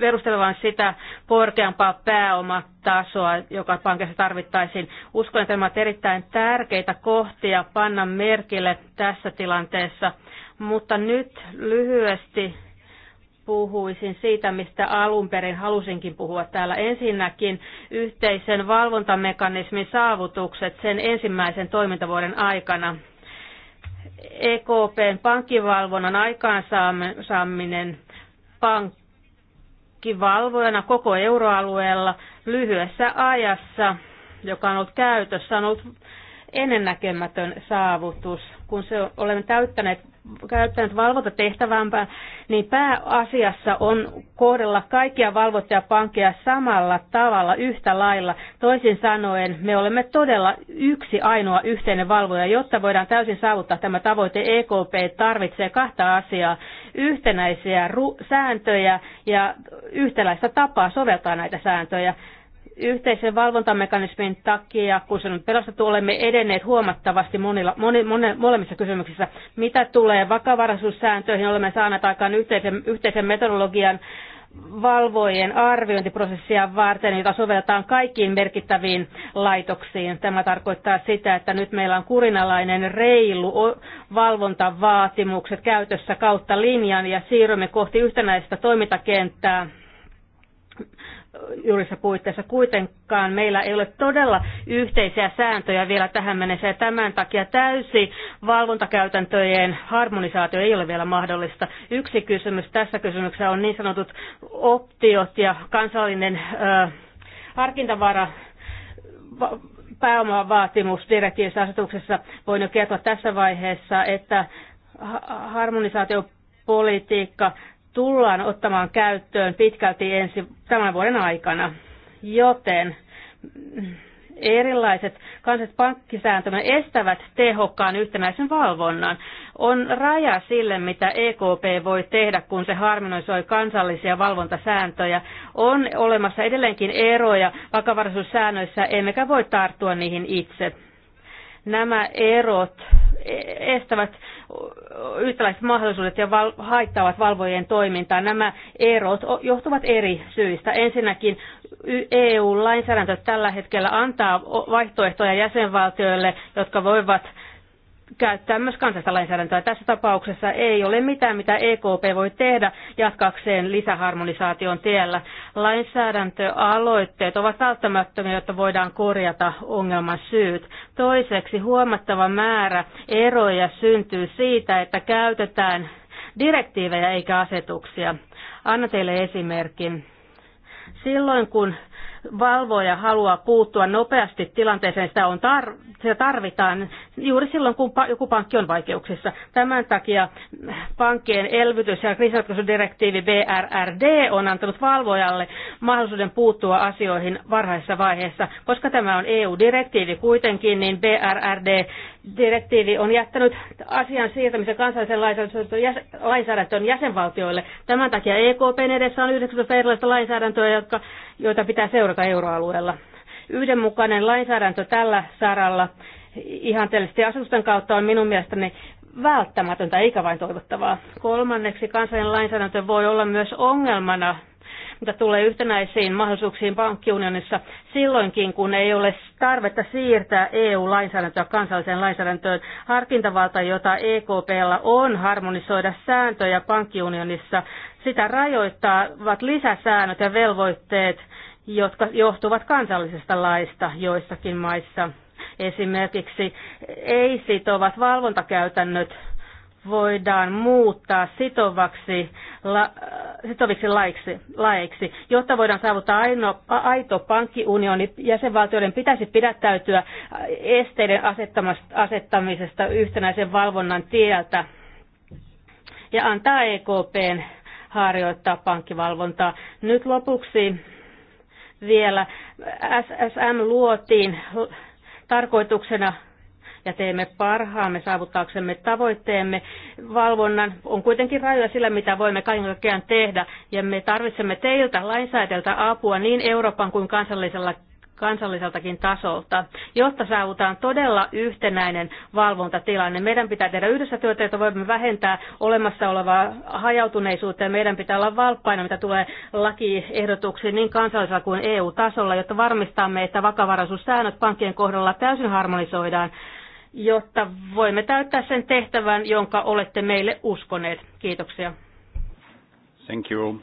perustelevan sitä korkeampaa pääomatasoa, joka pankissa tarvittaisiin. Uskon, että nämä ovat erittäin tärkeitä kohtia panna merkille tässä tilanteessa. Mutta nyt lyhyesti puhuisin siitä, mistä alun perin halusinkin puhua täällä. Ensinnäkin yhteisen valvontamekanismin saavutukset sen ensimmäisen toimintavuoden aikana. EKPn pankkivalvonnan aikaansaaminen pankkivalvojana koko euroalueella lyhyessä ajassa, joka on ollut käytössä, on ollut ennennäkemätön saavutus kun se, olemme täyttäneet, käyttäneet valvontatehtävämpää, niin pääasiassa on kohdella kaikkia valvottajapankkeja samalla tavalla, yhtä lailla. Toisin sanoen, me olemme todella yksi ainoa yhteinen valvoja. Jotta voidaan täysin saavuttaa tämä tavoite, EKP tarvitsee kahta asiaa. Yhtenäisiä sääntöjä ja yhtäläistä tapaa soveltaa näitä sääntöjä Yhteisen valvontamekanismin takia, kun se on pelastettu, olemme edenneet huomattavasti monilla, moni, moni, molemmissa kysymyksissä. Mitä tulee vakavaraisuussääntöihin, olemme saaneet aikaan yhteisen, yhteisen metodologian valvojen arviointiprosessia varten, jota sovelletaan kaikkiin merkittäviin laitoksiin. Tämä tarkoittaa sitä, että nyt meillä on kurinalainen reilu valvontavaatimukset käytössä kautta linjan ja siirrymme kohti yhtenäistä toimintakenttää juurissa puitteissa. Kuitenkaan meillä ei ole todella yhteisiä sääntöjä vielä tähän mennessä ja tämän takia täysi valvontakäytäntöjen harmonisaatio ei ole vielä mahdollista. Yksi kysymys tässä kysymyksessä on niin sanotut optiot ja kansallinen ö, harkintavara va, pääomavaatimusdirektiivissä asetuksessa. Voin jo kertoa tässä vaiheessa, että harmonisaatiopolitiikka tullaan ottamaan käyttöön pitkälti ensi tämän vuoden aikana. Joten erilaiset kansalliset pankkisääntömme estävät tehokkaan yhtenäisen valvonnan. On raja sille, mitä EKP voi tehdä, kun se harmonisoi kansallisia valvontasääntöjä. On olemassa edelleenkin eroja vakavaraisuussäännöissä, emmekä voi tarttua niihin itse. Nämä erot e-, estävät yhtäläiset mahdollisuudet ja val- haittavat valvojien toimintaa. Nämä erot johtuvat eri syistä. Ensinnäkin EU-lainsäädäntö tällä hetkellä antaa vaihtoehtoja jäsenvaltioille, jotka voivat käyttää myös kansallista lainsäädäntöä. Tässä tapauksessa ei ole mitään, mitä EKP voi tehdä jatkakseen lisäharmonisaation tiellä. Lainsäädäntöaloitteet ovat välttämättömiä, jotta voidaan korjata ongelman syyt. Toiseksi huomattava määrä eroja syntyy siitä, että käytetään direktiivejä eikä asetuksia. Anna teille esimerkin. Silloin kun valvoja haluaa puuttua nopeasti tilanteeseen, sitä, on tar- sitä tarvitaan juuri silloin, kun pa- joku pankki on vaikeuksissa. Tämän takia pankkien elvytys- ja kriisiratkaisudirektiivi BRRD on antanut valvojalle mahdollisuuden puuttua asioihin varhaisessa vaiheessa. Koska tämä on EU-direktiivi kuitenkin, niin BRRD direktiivi on jättänyt asian siirtämisen kansallisen lainsäädäntöön jäsenvaltioille. Tämän takia EKPn edessä on 19 erilaista lainsäädäntöä, jotka, joita pitää seurata euroalueella. Yhdenmukainen lainsäädäntö tällä saralla ihanteellisesti asusten kautta on minun mielestäni välttämätöntä eikä vain toivottavaa. Kolmanneksi kansallinen lainsäädäntö voi olla myös ongelmana mitä tulee yhtenäisiin mahdollisuuksiin pankkiunionissa silloinkin, kun ei ole tarvetta siirtää EU-lainsäädäntöä kansalliseen lainsäädäntöön. Harkintavalta, jota EKPlla on harmonisoida sääntöjä pankkiunionissa, sitä rajoittavat lisäsäännöt ja velvoitteet, jotka johtuvat kansallisesta laista joissakin maissa. Esimerkiksi ei-sitovat valvontakäytännöt voidaan muuttaa sitovaksi, la, sitoviksi laiksi, laiksi, Jotta voidaan saavuttaa aino, aito pankkiunioni, jäsenvaltioiden pitäisi pidättäytyä esteiden asettamisesta yhtenäisen valvonnan tieltä ja antaa EKPn harjoittaa pankkivalvontaa. Nyt lopuksi vielä SSM luotiin tarkoituksena ja teemme parhaamme saavuttaaksemme tavoitteemme. Valvonnan on kuitenkin rajoja sillä, mitä voimme kaiken tehdä, ja me tarvitsemme teiltä lainsäädeltä apua niin Euroopan kuin kansallisella kansalliseltakin tasolta, jotta saavutaan todella yhtenäinen valvontatilanne. Meidän pitää tehdä yhdessä työtä, jotta voimme vähentää olemassa olevaa hajautuneisuutta ja meidän pitää olla valppaina, mitä tulee lakiehdotuksiin niin kansallisella kuin EU-tasolla, jotta varmistamme, että vakavaraisuussäännöt pankkien kohdalla täysin harmonisoidaan jotta voimme täyttää sen tehtävän, jonka olette meille uskoneet. Kiitoksia. Thank you.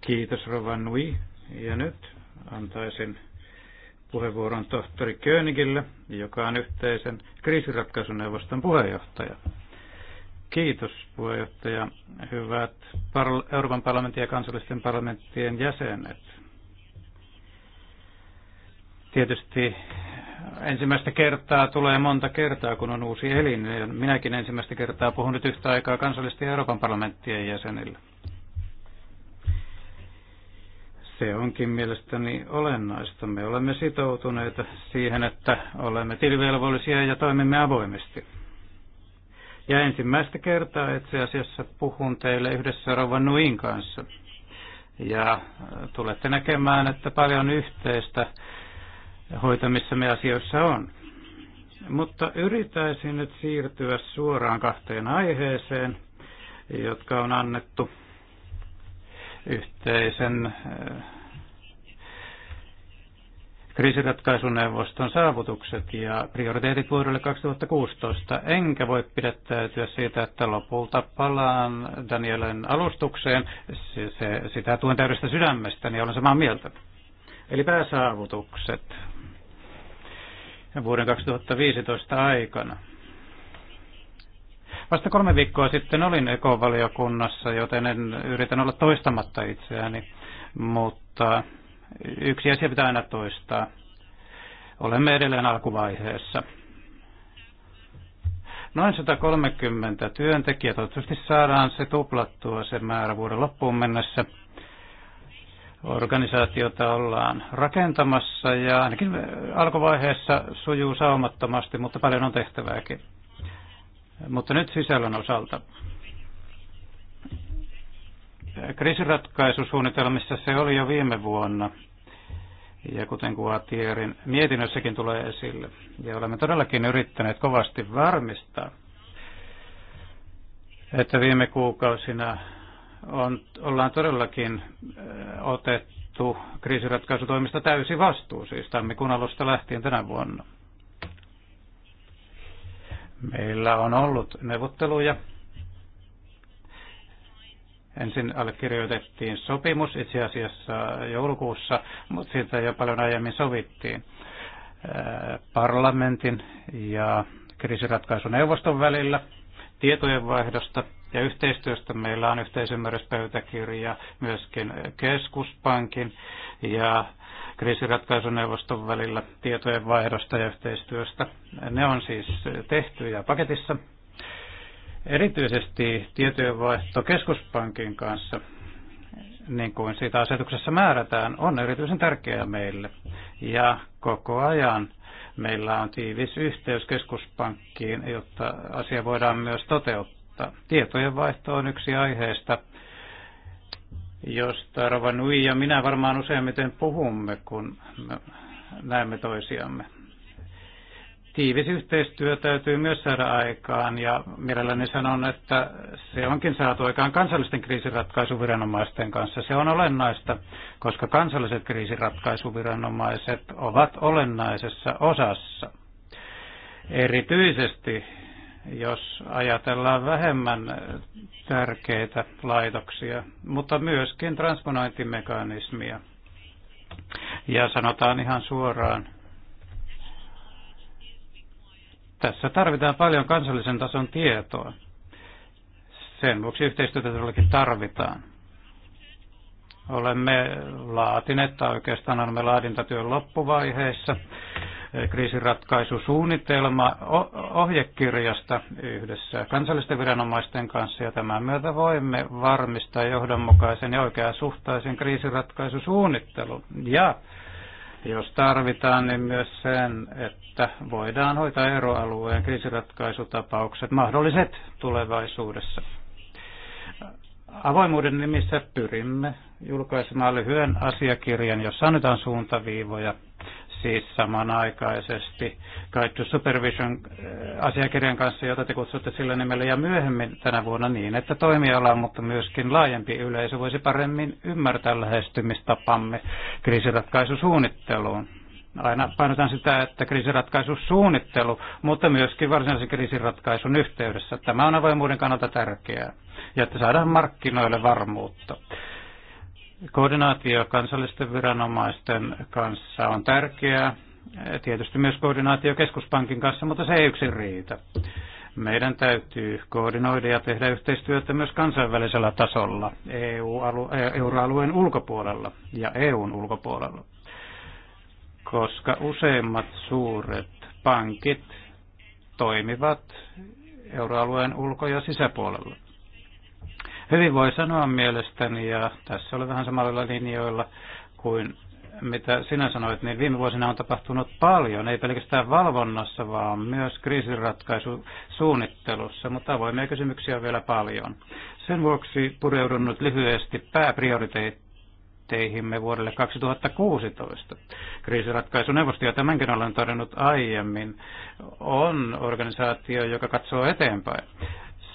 Kiitos Rovanui. Ja nyt antaisin puheenvuoron tohtori Königille, joka on yhteisen kriisiratkaisuneuvoston puheenjohtaja. Kiitos puheenjohtaja. Hyvät Euroopan parlamentin ja kansallisten parlamenttien jäsenet. Tietysti ensimmäistä kertaa tulee monta kertaa, kun on uusi elin. minäkin ensimmäistä kertaa puhun nyt yhtä aikaa kansallisten Euroopan parlamenttien jäsenille. Se onkin mielestäni olennaista. Me olemme sitoutuneita siihen, että olemme tilivelvollisia ja toimimme avoimesti. Ja ensimmäistä kertaa itse asiassa puhun teille yhdessä Rovan Nuin kanssa. Ja tulette näkemään, että paljon yhteistä me asioissa on. Mutta yritäisin nyt siirtyä suoraan kahteen aiheeseen, jotka on annettu yhteisen eh, kriisiratkaisuneuvoston saavutukset ja prioriteetit vuodelle 2016. Enkä voi pidättäytyä siitä, että lopulta palaan Danielen alustukseen. Se, se, sitä tuen täydestä sydämestäni niin olen samaa mieltä. Eli pääsaavutukset vuoden 2015 aikana. Vasta kolme viikkoa sitten olin ekovaliokunnassa, joten en yritän olla toistamatta itseäni, mutta yksi asia pitää aina toistaa. Olemme edelleen alkuvaiheessa. Noin 130 työntekijää, toivottavasti saadaan se tuplattua se määrä vuoden loppuun mennessä – organisaatiota ollaan rakentamassa ja ainakin alkuvaiheessa sujuu saumattomasti, mutta paljon on tehtävääkin. Mutta nyt sisällön osalta. Kriisiratkaisusuunnitelmissa se oli jo viime vuonna, ja kuten Guatierin mietinnössäkin tulee esille. Ja olemme todellakin yrittäneet kovasti varmistaa, että viime kuukausina on, ollaan todellakin äh, otettu kriisiratkaisutoimista täysi vastuu, siis tammikuun alusta lähtien tänä vuonna. Meillä on ollut neuvotteluja. Ensin allekirjoitettiin sopimus itse asiassa joulukuussa, mutta siitä jo paljon aiemmin sovittiin äh, parlamentin ja kriisiratkaisuneuvoston välillä tietojen vaihdosta – ja yhteistyöstä meillä on yhteisymmärryspöytäkirja myöskin keskuspankin ja kriisiratkaisuneuvoston välillä tietojen vaihdosta ja yhteistyöstä. Ne on siis tehty ja paketissa. Erityisesti tietojen vaihto keskuspankin kanssa, niin kuin siitä asetuksessa määrätään, on erityisen tärkeää meille. Ja koko ajan meillä on tiivis yhteys keskuspankkiin, jotta asia voidaan myös toteuttaa mutta tietojenvaihto on yksi aiheesta, josta Rova Nui ja minä varmaan useimmiten puhumme, kun näemme toisiamme. Tiivis yhteistyö täytyy myös saada aikaan ja mielelläni sanon, että se onkin saatu aikaan kansallisten kriisiratkaisuviranomaisten kanssa. Se on olennaista, koska kansalliset kriisiratkaisuviranomaiset ovat olennaisessa osassa erityisesti jos ajatellaan vähemmän tärkeitä laitoksia, mutta myöskin transponointimekanismia. Ja sanotaan ihan suoraan, tässä tarvitaan paljon kansallisen tason tietoa. Sen vuoksi yhteistyötä todellakin tarvitaan. Olemme laatineet, tai oikeastaan olemme laadintatyön loppuvaiheessa kriisiratkaisusuunnitelma ohjekirjasta yhdessä kansallisten viranomaisten kanssa ja tämän myötä voimme varmistaa johdonmukaisen ja oikeasuhtaisen kriisiratkaisusuunnittelun. Ja jos tarvitaan, niin myös sen, että voidaan hoitaa euroalueen kriisiratkaisutapaukset mahdolliset tulevaisuudessa. Avoimuuden nimissä pyrimme julkaisemaan lyhyen asiakirjan, jossa annetaan suuntaviivoja siis samanaikaisesti Guide Supervision äh, asiakirjan kanssa, jota te kutsutte sillä nimellä, ja myöhemmin tänä vuonna niin, että toimiala, mutta myöskin laajempi yleisö voisi paremmin ymmärtää lähestymistapamme kriisiratkaisusuunnitteluun. Aina painotan sitä, että kriisiratkaisusuunnittelu, mutta myöskin varsinaisen kriisiratkaisun yhteydessä. Tämä on avoimuuden kannalta tärkeää, ja että saadaan markkinoille varmuutta. Koordinaatio kansallisten viranomaisten kanssa on tärkeää, tietysti myös koordinaatio keskuspankin kanssa, mutta se ei yksin riitä. Meidän täytyy koordinoida ja tehdä yhteistyötä myös kansainvälisellä tasolla, EU-euroalueen e, ulkopuolella ja EUn ulkopuolella, koska useimmat suuret pankit toimivat euroalueen ulko- ja sisäpuolella. Hyvin voi sanoa mielestäni, ja tässä oli vähän samalla linjoilla kuin mitä sinä sanoit, niin viime vuosina on tapahtunut paljon, ei pelkästään valvonnassa, vaan myös kriisinratkaisusuunnittelussa, mutta avoimia kysymyksiä on vielä paljon. Sen vuoksi pureudun nyt lyhyesti pääprioriteetteihimme vuodelle 2016. Kriisiratkaisuneuvosto, ja tämänkin olen todennut aiemmin, on organisaatio, joka katsoo eteenpäin.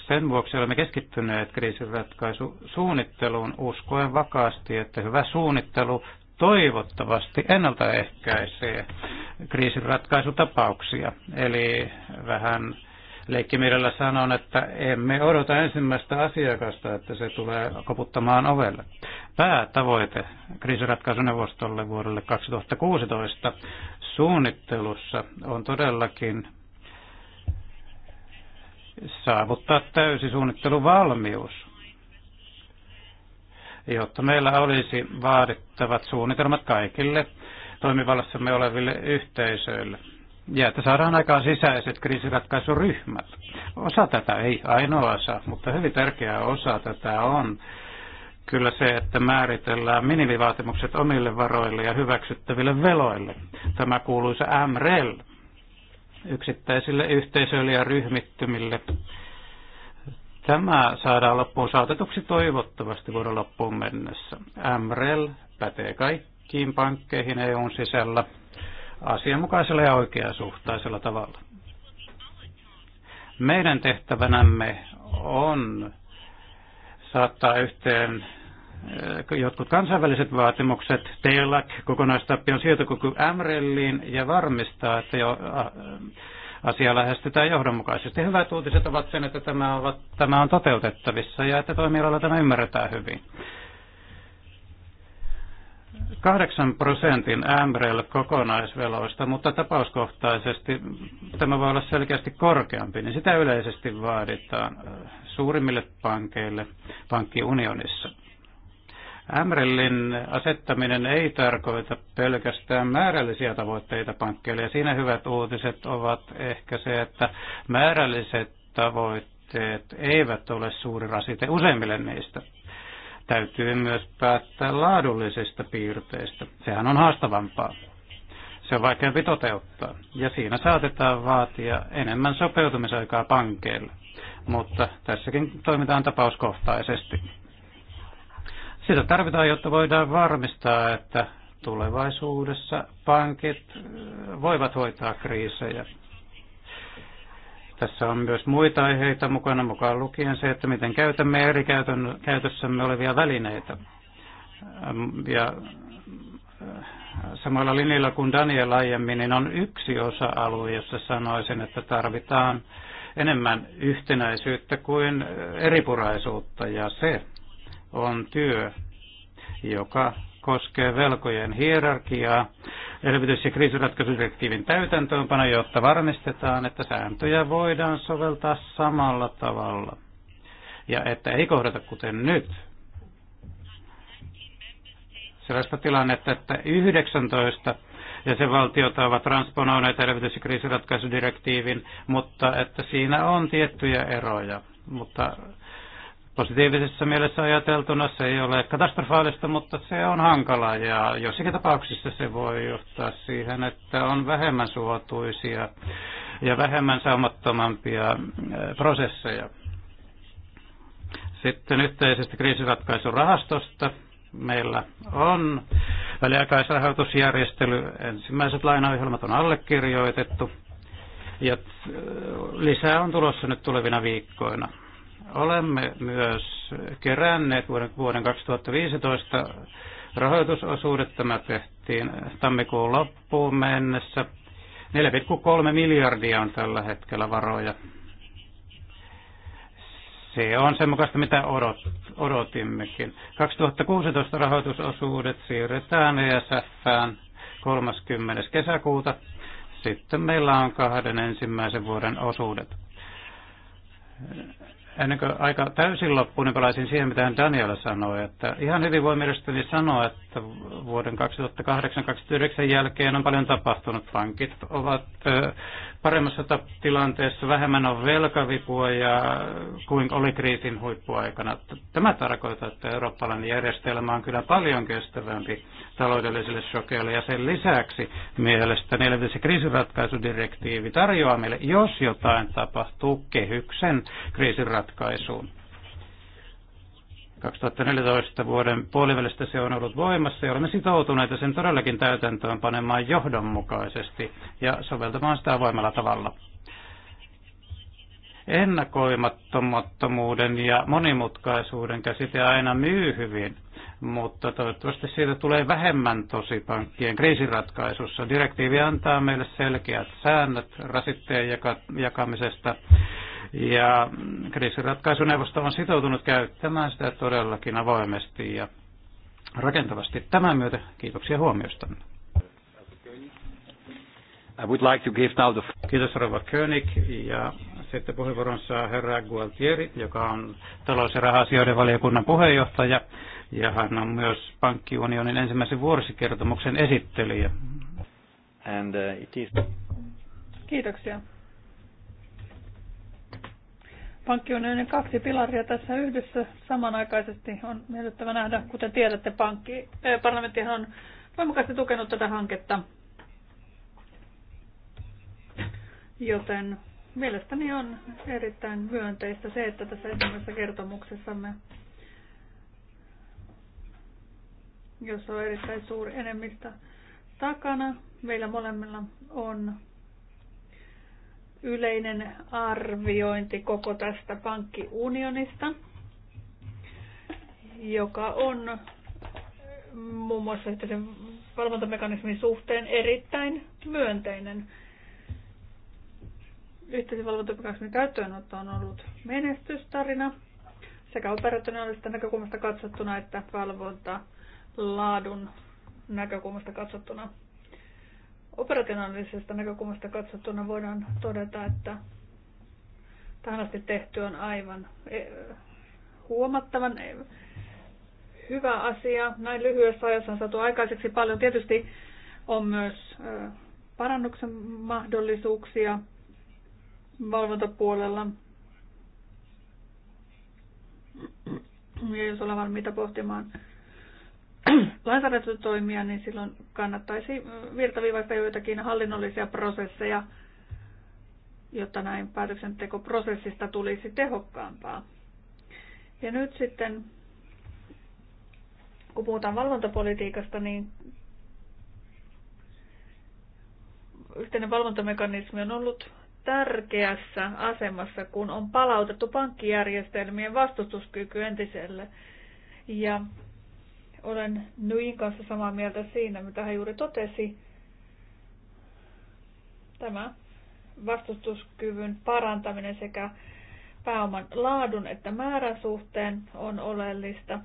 Sen vuoksi olemme keskittyneet kriisinratkaisusuunnitteluun uskoen vakaasti, että hyvä suunnittelu toivottavasti ennaltaehkäisee kriisinratkaisutapauksia. Eli vähän leikkimielellä sanon, että emme odota ensimmäistä asiakasta, että se tulee koputtamaan ovelle. Päätavoite kriisiratkaisuneuvostolle vuodelle 2016 suunnittelussa on todellakin saavuttaa täysi suunnitteluvalmius, jotta meillä olisi vaadittavat suunnitelmat kaikille toimivallassamme oleville yhteisöille. Ja että saadaan aikaan sisäiset kriisiratkaisuryhmät. Osa tätä, ei ainoa osa, mutta hyvin tärkeä osa tätä on kyllä se, että määritellään minimivaatimukset omille varoille ja hyväksyttäville veloille. Tämä kuuluisa MREL, yksittäisille yhteisöille ja ryhmittymille. Tämä saadaan loppuun saatetuksi toivottavasti vuoden loppuun mennessä. MREL pätee kaikkiin pankkeihin EUn sisällä asianmukaisella ja oikeasuhtaisella tavalla. Meidän tehtävänämme on saattaa yhteen jotkut kansainväliset vaatimukset, TELAC, kokonaistappion sietokyky MRELiin ja varmistaa, että jo asia lähestytään johdonmukaisesti. Hyvät uutiset ovat sen, että tämä, ovat, tämä on toteutettavissa ja että toimialalla tämä ymmärretään hyvin. 8 prosentin MRL kokonaisveloista, mutta tapauskohtaisesti tämä voi olla selkeästi korkeampi, niin sitä yleisesti vaaditaan suurimmille pankeille pankkiunionissa. MRELin asettaminen ei tarkoita pelkästään määrällisiä tavoitteita pankkeille. Ja siinä hyvät uutiset ovat ehkä se, että määrälliset tavoitteet eivät ole suuri rasite useimmille niistä. Täytyy myös päättää laadullisista piirteistä. Sehän on haastavampaa. Se on vaikeampi toteuttaa. Ja siinä saatetaan vaatia enemmän sopeutumisaikaa pankeille. Mutta tässäkin toimitaan tapauskohtaisesti sitä tarvitaan, jotta voidaan varmistaa, että tulevaisuudessa pankit äh, voivat hoitaa kriisejä. Tässä on myös muita aiheita mukana, mukaan lukien se, että miten käytämme eri käytön, käytössämme olevia välineitä. Ähm, ja äh, samalla linjalla kuin Daniel aiemmin, niin on yksi osa-alue, jossa sanoisin, että tarvitaan enemmän yhtenäisyyttä kuin eripuraisuutta, ja se on työ, joka koskee velkojen hierarkiaa elvytys- ja kriisiratkaisudirektiivin täytäntöönpano, jotta varmistetaan, että sääntöjä voidaan soveltaa samalla tavalla ja että ei kohdata kuten nyt sellaista tilannetta, että 19 valtiota ovat transponoineet elvytys- ja kriisiratkaisudirektiivin, mutta että siinä on tiettyjä eroja. Mutta Positiivisessa mielessä ajateltuna se ei ole katastrofaalista, mutta se on hankala ja jossakin tapauksissa se voi johtaa siihen, että on vähemmän suotuisia ja vähemmän saumattomampia eh, prosesseja. Sitten yhteisestä kriisiratkaisurahastosta meillä on väliaikaisrahoitusjärjestely. Ensimmäiset lainaohjelmat on allekirjoitettu ja eh, lisää on tulossa nyt tulevina viikkoina. Olemme myös keränneet vuoden, vuoden 2015 rahoitusosuudet. Tämä tehtiin tammikuun loppuun mennessä. 4,3 miljardia on tällä hetkellä varoja. Se on sen mukaista, mitä odot, odotimmekin. 2016 rahoitusosuudet siirretään ESFään 30. kesäkuuta. Sitten meillä on kahden ensimmäisen vuoden osuudet ennen kuin aika täysin loppuun, niin palaisin siihen, mitä Daniel sanoi, että ihan hyvin voi mielestäni sanoa, että että vuoden 2008-2009 jälkeen on paljon tapahtunut. Pankit ovat paremmassa tilanteessa, vähemmän on velkavipua ja kuin oli kriisin huippuaikana. Tämä tarkoittaa, että eurooppalainen järjestelmä on kyllä paljon kestävämpi taloudellisille shokeille ja sen lisäksi mielestäni elvytys- se kriisiratkaisudirektiivi tarjoaa meille, jos jotain tapahtuu, kehyksen kriisiratkaisuun 2014 vuoden puolivälistä se on ollut voimassa ja olemme sitoutuneita sen todellakin täytäntöön panemaan johdonmukaisesti ja soveltamaan sitä voimalla tavalla. Ennakoimattomuuden ja monimutkaisuuden käsite aina myy hyvin, mutta toivottavasti siitä tulee vähemmän tosi pankkien kriisiratkaisussa. Direktiivi antaa meille selkeät säännöt rasitteen jakamisesta ja kriisiratkaisuneuvosto on sitoutunut käyttämään sitä todellakin avoimesti ja rakentavasti. Tämän myötä kiitoksia huomiosta. I would like to give now the... Kiitos Rova König ja sitten puheenvuoron saa herra Gualtieri, joka on talous- ja raha-asioiden valiokunnan puheenjohtaja ja hän on myös pankkiunionin ensimmäisen vuosikertomuksen esittelijä. And, uh, it is... Kiitoksia. Pankkiunionin kaksi pilaria tässä yhdessä samanaikaisesti on miellyttävä nähdä. Kuten tiedätte, pankki, eh, parlamenttihan on voimakkaasti tukenut tätä hanketta. Joten mielestäni on erittäin myönteistä se, että tässä ensimmäisessä kertomuksessamme, jossa on erittäin suuri enemmistö takana, meillä molemmilla on yleinen arviointi koko tästä pankkiunionista, joka on muun muassa yhteisen valvontamekanismin suhteen erittäin myönteinen. Yhteisen valvontamekanismin käyttöönotto on ollut menestystarina sekä operationaalisesta näkökulmasta katsottuna että valvonta laadun näkökulmasta katsottuna. Operationaalisesta näkökulmasta katsottuna voidaan todeta, että tähän asti tehty on aivan e, huomattavan e, hyvä asia. Näin lyhyessä ajassa on saatu aikaiseksi paljon. Tietysti on myös e, parannuksen mahdollisuuksia valvontapuolella. Ja jos ollaan valmiita pohtimaan lainsäädäntötoimia, niin silloin kannattaisi virtaviivaista joitakin hallinnollisia prosesseja, jotta näin päätöksentekoprosessista tulisi tehokkaampaa. Ja nyt sitten, kun puhutaan valvontapolitiikasta, niin yhteinen valvontamekanismi on ollut tärkeässä asemassa, kun on palautettu pankkijärjestelmien vastustuskyky entiselle. Ja olen Nuin kanssa samaa mieltä siinä, mitä hän juuri totesi. Tämä vastustuskyvyn parantaminen sekä pääoman laadun että määrän suhteen on oleellista.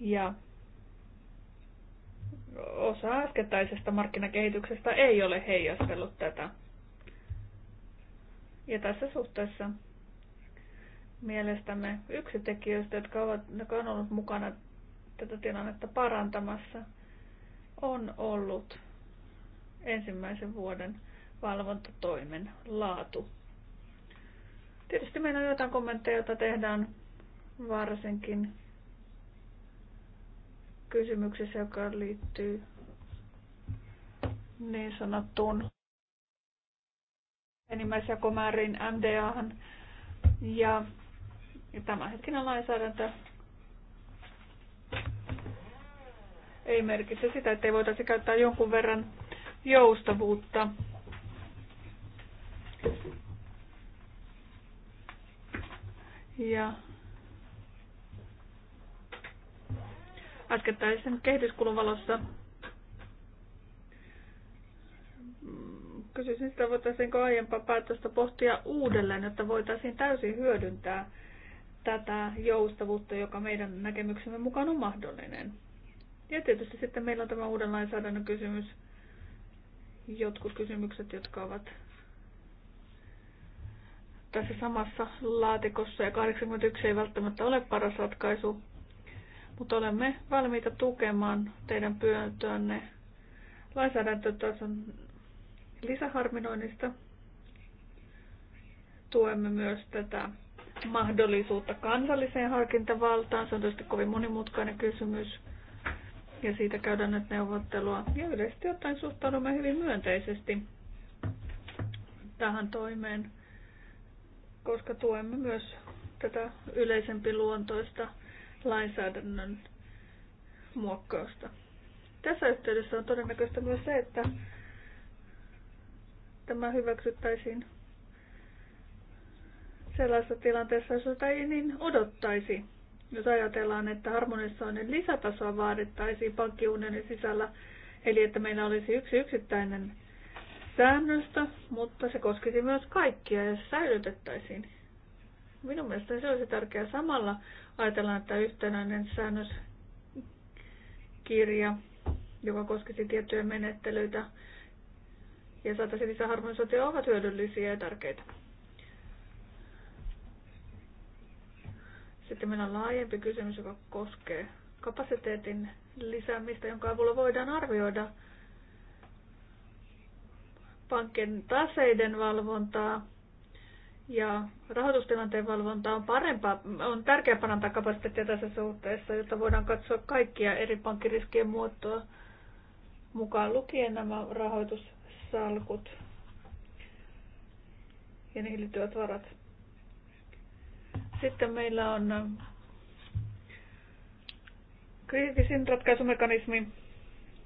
Ja osa äskettäisestä markkinakehityksestä ei ole heijastellut tätä. Ja tässä suhteessa mielestämme yksi tekijöistä, jotka ovat, jotka ovat olleet mukana tätä tilannetta parantamassa, on ollut ensimmäisen vuoden valvontatoimen laatu. Tietysti meillä on jotain kommentteja, joita tehdään varsinkin kysymyksessä, joka liittyy niin sanottuun enimmäisjakomäärin MDAhan. Ja tämänhetkinen lainsäädäntö ei merkitse sitä, että ei voitaisi käyttää jonkun verran joustavuutta. Ja äskettäisen kehityskulun valossa kysyisin sitä, voitaisiinko aiempaa päätöstä pohtia uudelleen, jotta voitaisiin täysin hyödyntää tätä joustavuutta, joka meidän näkemyksemme mukaan on mahdollinen. Ja tietysti sitten meillä on tämä uuden lainsäädännön kysymys, jotkut kysymykset, jotka ovat tässä samassa laatikossa ja 81 ei välttämättä ole paras ratkaisu, mutta olemme valmiita tukemaan teidän pyyntöänne lainsäädäntötason lisäharminoinnista. Tuemme myös tätä mahdollisuutta kansalliseen harkintavaltaan. Se on tietysti kovin monimutkainen kysymys ja siitä käydään nyt neuvottelua. Ja yleisesti ottaen suhtaudumme hyvin myönteisesti tähän toimeen, koska tuemme myös tätä yleisempi luontoista lainsäädännön muokkausta. Tässä yhteydessä on todennäköistä myös se, että tämä hyväksyttäisiin sellaisessa tilanteessa, jos sitä ei niin odottaisi. Jos ajatellaan, että harmonisoinnin lisätasoa vaadittaisiin pankkiunionin sisällä, eli että meillä olisi yksi yksittäinen säännöstä, mutta se koskisi myös kaikkia ja se säilytettäisiin. Minun mielestäni se olisi tärkeää. Samalla ajatellaan, että yhtenäinen säännöskirja, joka koskisi tiettyjä menettelyitä ja saataisiin lisäharmonisointia, ovat hyödyllisiä ja tärkeitä. Sitten meillä on laajempi kysymys, joka koskee kapasiteetin lisäämistä, jonka avulla voidaan arvioida pankkien taseiden valvontaa ja rahoitustilanteen valvonta on parempaa, on tärkeää parantaa kapasiteettia tässä suhteessa, jotta voidaan katsoa kaikkia eri pankkiriskien muotoa mukaan lukien nämä rahoitussalkut ja niihin liittyvät varat. Sitten meillä on kriisin ratkaisumekanismi,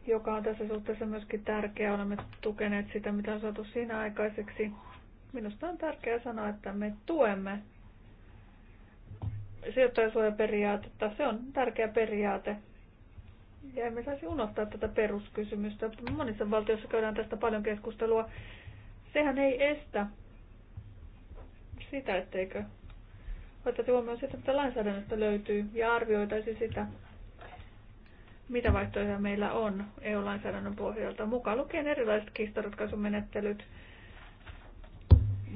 joka on tässä suhteessa myöskin tärkeä. Olemme tukeneet sitä, mitä on saatu siinä aikaiseksi. Minusta on tärkeää sanoa, että me tuemme sijoittajasuojaperiaatetta. Se on tärkeä periaate. Ja emme saisi unohtaa tätä peruskysymystä. Monissa valtioissa käydään tästä paljon keskustelua. Sehän ei estä sitä, etteikö ottaisi huomioon sitä, että lainsäädännöstä löytyy ja arvioitaisi sitä, mitä vaihtoehtoja meillä on EU-lainsäädännön pohjalta, mukaan lukien erilaiset kiistaratkaisumenettelyt,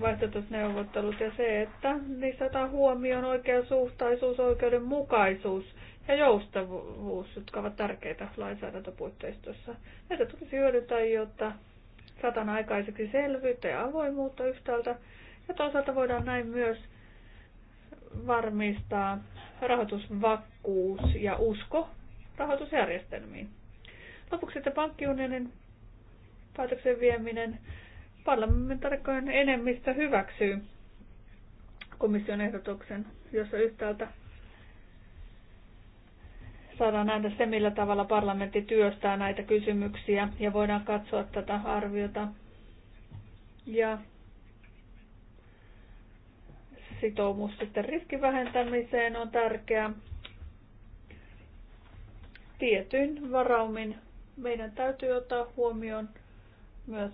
vaihtoehtoisneuvottelut ja se, että niissä otetaan huomioon oikeasuhtaisuus, oikeudenmukaisuus ja joustavuus, jotka ovat tärkeitä lainsäädäntöpuitteistossa. Näitä tulisi hyödyntää, jotta saadaan aikaiseksi selvyyttä ja avoimuutta yhtäältä, ja toisaalta voidaan näin myös varmistaa rahoitusvakkuus ja usko rahoitusjärjestelmiin. Lopuksi sitten pankkiunionin päätöksen vieminen parlamentaarikkojen enemmistö hyväksyy komission ehdotuksen, jossa yhtäältä saadaan nähdä se, millä tavalla parlamentti työstää näitä kysymyksiä ja voidaan katsoa tätä arviota. Ja sitoumus sitten riskin vähentämiseen on tärkeä. Tietyin varaumin meidän täytyy ottaa huomioon myös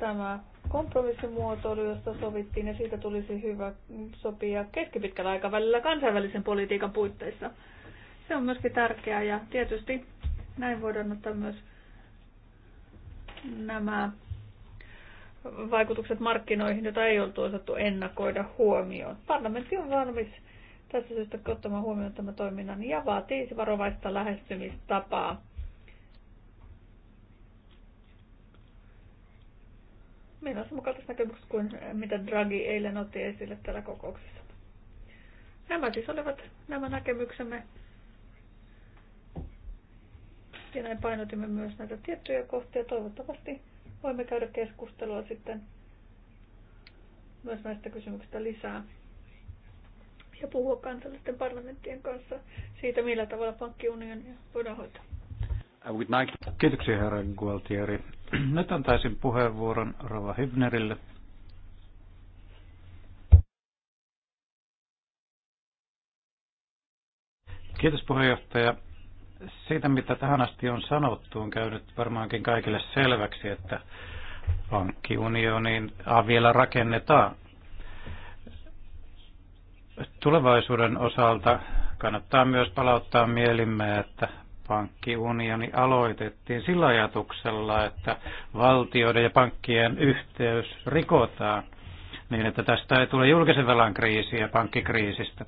tämä kompromissimuotoilu, josta sovittiin ja siitä tulisi hyvä sopia keskipitkällä aikavälillä kansainvälisen politiikan puitteissa. Se on myöskin tärkeää ja tietysti näin voidaan ottaa myös nämä vaikutukset markkinoihin, joita ei ole osattu ennakoida huomioon. Parlamentti on valmis tässä syystä ottamaan huomioon tämän toiminnan ja vaatii varovaista lähestymistapaa. Meillä on samankaltaiset näkemykset kuin mitä Draghi eilen otti esille tällä kokouksessa. Nämä siis olivat nämä näkemyksemme. Ja näin painotimme myös näitä tiettyjä kohtia toivottavasti voimme käydä keskustelua sitten myös näistä kysymyksistä lisää ja puhua kansallisten parlamenttien kanssa siitä, millä tavalla pankkiunionia voidaan hoitaa. Kiitoksia herra Gualtieri. Nyt antaisin puheenvuoron Rova Hibnerille. Kiitos puheenjohtaja siitä, mitä tähän asti on sanottu, on käynyt varmaankin kaikille selväksi, että pankkiunioniin vielä rakennetaan. Tulevaisuuden osalta kannattaa myös palauttaa mielimme, että pankkiunioni aloitettiin sillä ajatuksella, että valtioiden ja pankkien yhteys rikotaan – niin että tästä ei tule julkisen velan kriisiä pankkikriisistä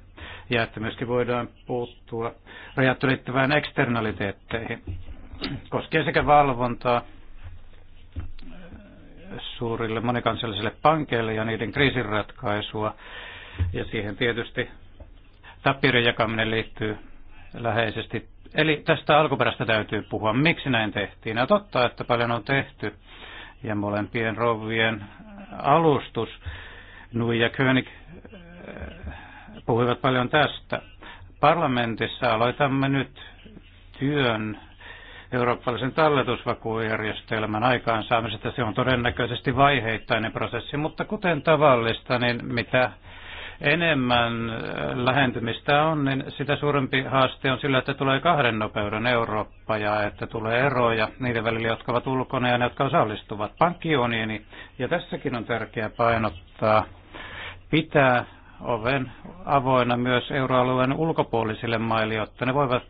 ja että myöskin voidaan puuttua rajat ylittävään eksternaliteetteihin. Koskee sekä valvontaa eh, suurille monikansallisille pankeille ja niiden kriisinratkaisua. Ja siihen tietysti tappioiden jakaminen liittyy läheisesti. Eli tästä alkuperästä täytyy puhua, miksi näin tehtiin. Ja totta, että paljon on tehty. Ja molempien rouvien alustus Nui ja König eh, puhuivat paljon tästä. Parlamentissa aloitamme nyt työn eurooppalaisen talletusvakuujärjestelmän aikaansaamisesta. Se on todennäköisesti vaiheittainen prosessi, mutta kuten tavallista, niin mitä enemmän eh, lähentymistä on, niin sitä suurempi haaste on sillä, että tulee kahden nopeuden Eurooppa ja että tulee eroja niiden välillä, jotka ovat ulkona ja ne, jotka osallistuvat pankkiunioni. Ja tässäkin on tärkeää painottaa pitää oven avoinna myös euroalueen ulkopuolisille maille, jotta ne voivat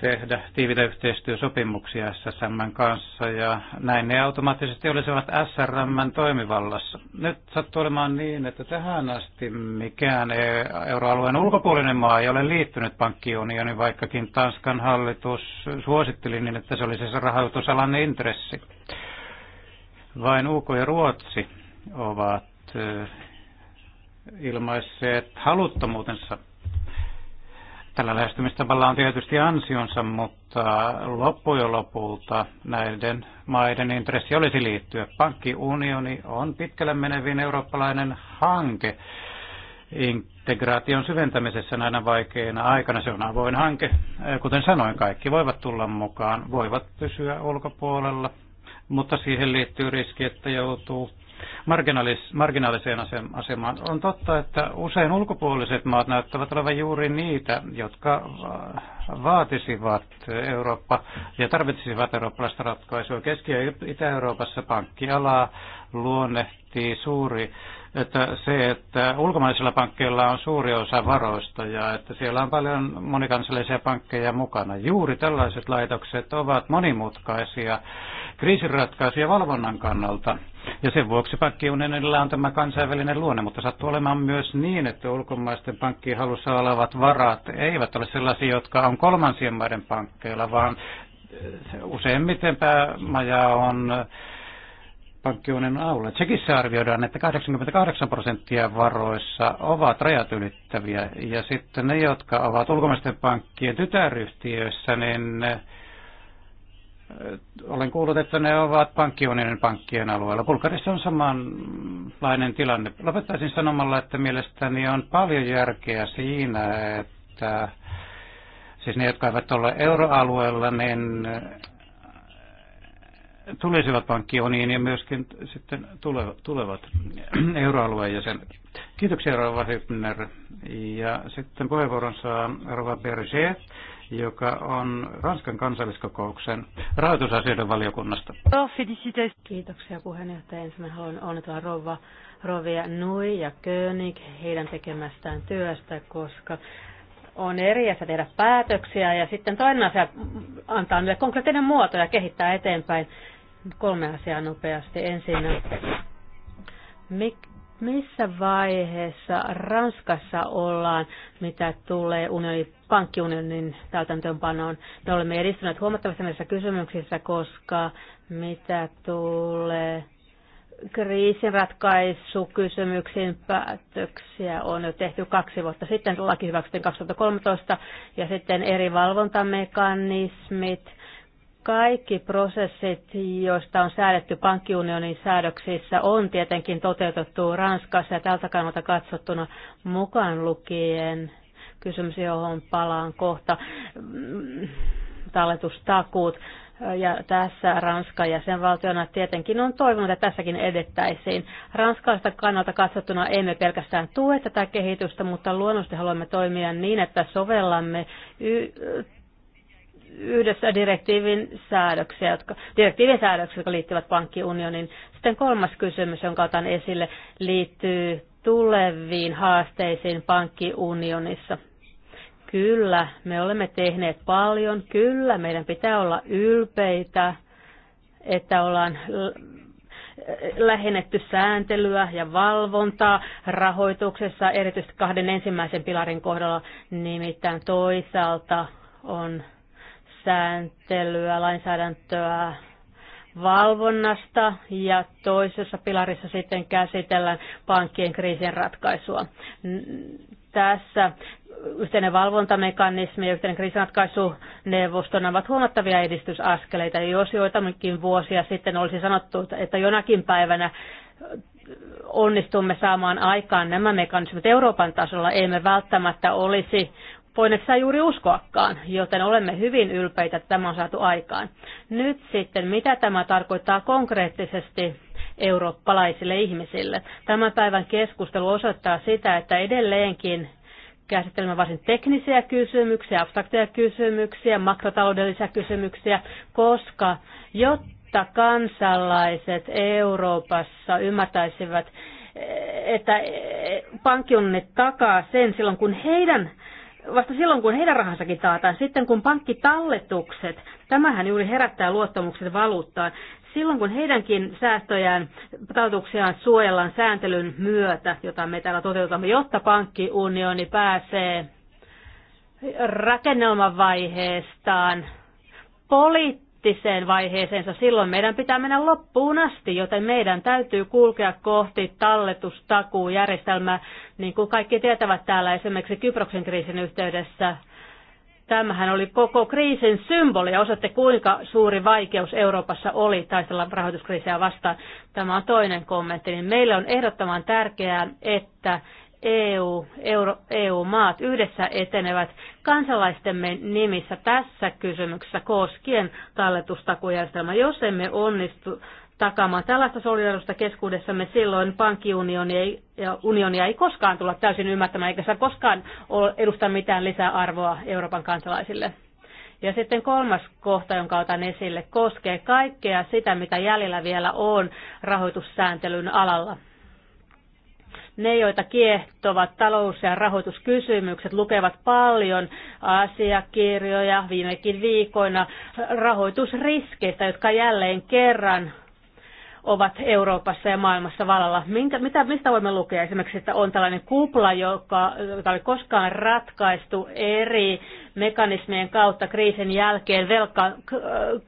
tehdä tiivitä yhteistyösopimuksia SSM kanssa ja näin ne automaattisesti olisivat SRM toimivallassa. Nyt sattuu olemaan niin, että tähän asti mikään e- euroalueen ulkopuolinen maa ei ole liittynyt pankkiunioni, vaikkakin Tanskan hallitus suositteli niin, että se olisi se rahoitusalan intressi. Vain UK ja Ruotsi ovat ilmaisseet haluttomuutensa. Tällä lähestymistavalla on tietysti ansionsa, mutta loppujen lopulta näiden maiden intressi olisi liittyä. Pankkiunioni on pitkälle menevin eurooppalainen hanke integraation syventämisessä näinä vaikeina aikana. Se on avoin hanke. Kuten sanoin, kaikki voivat tulla mukaan, voivat pysyä ulkopuolella, mutta siihen liittyy riski, että joutuu marginaalis, marginaaliseen asemaan. On totta, että usein ulkopuoliset maat näyttävät olevan juuri niitä, jotka vaatisivat Eurooppa ja tarvitsisivat eurooppalaista ratkaisua. Keski- ja Itä-Euroopassa pankkialaa luonnehtii suuri että se, että ulkomaisilla pankkeilla on suuri osa varoista ja että siellä on paljon monikansallisia pankkeja mukana. Juuri tällaiset laitokset ovat monimutkaisia kriisinratkaisuja valvonnan kannalta ja sen vuoksi pankkiunionilla on tämä kansainvälinen luonne, mutta sattuu olemaan myös niin, että ulkomaisten pankkien halussa olevat varat eivät ole sellaisia, jotka on kolmansien maiden pankkeilla, vaan useimmiten päämaja on pankkiunen aula. Tsekissä arvioidaan, että 88 prosenttia varoissa ovat rajat ylittäviä, ja sitten ne, jotka ovat ulkomaisten pankkien tytäryhtiöissä, niin olen kuullut, että ne ovat pankkiunionin pankkien alueella. Bulgarissa on samanlainen tilanne. Lopettaisin sanomalla, että mielestäni on paljon järkeä siinä, että siis ne, jotka eivät ole euroalueella, niin tulisivat pankkiuniin ja myöskin sitten tulevat, euroalueen jäsenet. Kiitoksia Rova Hübner. Ja sitten puheenvuoron saa Rova Berger joka on Ranskan kansalliskokouksen rahoitusasioiden valiokunnasta. Kiitoksia puheenjohtaja. Ensin haluan onnitella Rova, Rovia Nui ja König heidän tekemästään työstä, koska on eri asia tehdä päätöksiä ja sitten toinen asia antaa niille konkreettinen muoto ja kehittää eteenpäin. Kolme asiaa nopeasti. Ensin, mik, missä vaiheessa Ranskassa ollaan, mitä tulee unioni, pankkiunionin täytäntöönpanoon? Me olemme edistyneet huomattavasti näissä kysymyksissä, koska mitä tulee kriisinratkaisukysymyksiin päätöksiä on jo tehty kaksi vuotta sitten, laki hyväksyttiin 2013, ja sitten eri valvontamekanismit kaikki prosessit, joista on säädetty pankkiunionin säädöksissä, on tietenkin toteutettu Ranskassa ja tältä kannalta katsottuna mukaan lukien kysymys, johon palaan kohta, mm, talletustakuut. Ja tässä Ranska jäsenvaltiona tietenkin on toivonut, että tässäkin edettäisiin. Ranskalaista kannalta katsottuna emme pelkästään tue tätä kehitystä, mutta luonnollisesti haluamme toimia niin, että sovellamme y- yhdessä direktiivin säädöksiä, jotka, direktiivin säädöksiä, jotka liittyvät pankkiunioniin. Sitten kolmas kysymys, jonka otan esille, liittyy tuleviin haasteisiin pankkiunionissa. Kyllä, me olemme tehneet paljon. Kyllä, meidän pitää olla ylpeitä, että ollaan lähennetty sääntelyä ja valvontaa rahoituksessa, erityisesti kahden ensimmäisen pilarin kohdalla, nimittäin toisaalta on sääntelyä, lainsäädäntöä valvonnasta ja toisessa pilarissa sitten käsitellään pankkien kriisin ratkaisua. Tässä yhteinen valvontamekanismi ja yhteinen kriisinratkaisuneuvosto ovat huomattavia edistysaskeleita. Jos joitakin vuosia sitten olisi sanottu, että jonakin päivänä onnistumme saamaan aikaan nämä mekanismit Euroopan tasolla, emme välttämättä olisi voineet sitä juuri uskoakaan, joten olemme hyvin ylpeitä, että tämä on saatu aikaan. Nyt sitten, mitä tämä tarkoittaa konkreettisesti eurooppalaisille ihmisille? Tämän päivän keskustelu osoittaa sitä, että edelleenkin käsittelemme varsin teknisiä kysymyksiä, abstrakteja kysymyksiä, makrotaloudellisia kysymyksiä, koska jotta kansalaiset Euroopassa ymmärtäisivät, että pankkiunnit takaa sen silloin, kun heidän vasta silloin, kun heidän rahansakin taataan. Sitten kun pankkitalletukset, tämähän juuri herättää luottamukset valuuttaan. Silloin kun heidänkin säästöjään, talletuksiaan suojellaan sääntelyn myötä, jota me täällä toteutamme, jotta pankkiunioni pääsee rakennelmavaiheestaan poliittisesti kriittiseen vaiheeseensa, silloin meidän pitää mennä loppuun asti, joten meidän täytyy kulkea kohti talletustakuujärjestelmää, niin kuin kaikki tietävät täällä esimerkiksi Kyproksen kriisin yhteydessä. Tämähän oli koko kriisin symboli ja osoitte kuinka suuri vaikeus Euroopassa oli taistella rahoituskriisiä vastaan. Tämä on toinen kommentti. Niin meille on ehdottoman tärkeää, että EU, euro, EU-maat yhdessä etenevät kansalaistemme nimissä tässä kysymyksessä koskien talletustakujärjestelmä. Jos emme onnistu takaamaan tällaista solidaarisuutta keskuudessamme, silloin pankkiunioni ei, ja unionia ei koskaan tulla täysin ymmärtämään, eikä se koskaan edusta mitään lisäarvoa Euroopan kansalaisille. Ja sitten kolmas kohta, jonka otan esille, koskee kaikkea sitä, mitä jäljellä vielä on rahoitussääntelyn alalla. Ne, joita kiehtovat talous- ja rahoituskysymykset, lukevat paljon asiakirjoja viimekin viikoina rahoitusriskeistä, jotka jälleen kerran ovat Euroopassa ja maailmassa valalla. Minkä, mitä, mistä voimme lukea esimerkiksi, että on tällainen kupla, joka, joka oli koskaan ratkaistu eri mekanismien kautta kriisin jälkeen, velka,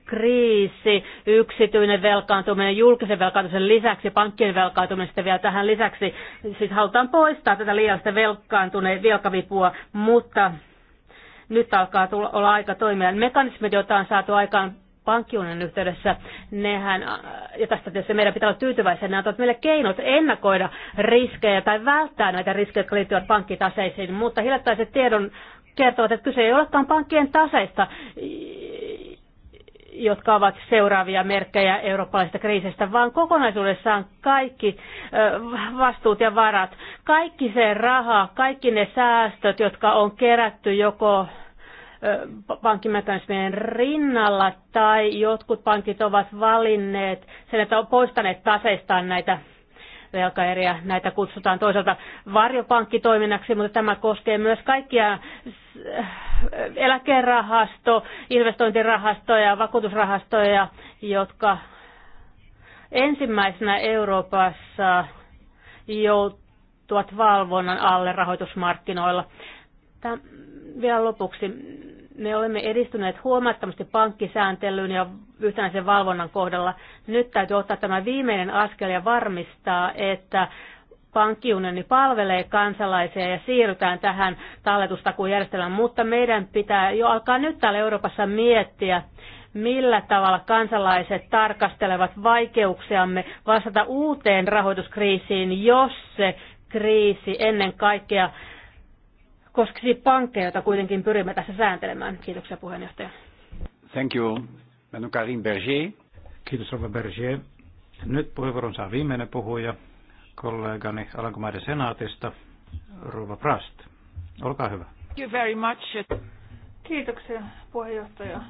kriisi, yksityinen velkaantuminen, julkisen velkaantumisen lisäksi, pankkien velkaantuminen sitten vielä tähän lisäksi. Siis halutaan poistaa tätä liiallista velkaantuneen velkavipua, mutta nyt alkaa tulla, olla aika toimia. Mekanismit, joita on saatu aikaan pankkiunin yhteydessä, nehän, äh, ja tästä tietysti meidän pitää olla tyytyväisiä, ne antavat meille keinot ennakoida riskejä tai välttää näitä riskejä, jotka liittyvät pankkitaseisiin, mutta hiljattaiset tiedon kertovat, että kyse ei olekaan pankkien taseista, jotka ovat seuraavia merkkejä eurooppalaisesta kriisistä, vaan kokonaisuudessaan kaikki äh, vastuut ja varat, kaikki se raha, kaikki ne säästöt, jotka on kerätty joko pankkimekanismien rinnalla, tai jotkut pankit ovat valinneet sen, että on poistaneet taseistaan näitä velkaeriä. Näitä kutsutaan toisaalta varjopankkitoiminnaksi, mutta tämä koskee myös kaikkia eläkerahasto, investointirahastoja, vakuutusrahastoja, jotka ensimmäisenä Euroopassa joutuvat valvonnan alle rahoitusmarkkinoilla vielä lopuksi. Me olemme edistyneet huomattavasti pankkisääntelyyn ja yhtenäisen valvonnan kohdalla. Nyt täytyy ottaa tämä viimeinen askel ja varmistaa, että pankkiunioni palvelee kansalaisia ja siirrytään tähän talletustakujärjestelmään, mutta meidän pitää jo alkaa nyt täällä Euroopassa miettiä, millä tavalla kansalaiset tarkastelevat vaikeuksiamme vastata uuteen rahoituskriisiin, jos se kriisi ennen kaikkea koskisi pankkeja, joita kuitenkin pyrimme tässä sääntelemään. Kiitoksia puheenjohtaja. Thank you. Manu Karin Berger. Kiitos Rova Berger. Nyt puheenvuoron saa viimeinen puhuja, kollegani Alankomaiden senaatista, Rova Prast. Olkaa hyvä. Thank you very much. Kiitoksia puheenjohtaja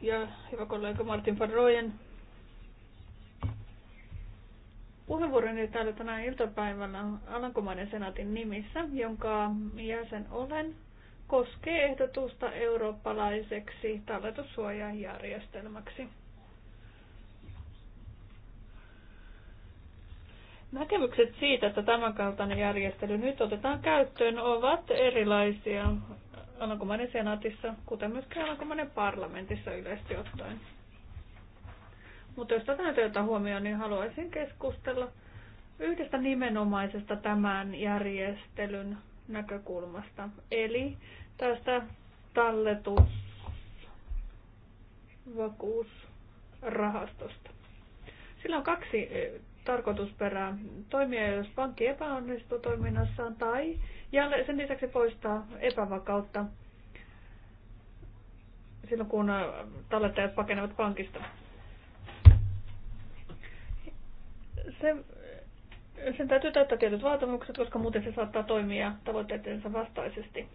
ja hyvä kollega Martin Van Rooyen puheenvuoroni täällä tänä iltapäivänä Alankomaiden senaatin nimissä, jonka jäsen olen, koskee ehdotusta eurooppalaiseksi talletussuojajärjestelmäksi. Näkemykset siitä, että tämänkaltainen järjestely nyt otetaan käyttöön, ovat erilaisia Alankomaiden senaatissa, kuten myöskin Alankomaiden parlamentissa yleisesti ottaen. Mutta jos tätä nyt ottaa huomioon, niin haluaisin keskustella yhdestä nimenomaisesta tämän järjestelyn näkökulmasta. Eli tästä talletusvakuusrahastosta. Sillä on kaksi tarkoitusperää. Toimia, jos pankki epäonnistuu toiminnassaan tai ja sen lisäksi poistaa epävakautta silloin, kun tallettajat pakenevat pankista. se, sen täytyy täyttää tietyt vaatimukset, koska muuten se saattaa toimia tavoitteidensa vastaisesti.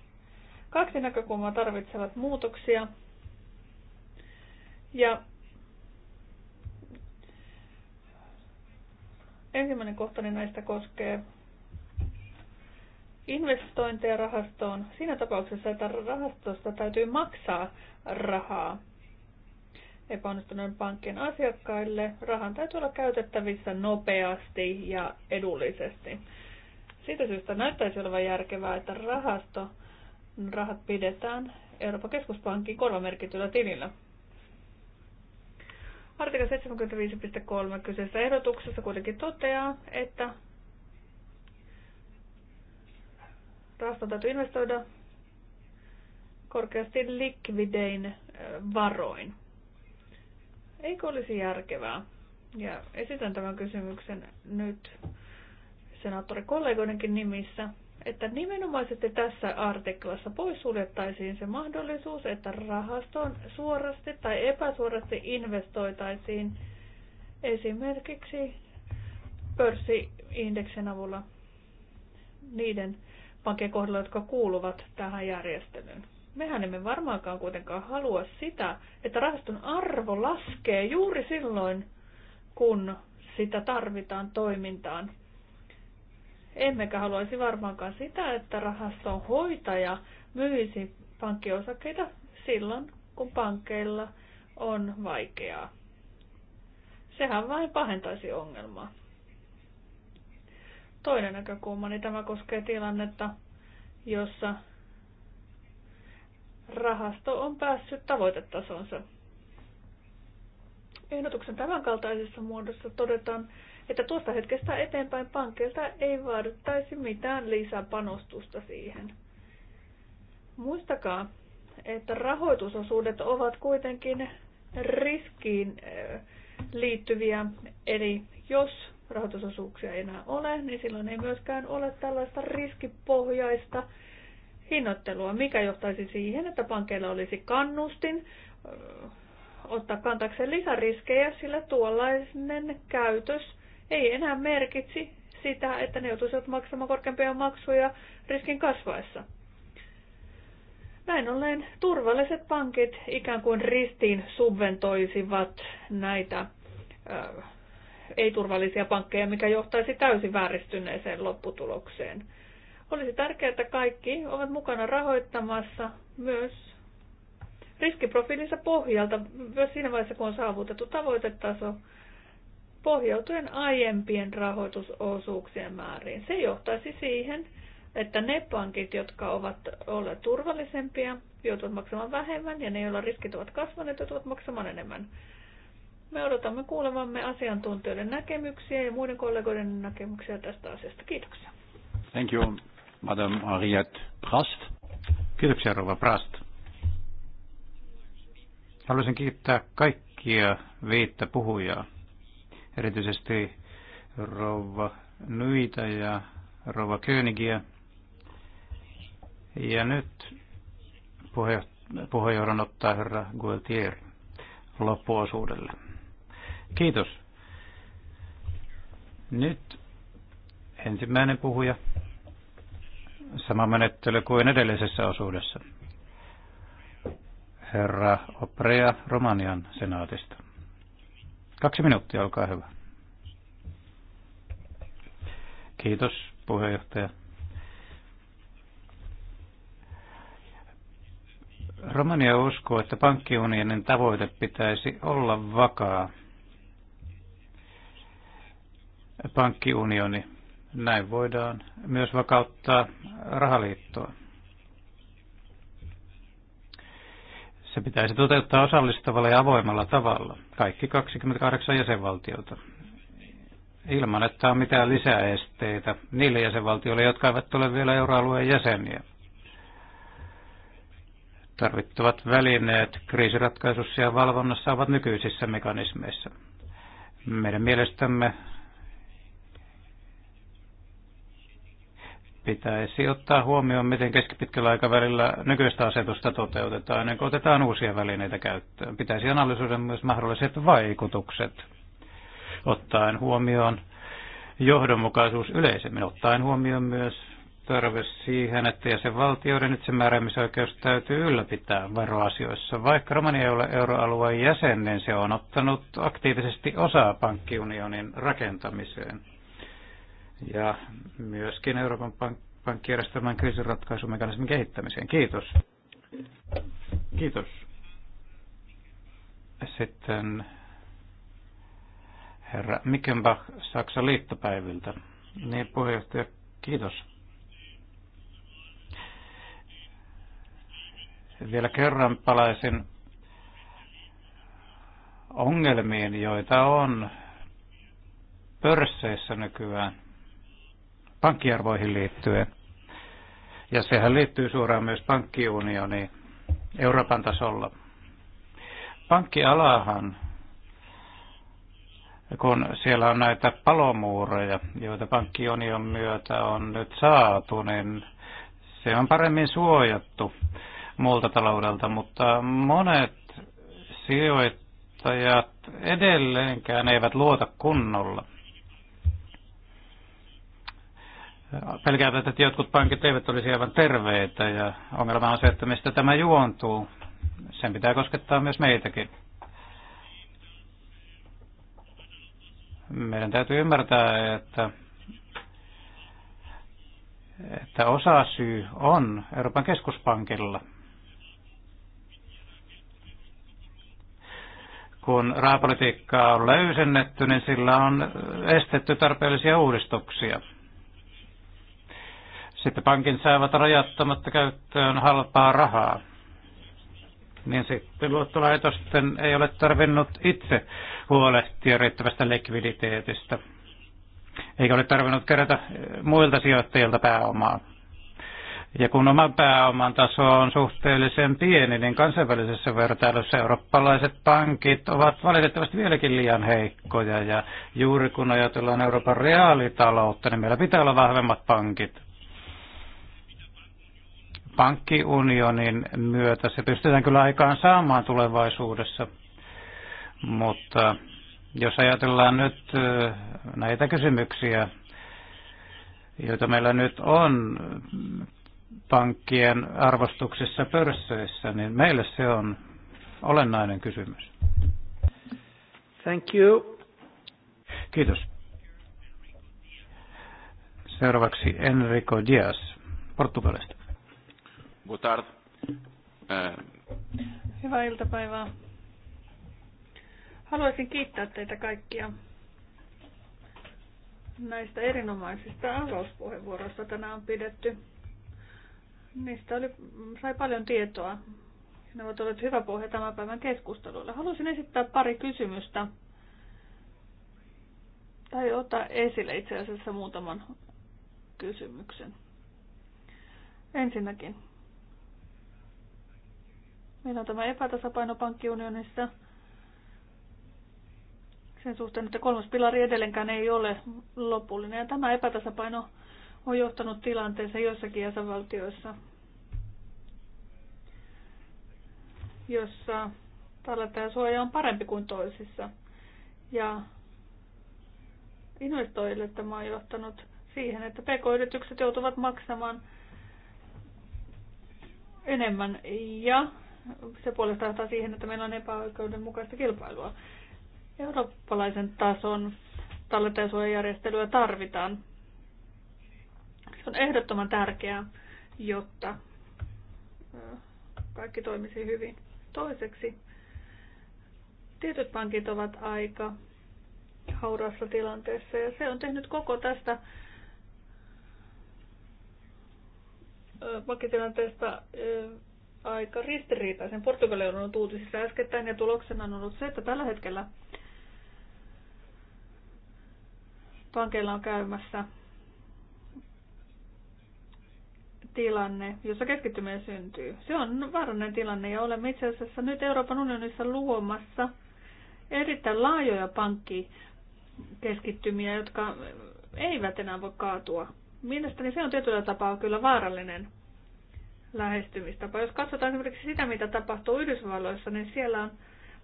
Kaksi näkökulmaa tarvitsevat muutoksia. Ja ensimmäinen kohtani näistä koskee investointeja rahastoon siinä tapauksessa, että rahastosta täytyy maksaa rahaa epäonnistuneen pankkien asiakkaille. Rahan täytyy olla käytettävissä nopeasti ja edullisesti. Siitä syystä näyttäisi olevan järkevää, että rahasto, rahat pidetään Euroopan keskuspankin korvamerkityllä tilillä. Artikla 75.3 kyseessä ehdotuksessa kuitenkin toteaa, että rahaston täytyy investoida korkeasti likvidein varoin. Eikö olisi järkevää? Ja esitän tämän kysymyksen nyt senaattorikollegoidenkin nimissä, että nimenomaisesti tässä artiklassa poissuljettaisiin se mahdollisuus, että rahastoon suorasti tai epäsuorasti investoitaisiin esimerkiksi pörssiindeksen avulla niiden pankkien kohdalla, jotka kuuluvat tähän järjestelyyn mehän emme varmaankaan kuitenkaan halua sitä, että rahaston arvo laskee juuri silloin, kun sitä tarvitaan toimintaan. Emmekä haluaisi varmaankaan sitä, että rahaston hoitaja myisi pankkiosakkeita silloin, kun pankkeilla on vaikeaa. Sehän vain pahentaisi ongelmaa. Toinen näkökulma, niin tämä koskee tilannetta, jossa rahasto on päässyt tavoitetasonsa. Ehdotuksen tämänkaltaisessa muodossa todetaan, että tuosta hetkestä eteenpäin pankkeilta ei vaadittaisi mitään lisäpanostusta siihen. Muistakaa, että rahoitusosuudet ovat kuitenkin riskiin äh, liittyviä, eli jos rahoitusosuuksia ei enää ole, niin silloin ei myöskään ole tällaista riskipohjaista hinnoittelua, mikä johtaisi siihen, että pankeilla olisi kannustin ottaa kantakseen lisäriskejä, sillä tuollainen käytös ei enää merkitsi sitä, että ne joutuisivat maksamaan korkeampia maksuja riskin kasvaessa. Näin ollen turvalliset pankit ikään kuin ristiin subventoisivat näitä ei-turvallisia pankkeja, mikä johtaisi täysin vääristyneeseen lopputulokseen. Olisi tärkeää, että kaikki ovat mukana rahoittamassa myös riskiprofiilinsa pohjalta, myös siinä vaiheessa, kun on saavutettu tavoitetaso, pohjautuen aiempien rahoitusosuuksien määriin. Se johtaisi siihen, että ne pankit, jotka ovat olleet turvallisempia, joutuvat maksamaan vähemmän ja ne, joilla riskit ovat kasvaneet, joutuvat maksamaan enemmän. Me odotamme kuulevamme asiantuntijoiden näkemyksiä ja muiden kollegoiden näkemyksiä tästä asiasta. Kiitoksia. Thank you. Madame Henriette Prast. Kiitoksia, Rova Prast. Haluaisin kiittää kaikkia viittä puhujaa, erityisesti Rova Nyitä ja Rova Königia. Ja nyt puheenjohdon ottaa herra Gualtier loppuosuudelle. Kiitos. Nyt ensimmäinen puhuja, sama menettely kuin edellisessä osuudessa. Herra Oprea Romanian senaatista. Kaksi minuuttia, olkaa hyvä. Kiitos, puheenjohtaja. Romania uskoo, että pankkiunionin tavoite pitäisi olla vakaa pankkiunioni näin voidaan myös vakauttaa rahaliittoa. Se pitäisi toteuttaa osallistavalla ja avoimella tavalla, kaikki 28 jäsenvaltiota, ilman että on mitään lisäesteitä niille jäsenvaltioille, jotka eivät ole vielä euroalueen jäseniä. Tarvittavat välineet kriisiratkaisussa ja valvonnassa ovat nykyisissä mekanismeissa. Meidän mielestämme pitäisi ottaa huomioon, miten keskipitkällä aikavälillä nykyistä asetusta toteutetaan, ennen kuin otetaan uusia välineitä käyttöön. Pitäisi analysoida myös mahdolliset vaikutukset, ottaen huomioon johdonmukaisuus yleisemmin, ottaen huomioon myös tarve siihen, että jäsenvaltioiden itsemääräämisoikeus täytyy ylläpitää veroasioissa. Vaikka Romania ei ole euroalueen jäsen, niin se on ottanut aktiivisesti osaa pankkiunionin rakentamiseen – ja myöskin Euroopan pank- pankkijärjestelmän kriisinratkaisumekanismin kehittämiseen. Kiitos. Kiitos. Sitten herra Mikenbach Saksan liittopäiviltä. Niin, puheenjohtaja, kiitos. Vielä kerran palaisin ongelmiin, joita on pörsseissä nykyään pankkiarvoihin liittyen. Ja sehän liittyy suoraan myös pankkiunioniin Euroopan tasolla. Pankkialahan, kun siellä on näitä palomuureja, joita pankkiunion myötä on nyt saatu, niin se on paremmin suojattu muulta taloudelta, mutta monet sijoittajat edelleenkään eivät luota kunnolla pelkäävät, että jotkut pankit eivät olisi aivan terveitä ja ongelma on se, että mistä tämä juontuu. Sen pitää koskettaa myös meitäkin. Meidän täytyy ymmärtää, että, että osa syy on Euroopan keskuspankilla. Kun rahapolitiikkaa on löysennetty, niin sillä on estetty tarpeellisia uudistuksia – sitten pankin saavat rajattomatta käyttöön halpaa rahaa. Niin sitten luottolaitosten ei ole tarvinnut itse huolehtia riittävästä likviditeetistä. Eikä ole tarvinnut kerätä muilta sijoittajilta pääomaa. Ja kun oman pääoman taso on suhteellisen pieni, niin kansainvälisessä vertailussa eurooppalaiset pankit ovat valitettavasti vieläkin liian heikkoja. Ja juuri kun ajatellaan Euroopan reaalitaloutta, niin meillä pitää olla vahvemmat pankit pankkiunionin myötä. Se pystytään kyllä aikaan saamaan tulevaisuudessa, mutta jos ajatellaan nyt äh, näitä kysymyksiä, joita meillä nyt on pankkien arvostuksissa pörsseissä, niin meille se on olennainen kysymys. Thank you. Kiitos. Seuraavaksi Enrico Diaz Portugalista. Boa eh, Hyvää iltapäivää. Haluaisin kiittää teitä kaikkia näistä erinomaisista avauspuheenvuoroista tänään on pidetty. Niistä oli, sai paljon tietoa. Ne ovat olleet hyvä pohja tämän päivän keskustelulle. Haluaisin esittää pari kysymystä tai ottaa esille itse asiassa muutaman kysymyksen. Ensinnäkin, Meillä on tämä epätasapaino pankkiunionissa sen suhteen, että kolmas pilari edelleenkään ei ole lopullinen. Ja tämä epätasapaino on johtanut tilanteeseen joissakin jäsenvaltioissa, jossa suoja on parempi kuin toisissa. Ja investoijille tämä on johtanut siihen, että pk-yritykset joutuvat maksamaan enemmän ja se puolestaan johtaa siihen, että meillä on epäoikeudenmukaista kilpailua. Eurooppalaisen tason talletajasuojajärjestelyä tarvitaan. Se on ehdottoman tärkeää, jotta kaikki toimisi hyvin. Toiseksi, tietyt pankit ovat aika hauraassa tilanteessa ja se on tehnyt koko tästä pankkitilanteesta aika ristiriitaisen. Portugali on ollut uutisissa äskettäin ja tuloksena on ollut se, että tällä hetkellä pankeilla on käymässä tilanne, jossa keskittyminen syntyy. Se on vaarallinen tilanne ja olemme itse asiassa nyt Euroopan unionissa luomassa erittäin laajoja pankkikeskittymiä, jotka eivät enää voi kaatua. Mielestäni se on tietyllä tapaa kyllä vaarallinen lähestymistapa. Jos katsotaan esimerkiksi sitä, mitä tapahtuu Yhdysvalloissa, niin siellä on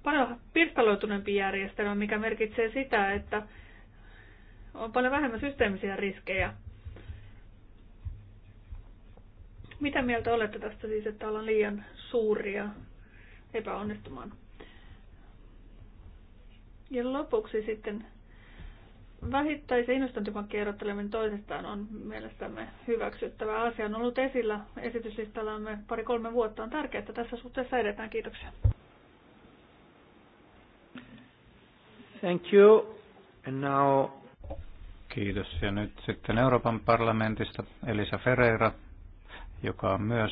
paljon pirstaloituneempi järjestelmä, mikä merkitsee sitä, että on paljon vähemmän systeemisiä riskejä. Mitä mieltä olette tästä siis, että ollaan liian suuria epäonnistumaan? Ja lopuksi sitten Vähittäis- ja investointipankkien erotteleminen toisestaan on mielestämme hyväksyttävä asia. On ollut esillä esityslistallamme pari-kolme vuotta. On tärkeää, että tässä suhteessa edetään. Kiitoksia. Thank you. And now... Kiitos. Ja nyt sitten Euroopan parlamentista Elisa Ferreira, joka on myös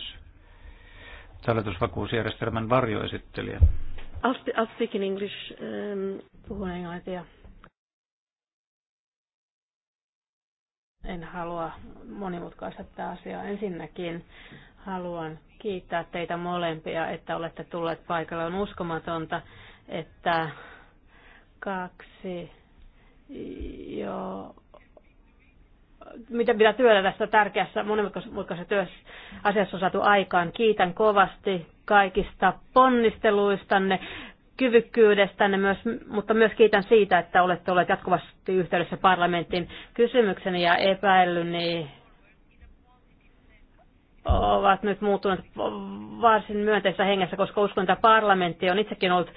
talletusvakuusjärjestelmän varjoesittelijä. I'll speak in English. Um, puhun englantia. En halua monimutkaista tätä asiaa. Ensinnäkin haluan kiittää teitä molempia, että olette tulleet paikalle. On uskomatonta, että kaksi jo mitä, pitää työtä tässä tärkeässä monimutkaisessa työssä asiassa on saatu aikaan. Kiitän kovasti kaikista ponnisteluistanne kyvykkyydestänne, myös, mutta myös kiitän siitä, että olette olleet jatkuvasti yhteydessä parlamentin kysymyksen ja niin ovat nyt muuttuneet varsin myönteisessä hengessä, koska uskon, että parlamentti on itsekin ollut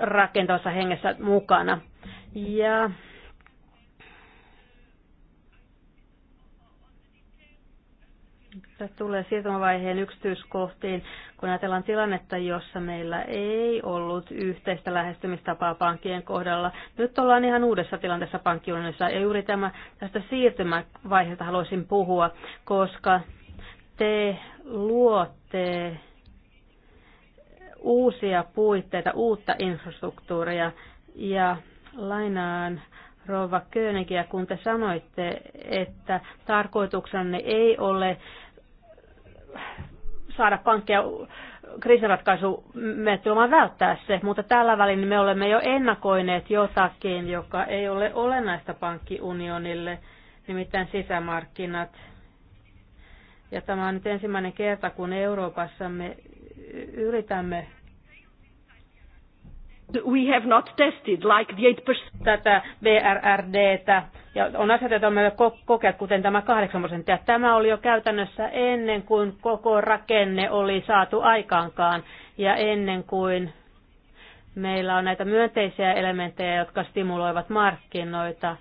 rakentavassa hengessä mukana. Ja tulee siirtymävaiheen yksityiskohtiin. Kun ajatellaan tilannetta, jossa meillä ei ollut yhteistä lähestymistapaa pankkien kohdalla, nyt ollaan ihan uudessa tilanteessa pankkiunionissa. Ja juuri tämä, tästä siirtymävaiheesta haluaisin puhua, koska te luotte uusia puitteita, uutta infrastruktuuria ja lainaan Rova Köönikiä, kun te sanoitte, että tarkoituksenne ei ole saada pankkeja kriisiratkaisumenettelymaan välttää se, mutta tällä välin me olemme jo ennakoineet jotakin, joka ei ole olennaista pankkiunionille, nimittäin sisämarkkinat. Ja tämä on nyt ensimmäinen kerta, kun Euroopassa me yritämme We have not tested like the 8%. tätä BRRDtä ja on asiat, joita me kokeat, kuten tämä 8 prosenttia. Tämä oli jo käytännössä ennen kuin koko rakenne oli saatu aikaankaan ja ennen kuin meillä on näitä myönteisiä elementtejä, jotka stimuloivat markkinoita.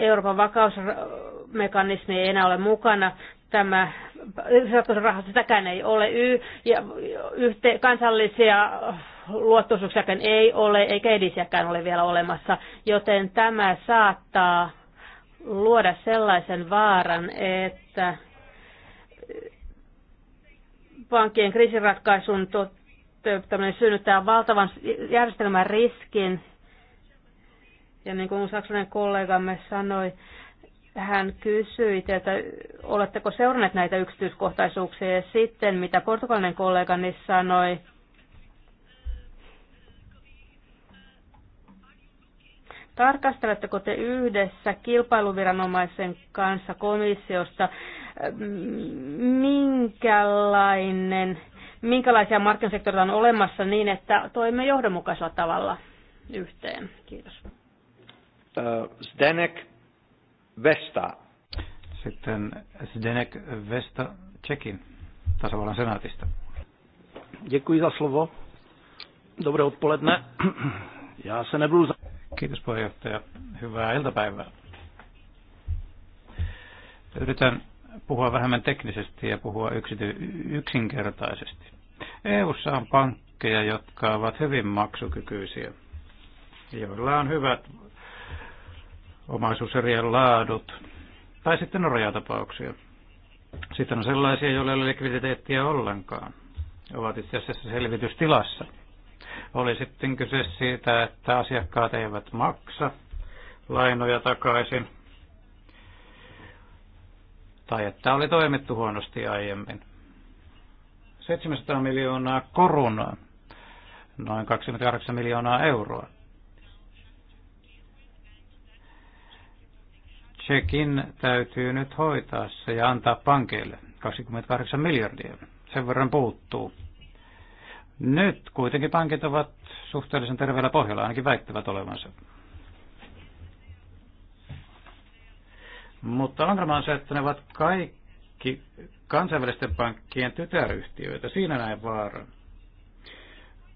Euroopan vakausmekanismi ei enää ole mukana. Tämä rahasto, sitäkään ei ole. Y, ja, yhte, kansallisia luottosuksiakään ei ole, eikä edisiäkään ole vielä olemassa, joten tämä saattaa luoda sellaisen vaaran, että pankkien kriisiratkaisun toteuttaminen synnyttää valtavan järjestelmän riskin. Ja niin kuin saksalainen kollegamme sanoi, hän kysyi teiltä, oletteko seuranneet näitä yksityiskohtaisuuksia ja sitten, mitä portugalinen kollegani sanoi, Tarkasteletteko te yhdessä kilpailuviranomaisen kanssa komissiosta, mm, minkälainen, minkälaisia markkinasektoreita on olemassa niin, että toimme johdonmukaisella tavalla yhteen? Kiitos. Äh, Zdenek Vesta. Sitten Zdenek Vesta Tsekin tasavallan senaatista. Děkuji za slovo. Dobré odpoledne. Já se nebudu... Kiitos puheenjohtaja. Hyvää iltapäivää. Yritän puhua vähemmän teknisesti ja puhua yksity- yksinkertaisesti. EU:ssa on pankkeja, jotka ovat hyvin maksukykyisiä, joilla on hyvät omaisuuserien laadut, tai sitten on rajatapauksia. Sitten on sellaisia, joilla ei ole likviditeettiä ollenkaan, ovat itse asiassa selvitystilassa – oli sitten kyse siitä, että asiakkaat eivät maksa lainoja takaisin tai että oli toimittu huonosti aiemmin. 700 miljoonaa korunaa, noin 28 miljoonaa euroa. Tsekin täytyy nyt hoitaa se ja antaa pankeille 28 miljardia. Sen verran puuttuu. Nyt kuitenkin pankit ovat suhteellisen terveellä pohjalla, ainakin väittävät olevansa. Mutta ongelma on se, että ne ovat kaikki kansainvälisten pankkien tytäryhtiöitä. Siinä näin vaara.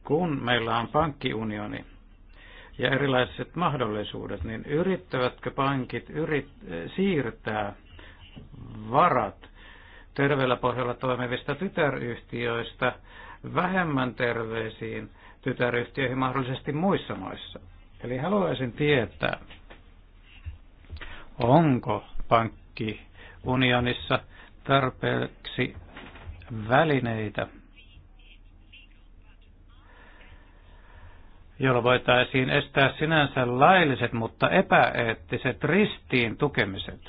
Kun meillä on pankkiunioni ja erilaiset mahdollisuudet, niin yrittävätkö pankit yrit, siirtää varat terveellä pohjalla toimivista tytäryhtiöistä – vähemmän terveisiin tytäryhtiöihin mahdollisesti muissa maissa. Eli haluaisin tietää, onko pankki unionissa tarpeeksi välineitä, jolla voitaisiin estää sinänsä lailliset, mutta epäeettiset ristiin tukemiset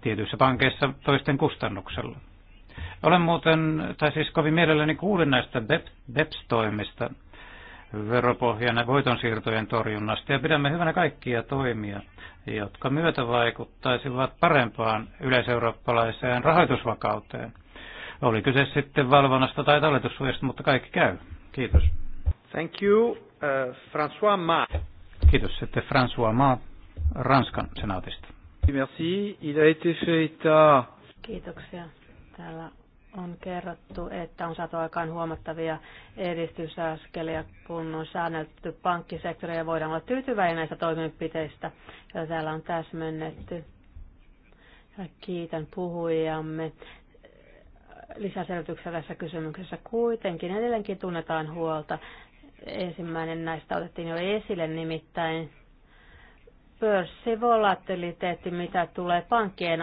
tietyissä pankeissa toisten kustannuksella. Olen muuten, tai siis kovin mielelläni kuulin näistä BEPS-toimista veropohjana voitonsiirtojen torjunnasta ja pidämme hyvänä kaikkia toimia, jotka vaikuttaisivat parempaan yleiseurooppalaiseen rahoitusvakauteen. Oli kyse sitten valvonnasta tai talletussuojasta, mutta kaikki käy. Kiitos. Thank you, uh, François Ma. Kiitos sitten François Ma Ranskan senaatista. Merci. Il a été fait à... Kiitoksia. Täällä on kerrottu, että on saatu aikaan huomattavia edistysaskelia, kun on säännelty pankkisektoria ja voidaan olla tyytyväinen näistä toimenpiteistä, joita täällä on täsmennetty. kiitän puhujiamme lisäselvityksellä tässä kysymyksessä. Kuitenkin edelleenkin tunnetaan huolta. Ensimmäinen näistä otettiin jo esille, nimittäin pörssivolatiliteetti, mitä tulee pankkien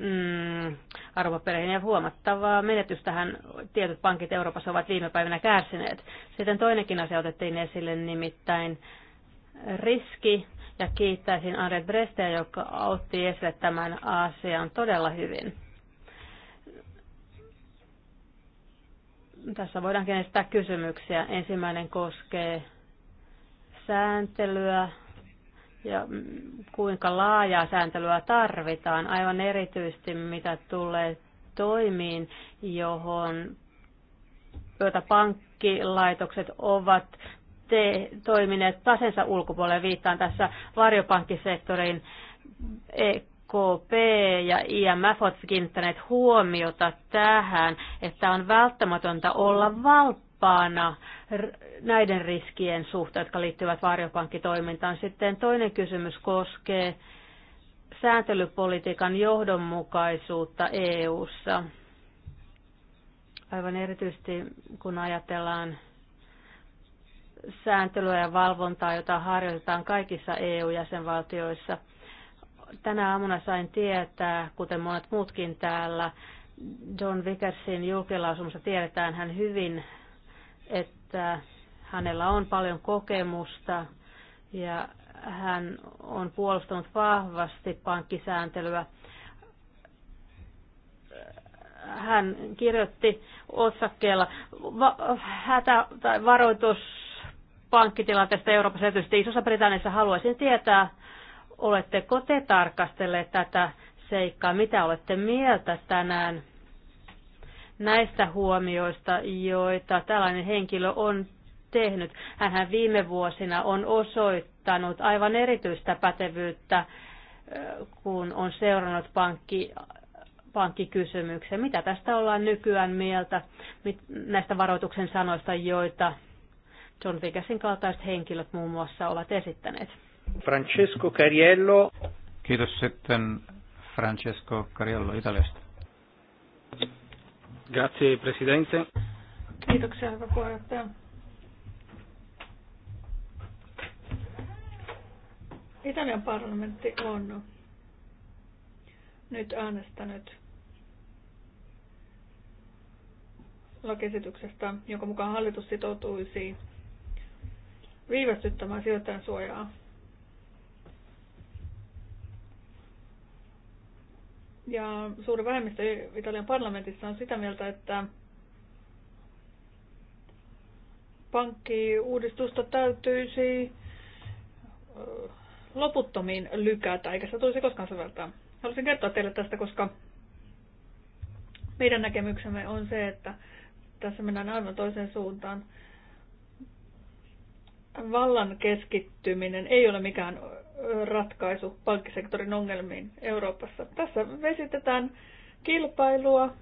mm, arvopereihin ja huomattavaa menetystähän tietyt pankit Euroopassa ovat viime päivinä kärsineet. Sitten toinenkin asia otettiin esille, nimittäin riski, ja kiittäisin Andre Bresteä, joka otti esille tämän asian todella hyvin. Tässä voidaankin esittää kysymyksiä. Ensimmäinen koskee sääntelyä, ja mm, kuinka laajaa sääntelyä tarvitaan, aivan erityisesti mitä tulee toimiin, johon, joita pankkilaitokset ovat te, toimineet tasensa ulkopuolelle. Viittaan tässä varjopankkisektorin EKP ja IMF ovat kiinnittäneet huomiota tähän, että on välttämätöntä olla valppaana näiden riskien suhteen, jotka liittyvät varjopankkitoimintaan. Sitten toinen kysymys koskee sääntelypolitiikan johdonmukaisuutta EU:ssa. Aivan erityisesti kun ajatellaan sääntelyä ja valvontaa, jota harjoitetaan kaikissa EU-jäsenvaltioissa. Tänä aamuna sain tietää, kuten monet muutkin täällä, John Vickersin julkilausumassa tiedetään hän hyvin, että Hänellä on paljon kokemusta ja hän on puolustanut vahvasti pankkisääntelyä. Hän kirjoitti otsakkeella hätä- tai varoitus pankkitilanteesta Euroopassa, erityisesti Isossa Britanniassa. Haluaisin tietää, oletteko te tarkastelleet tätä seikkaa, mitä olette mieltä tänään näistä huomioista, joita tällainen henkilö on tehnyt. Hänhän viime vuosina on osoittanut aivan erityistä pätevyyttä, kun on seurannut pankki, pankkikysymyksiä. Mitä tästä ollaan nykyään mieltä näistä varoituksen sanoista, joita John Vigasin kaltaiset henkilöt muun muassa ovat esittäneet? Francesco Cariello. Kiitos sitten Francesco Cariello Italiasta. Grazie Presidente. Kiitoksia, herra puheenjohtaja. Italian parlamentti on nyt äänestänyt lakiesityksestä, jonka mukaan hallitus sitoutuisi viivästyttämään sijoittajan suojaa. Ja suuri vähemmistö Italian parlamentissa on sitä mieltä, että pankkiuudistusta täytyisi loputtomiin lykätä, eikä se tulisi koskaan soveltaa. Haluaisin kertoa teille tästä, koska meidän näkemyksemme on se, että tässä mennään aivan toiseen suuntaan. Vallan keskittyminen ei ole mikään ratkaisu pankkisektorin ongelmiin Euroopassa. Tässä vesitetään kilpailua,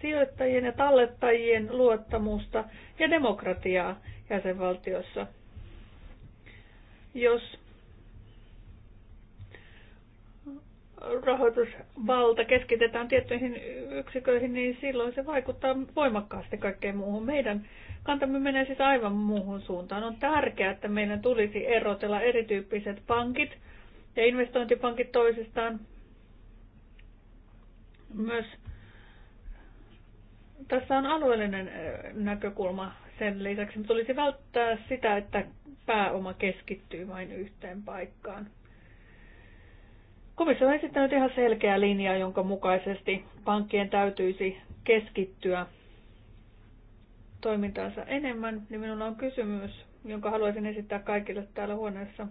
sijoittajien ja tallettajien luottamusta ja demokratiaa jäsenvaltiossa. Jos rahoitusvalta keskitetään tiettyihin yksiköihin, niin silloin se vaikuttaa voimakkaasti kaikkeen muuhun. Meidän kantamme menee siis aivan muuhun suuntaan. On tärkeää, että meidän tulisi erotella erityyppiset pankit ja investointipankit toisistaan. Myös tässä on alueellinen näkökulma sen lisäksi. mutta Tulisi välttää sitä, että pääoma keskittyy vain yhteen paikkaan. Komissio on esittänyt ihan selkeää linjaa, jonka mukaisesti pankkien täytyisi keskittyä toimintaansa enemmän, niin minulla on kysymys, jonka haluaisin esittää kaikille täällä huoneessa.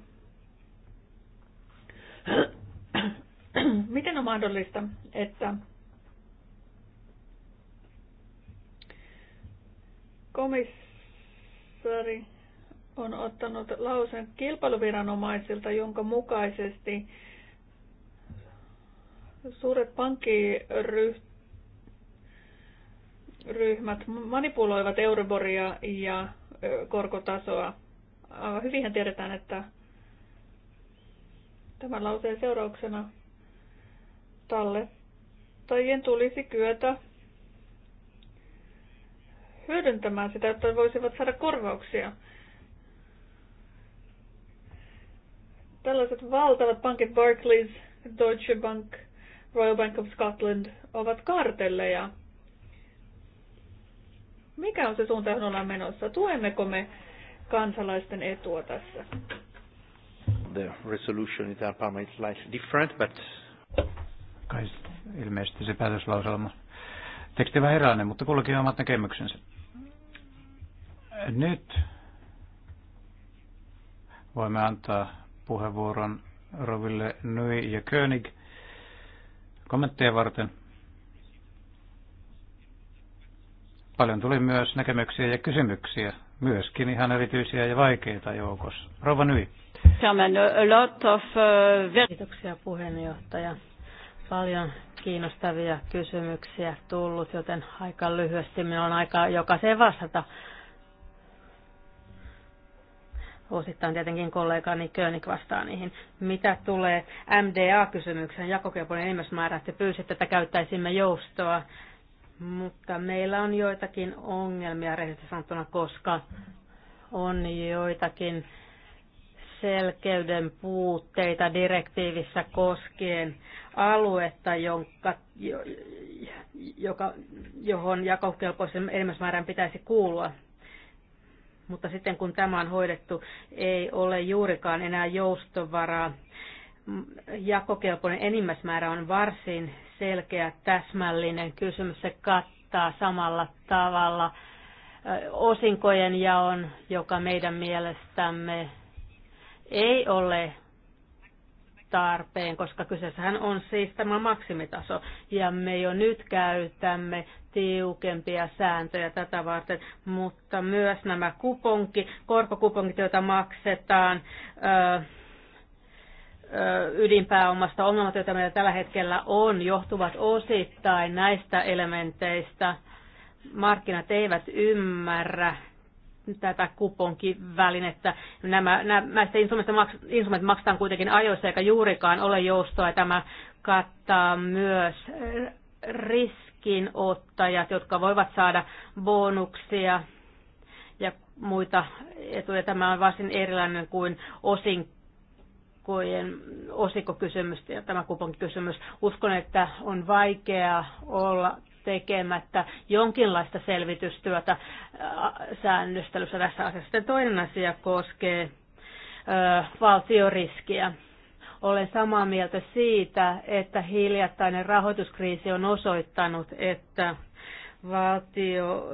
Miten on mahdollista, että komissari on ottanut lausen kilpailuviranomaisilta, jonka mukaisesti Suuret pankkiryhmät manipuloivat Euroboria ja korkotasoa. Hyvinhän tiedetään, että tämän lauseen seurauksena tallettajien tulisi kyetä hyödyntämään sitä, että voisivat saada korvauksia. Tällaiset valtavat pankit, Barclays, Deutsche Bank – Royal Bank of Scotland ovat kartelleja. Mikä on se suunta, johon ollaan menossa? Tuemmeko me kansalaisten etua tässä? The resolution in our parliament is slightly different, but... Kai ilmeisesti se päätöslauselma. Teksti vähän erilainen, mutta kullakin on omat näkemyksensä. Nyt voimme antaa puheenvuoron Roville Nui ja König – kommentteja varten. Paljon tuli myös näkemyksiä ja kysymyksiä, myöskin ihan erityisiä ja vaikeita joukossa. Rova Nyi. Uh, Kiitoksia puheenjohtaja. Paljon kiinnostavia kysymyksiä tullut, joten aika lyhyesti minulla on aika jokaiseen vastata. Osittain tietenkin kollegani König vastaa niihin. Mitä tulee MDA-kysymykseen, jakokelpoinen enimmäismäärä, että pyysitte, että käyttäisimme joustoa, mutta meillä on joitakin ongelmia rehellisesti sanottuna, koska on joitakin selkeyden puutteita direktiivissä koskien aluetta, jonka, joka, johon jakokelpoisen enimmäismäärän pitäisi kuulua mutta sitten kun tämä on hoidettu, ei ole juurikaan enää joustovaraa. Jakokelpoinen enimmäismäärä on varsin selkeä, täsmällinen kysymys. Se kattaa samalla tavalla osinkojen jaon, joka meidän mielestämme ei ole tarpeen, koska kyseessähän on siis tämä maksimitaso. Ja me jo nyt käytämme tiukempia sääntöjä tätä varten, mutta myös nämä kuponki, korkokuponkit, joita maksetaan, ö, ydinpääomasta ongelmat, joita meillä tällä hetkellä on, johtuvat osittain näistä elementeistä. Markkinat eivät ymmärrä tätä kuponkivälinettä. Nämä, näistä instrumentit maksetaan kuitenkin ajoissa eikä juurikaan ole joustoa ja tämä kattaa myös riskinottajat, jotka voivat saada bonuksia ja muita etuja. Tämä on varsin erilainen kuin osinkojen osikokysymys ja tämä kuponkikysymys. Uskon, että on vaikea olla tekemättä jonkinlaista selvitystyötä äh, säännöstelyssä tässä asiassa. Sitten toinen asia koskee äh, valtioriskiä. Olen samaa mieltä siitä, että hiljattainen rahoituskriisi on osoittanut, että valtio,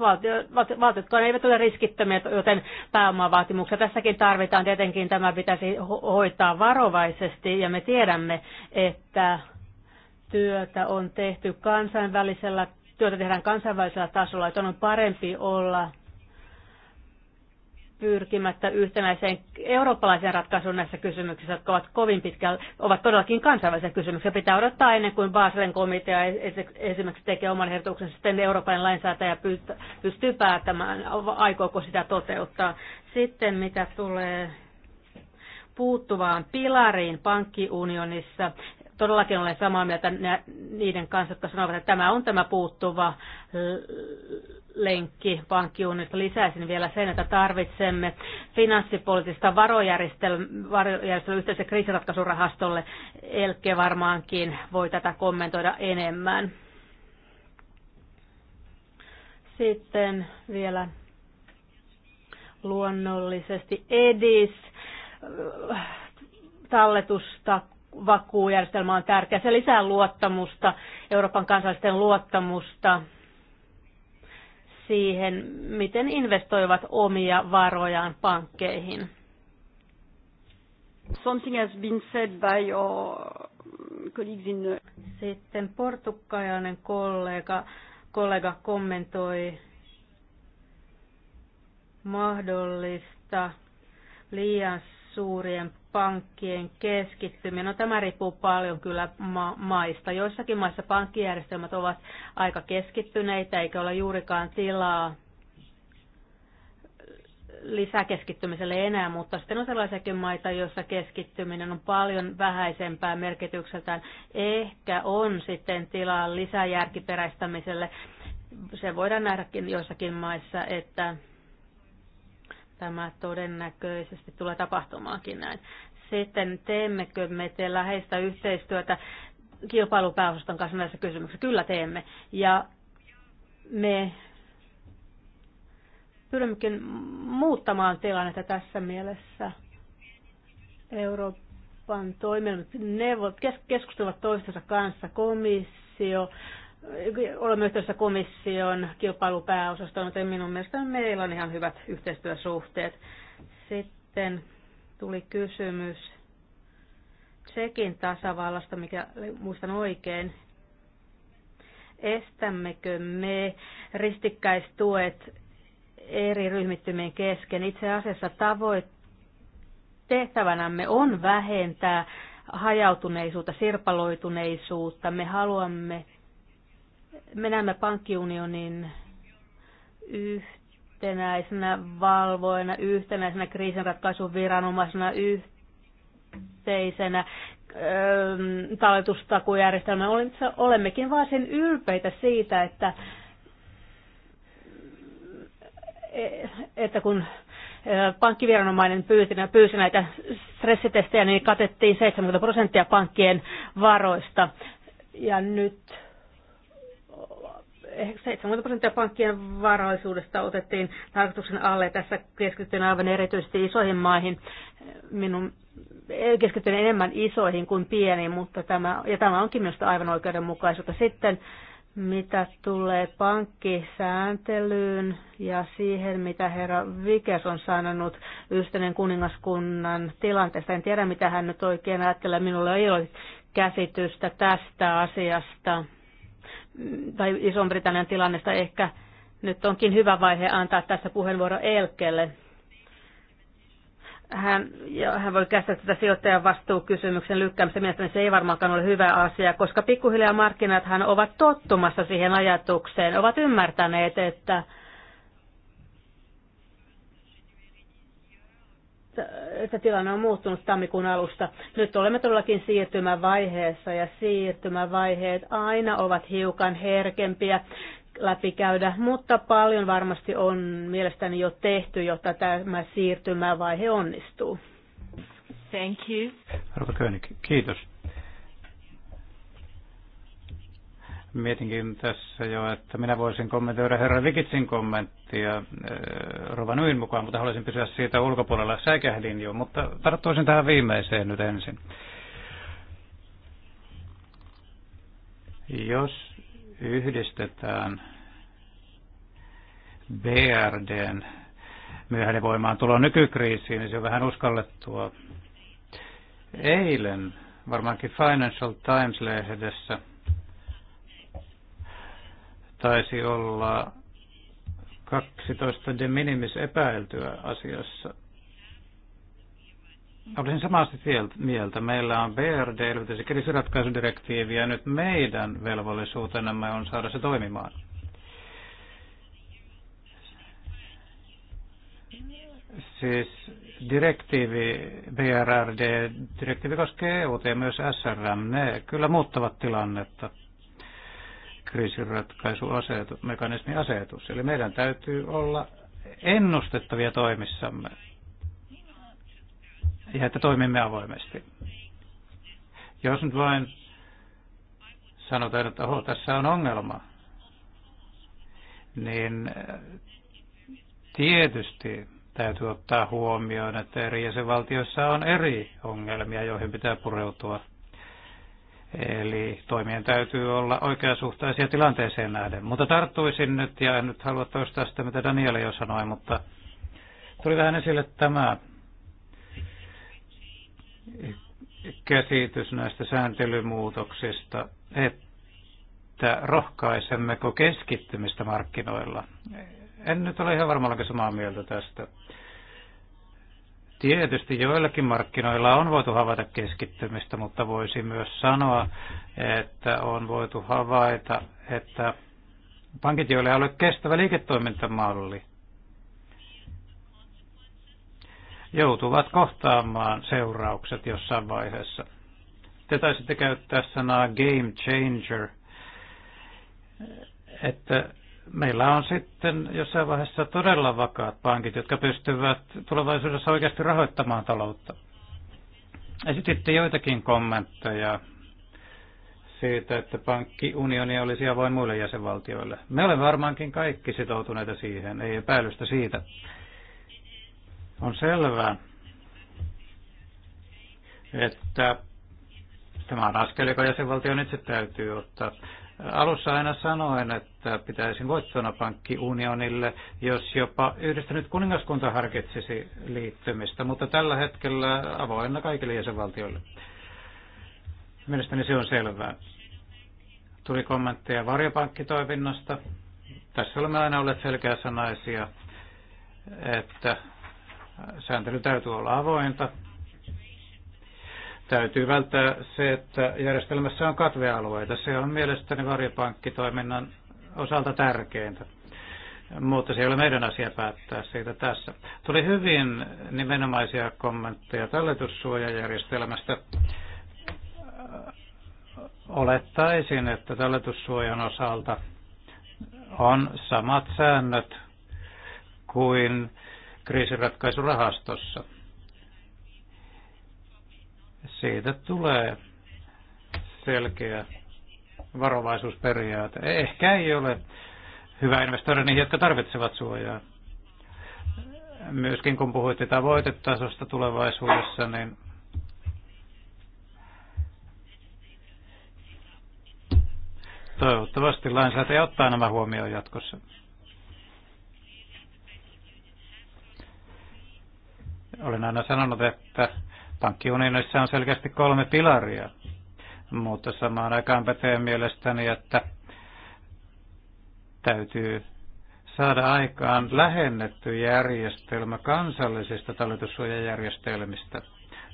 valtio, valtio, valtiotkaan eivät ole riskittömiä, joten pääomavaatimuksia tässäkin tarvitaan. Tietenkin tämä pitäisi hoitaa varovaisesti ja me tiedämme, että työtä on tehty kansainvälisellä, työtä tehdään kansainvälisellä tasolla, että on parempi olla pyrkimättä yhtenäiseen eurooppalaiseen ratkaisuun näissä kysymyksissä, jotka ovat kovin pitkällä, ovat todellakin kansainvälisiä kysymyksiä. Pitää odottaa ennen kuin Baselin komitea esimerkiksi tekee oman ehdotuksen, sitten Euroopan lainsäätäjä pystyy päättämään, aikooko sitä toteuttaa. Sitten mitä tulee puuttuvaan pilariin pankkiunionissa, todellakin olen samaa mieltä niiden kanssa, jotka sanovat, että tämä on tämä puuttuva lenkki pankkiunionista. Lisäisin vielä sen, että tarvitsemme finanssipoliittista varojärjestelmää yhteisen kriisiratkaisurahastolle. Elke varmaankin voi tätä kommentoida enemmän. Sitten vielä luonnollisesti EDIS äh, talletusta vakuujärjestelmä on tärkeä. Se lisää luottamusta, Euroopan kansalaisten luottamusta siihen, miten investoivat omia varojaan pankkeihin. Something has been said by your colleagues in Sitten portukkajainen kollega, kollega kommentoi mahdollista liian suurien pankkien keskittyminen. No, tämä riippuu paljon kyllä ma- maista. Joissakin maissa pankkijärjestelmät ovat aika keskittyneitä, eikä ole juurikaan tilaa lisäkeskittymiselle enää, mutta sitten on sellaisiakin maita, joissa keskittyminen on paljon vähäisempää merkitykseltään. Ehkä on sitten tilaa lisäjärkiperäistämiselle. Se voidaan nähdäkin joissakin maissa, että tämä todennäköisesti tulee tapahtumaankin näin. Sitten teemmekö me te läheistä yhteistyötä kilpailupääosaston kanssa näissä kysymyksissä? Kyllä teemme. Ja me pyrimmekin muuttamaan tilannetta tässä mielessä. Euroopan toimielimet neuvot, keskustelevat toistensa kanssa, komissio, olemme yhteydessä komission kilpailupääosastoon, joten minun mielestäni meillä on ihan hyvät yhteistyösuhteet. Sitten tuli kysymys Tsekin tasavallasta, mikä muistan oikein. Estämmekö me ristikkäistuet eri ryhmittymien kesken? Itse asiassa tehtävänämme on vähentää hajautuneisuutta, sirpaloituneisuutta. Me haluamme me näemme pankkiunionin yhtenäisenä valvoina, yhtenäisenä viranomaisena, yhteisenä talletustakujärjestelmä. Olemmekin varsin ylpeitä siitä, että, että kun pankkiviranomainen pyysi, pyysi näitä stressitestejä, niin katettiin 70 prosenttia pankkien varoista. Ja nyt 70 prosenttia pankkien varallisuudesta otettiin tarkoituksen alle. Tässä keskittyin aivan erityisesti isoihin maihin. Minun keskittyin enemmän isoihin kuin pieniin, mutta tämä, ja tämä onkin minusta aivan oikeudenmukaisuutta. Sitten mitä tulee pankkisääntelyyn ja siihen, mitä herra Vikes on sanonut Ystänen kuningaskunnan tilanteesta. En tiedä, mitä hän nyt oikein ajattelee. Minulla ei ole käsitystä tästä asiasta tai iso britannian tilannesta ehkä nyt onkin hyvä vaihe antaa tässä puheenvuoro Elkelle. Hän, jo, hän voi käsittää tätä sijoittajan vastuukysymyksen lykkäämistä. Mielestäni se ei varmaankaan ole hyvä asia, koska pikkuhiljaa markkinathan ovat tottumassa siihen ajatukseen, ovat ymmärtäneet, että että tilanne on muuttunut tammikuun alusta. Nyt olemme todellakin siirtymävaiheessa ja siirtymävaiheet aina ovat hiukan herkempiä läpikäydä, mutta paljon varmasti on mielestäni jo tehty, jotta tämä siirtymävaihe onnistuu. Thank you. Arvo König, kiitos. Mietinkin tässä jo, että minä voisin kommentoida herra Vikitsin kommenttia äh, Rovanuin mukaan, mutta haluaisin pysyä siitä ulkopuolella. Säikähdin jo, mutta tarttuisin tähän viimeiseen nyt ensin. Jos yhdistetään BRDn myöhäinen voimaan tulo nykykriisiin, niin se on vähän uskallettua. Eilen varmaankin Financial Times-lehdessä – taisi olla 12 de minimis epäiltyä asiassa. Olisin samasta mieltä. Meillä on BRD, eli ja kriisiratkaisudirektiivi, ja nyt meidän velvollisuutenamme on saada se toimimaan. Siis direktiivi, BRRD, direktiivi koskee EUta ja myös SRM. Ne kyllä muuttavat tilannetta kriisinratkaisumekanismin asetus. Eli meidän täytyy olla ennustettavia toimissamme ja että toimimme avoimesti. Jos nyt vain sanotaan, että oho, tässä on ongelma, niin äh, tietysti täytyy ottaa huomioon, että eri jäsenvaltioissa on eri ongelmia, joihin pitää pureutua Eli toimien täytyy olla oikeasuhtaisia tilanteeseen nähden. Mutta tarttuisin nyt, ja en nyt halua toistaa sitä, mitä Daniela jo sanoi, mutta tuli vähän esille tämä käsitys näistä sääntelymuutoksista, että rohkaisemmeko keskittymistä markkinoilla. En nyt ole ihan varmaan samaa mieltä tästä. Tietysti joillakin markkinoilla on voitu havaita keskittymistä, mutta voisi myös sanoa, että on voitu havaita, että pankit, joille ei ole kestävä liiketoimintamalli, joutuvat kohtaamaan seuraukset jossain vaiheessa. Te taisitte käyttää sanaa game changer, että meillä on sitten jossain vaiheessa todella vakaat pankit, jotka pystyvät tulevaisuudessa oikeasti rahoittamaan taloutta. Esititte joitakin kommentteja siitä, että pankkiunioni olisi avoin muille jäsenvaltioille. Me olemme varmaankin kaikki sitoutuneita siihen, ei epäilystä siitä. On selvää, että tämä on askel, joka jäsenvaltion itse täytyy ottaa. Alussa aina sanoin, että pitäisin voittona pankkiunionille, jos jopa yhdistynyt kuningaskunta harkitsisi liittymistä, mutta tällä hetkellä avoinna kaikille jäsenvaltioille. Mielestäni se on selvää. Tuli kommentteja varjopankkitoiminnasta. Tässä olemme aina olleet selkeäsanaisia, että sääntely täytyy olla avointa, Täytyy välttää se, että järjestelmässä on katvealueita. Se on mielestäni varjopankkitoiminnan osalta tärkeintä. Mutta se ei ole meidän asia päättää siitä tässä. Tuli hyvin nimenomaisia kommentteja talletussuojajärjestelmästä. Olettaisin, että talletussuojan osalta on samat säännöt kuin kriisiratkaisurahastossa siitä tulee selkeä varovaisuusperiaate. E- ehkä ei ole hyvä investoida niihin, jotka tarvitsevat suojaa. Myöskin kun puhuitte tavoitetasosta tulevaisuudessa, niin toivottavasti lainsäätäjä ottaa nämä huomioon jatkossa. Olen aina sanonut, että Pankkiunionissa on selkeästi kolme pilaria, mutta samaan aikaan pätee mielestäni, että täytyy saada aikaan lähennetty järjestelmä kansallisista talletussuojajärjestelmistä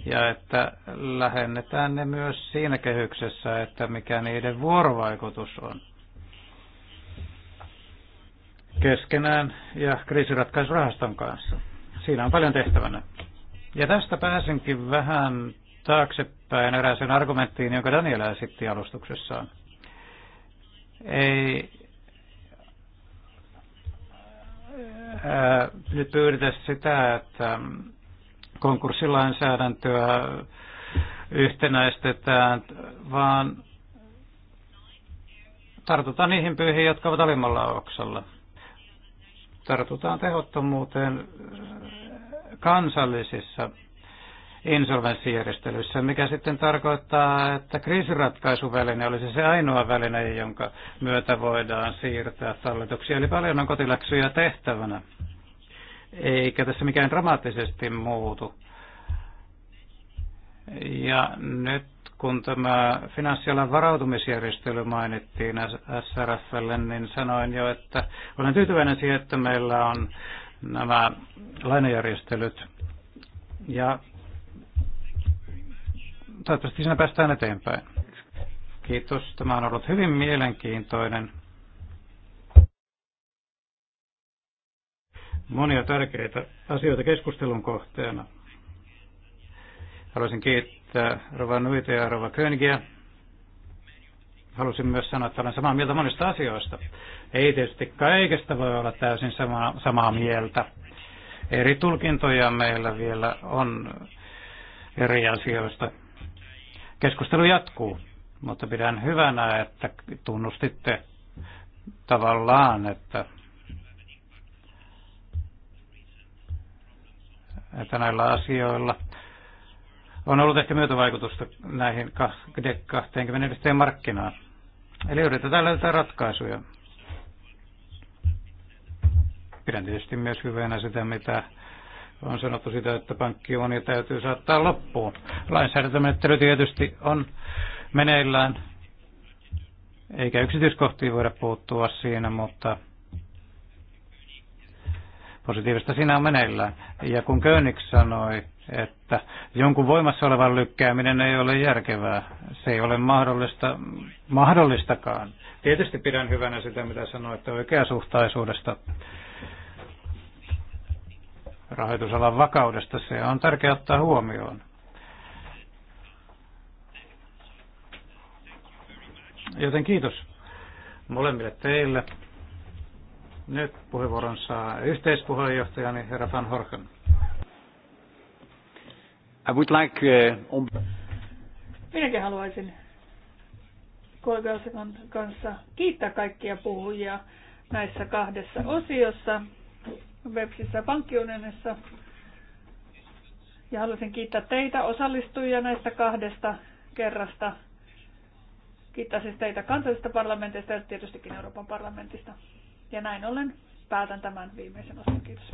ja että lähennetään ne myös siinä kehyksessä, että mikä niiden vuorovaikutus on keskenään ja kriisiratkaisurahaston kanssa. Siinä on paljon tehtävänä. Ja tästä pääsenkin vähän taaksepäin erääseen argumenttiin, jonka Daniela esitti alustuksessaan. Ei, ää, nyt pyydetä sitä, että konkurssilainsäädäntöä yhtenäistetään, vaan tartutaan niihin pyhiin, jotka ovat alimmalla oksalla. Tartutaan tehottomuuteen kansallisissa insolvenssijärjestelyissä, mikä sitten tarkoittaa, että kriisiratkaisuväline olisi se ainoa väline, jonka myötä voidaan siirtää talletuksia. Eli paljon on kotiläksyjä tehtävänä, eikä tässä mikään dramaattisesti muutu. Ja nyt kun tämä finanssialan varautumisjärjestely mainittiin SRFlle, niin sanoin jo, että olen tyytyväinen siihen, että meillä on nämä lainajärjestelyt. Ja toivottavasti siinä päästään eteenpäin. Kiitos. Tämä on ollut hyvin mielenkiintoinen. Monia tärkeitä asioita keskustelun kohteena. Haluaisin kiittää Rova Nuita ja Rova Königiä. Halusin myös sanoa, että olen samaa mieltä monista asioista. Ei tietysti kaikesta voi olla täysin sama, samaa mieltä. Eri tulkintoja meillä vielä on eri asioista. Keskustelu jatkuu, mutta pidän hyvänä, että tunnustitte tavallaan, että, että näillä asioilla on ollut ehkä myötävaikutusta näihin 20 markkinaan. Eli yritetään löytää ratkaisuja. Pidän tietysti myös hyvänä sitä, mitä on sanottu sitä, että pankkiunia täytyy saattaa loppuun. Lainsäädäntömenettely tietysti on meneillään, eikä yksityiskohtiin voida puuttua siinä, mutta positiivista siinä on meneillään. Ja kun König sanoi, että jonkun voimassa olevan lykkääminen ei ole järkevää, se ei ole mahdollista, mahdollistakaan. Tietysti pidän hyvänä sitä, mitä sanoitte oikeasuhtaisuudesta rahoitusalan vakaudesta. Se on tärkeää ottaa huomioon. Joten kiitos molemmille teille. Nyt puheenvuoron saa yhteispuheenjohtajani herra Van Horken. I would like, uh, on... Minäkin haluaisin kollegoissa kanssa kiittää kaikkia puhujia näissä kahdessa osiossa. BEPSissä pankkiunionissa. Ja haluaisin kiittää teitä osallistujia näistä kahdesta kerrasta. Kiittää siis teitä kansallisesta parlamentista ja tietystikin Euroopan parlamentista. Ja näin ollen päätän tämän viimeisen osan. Kiitos.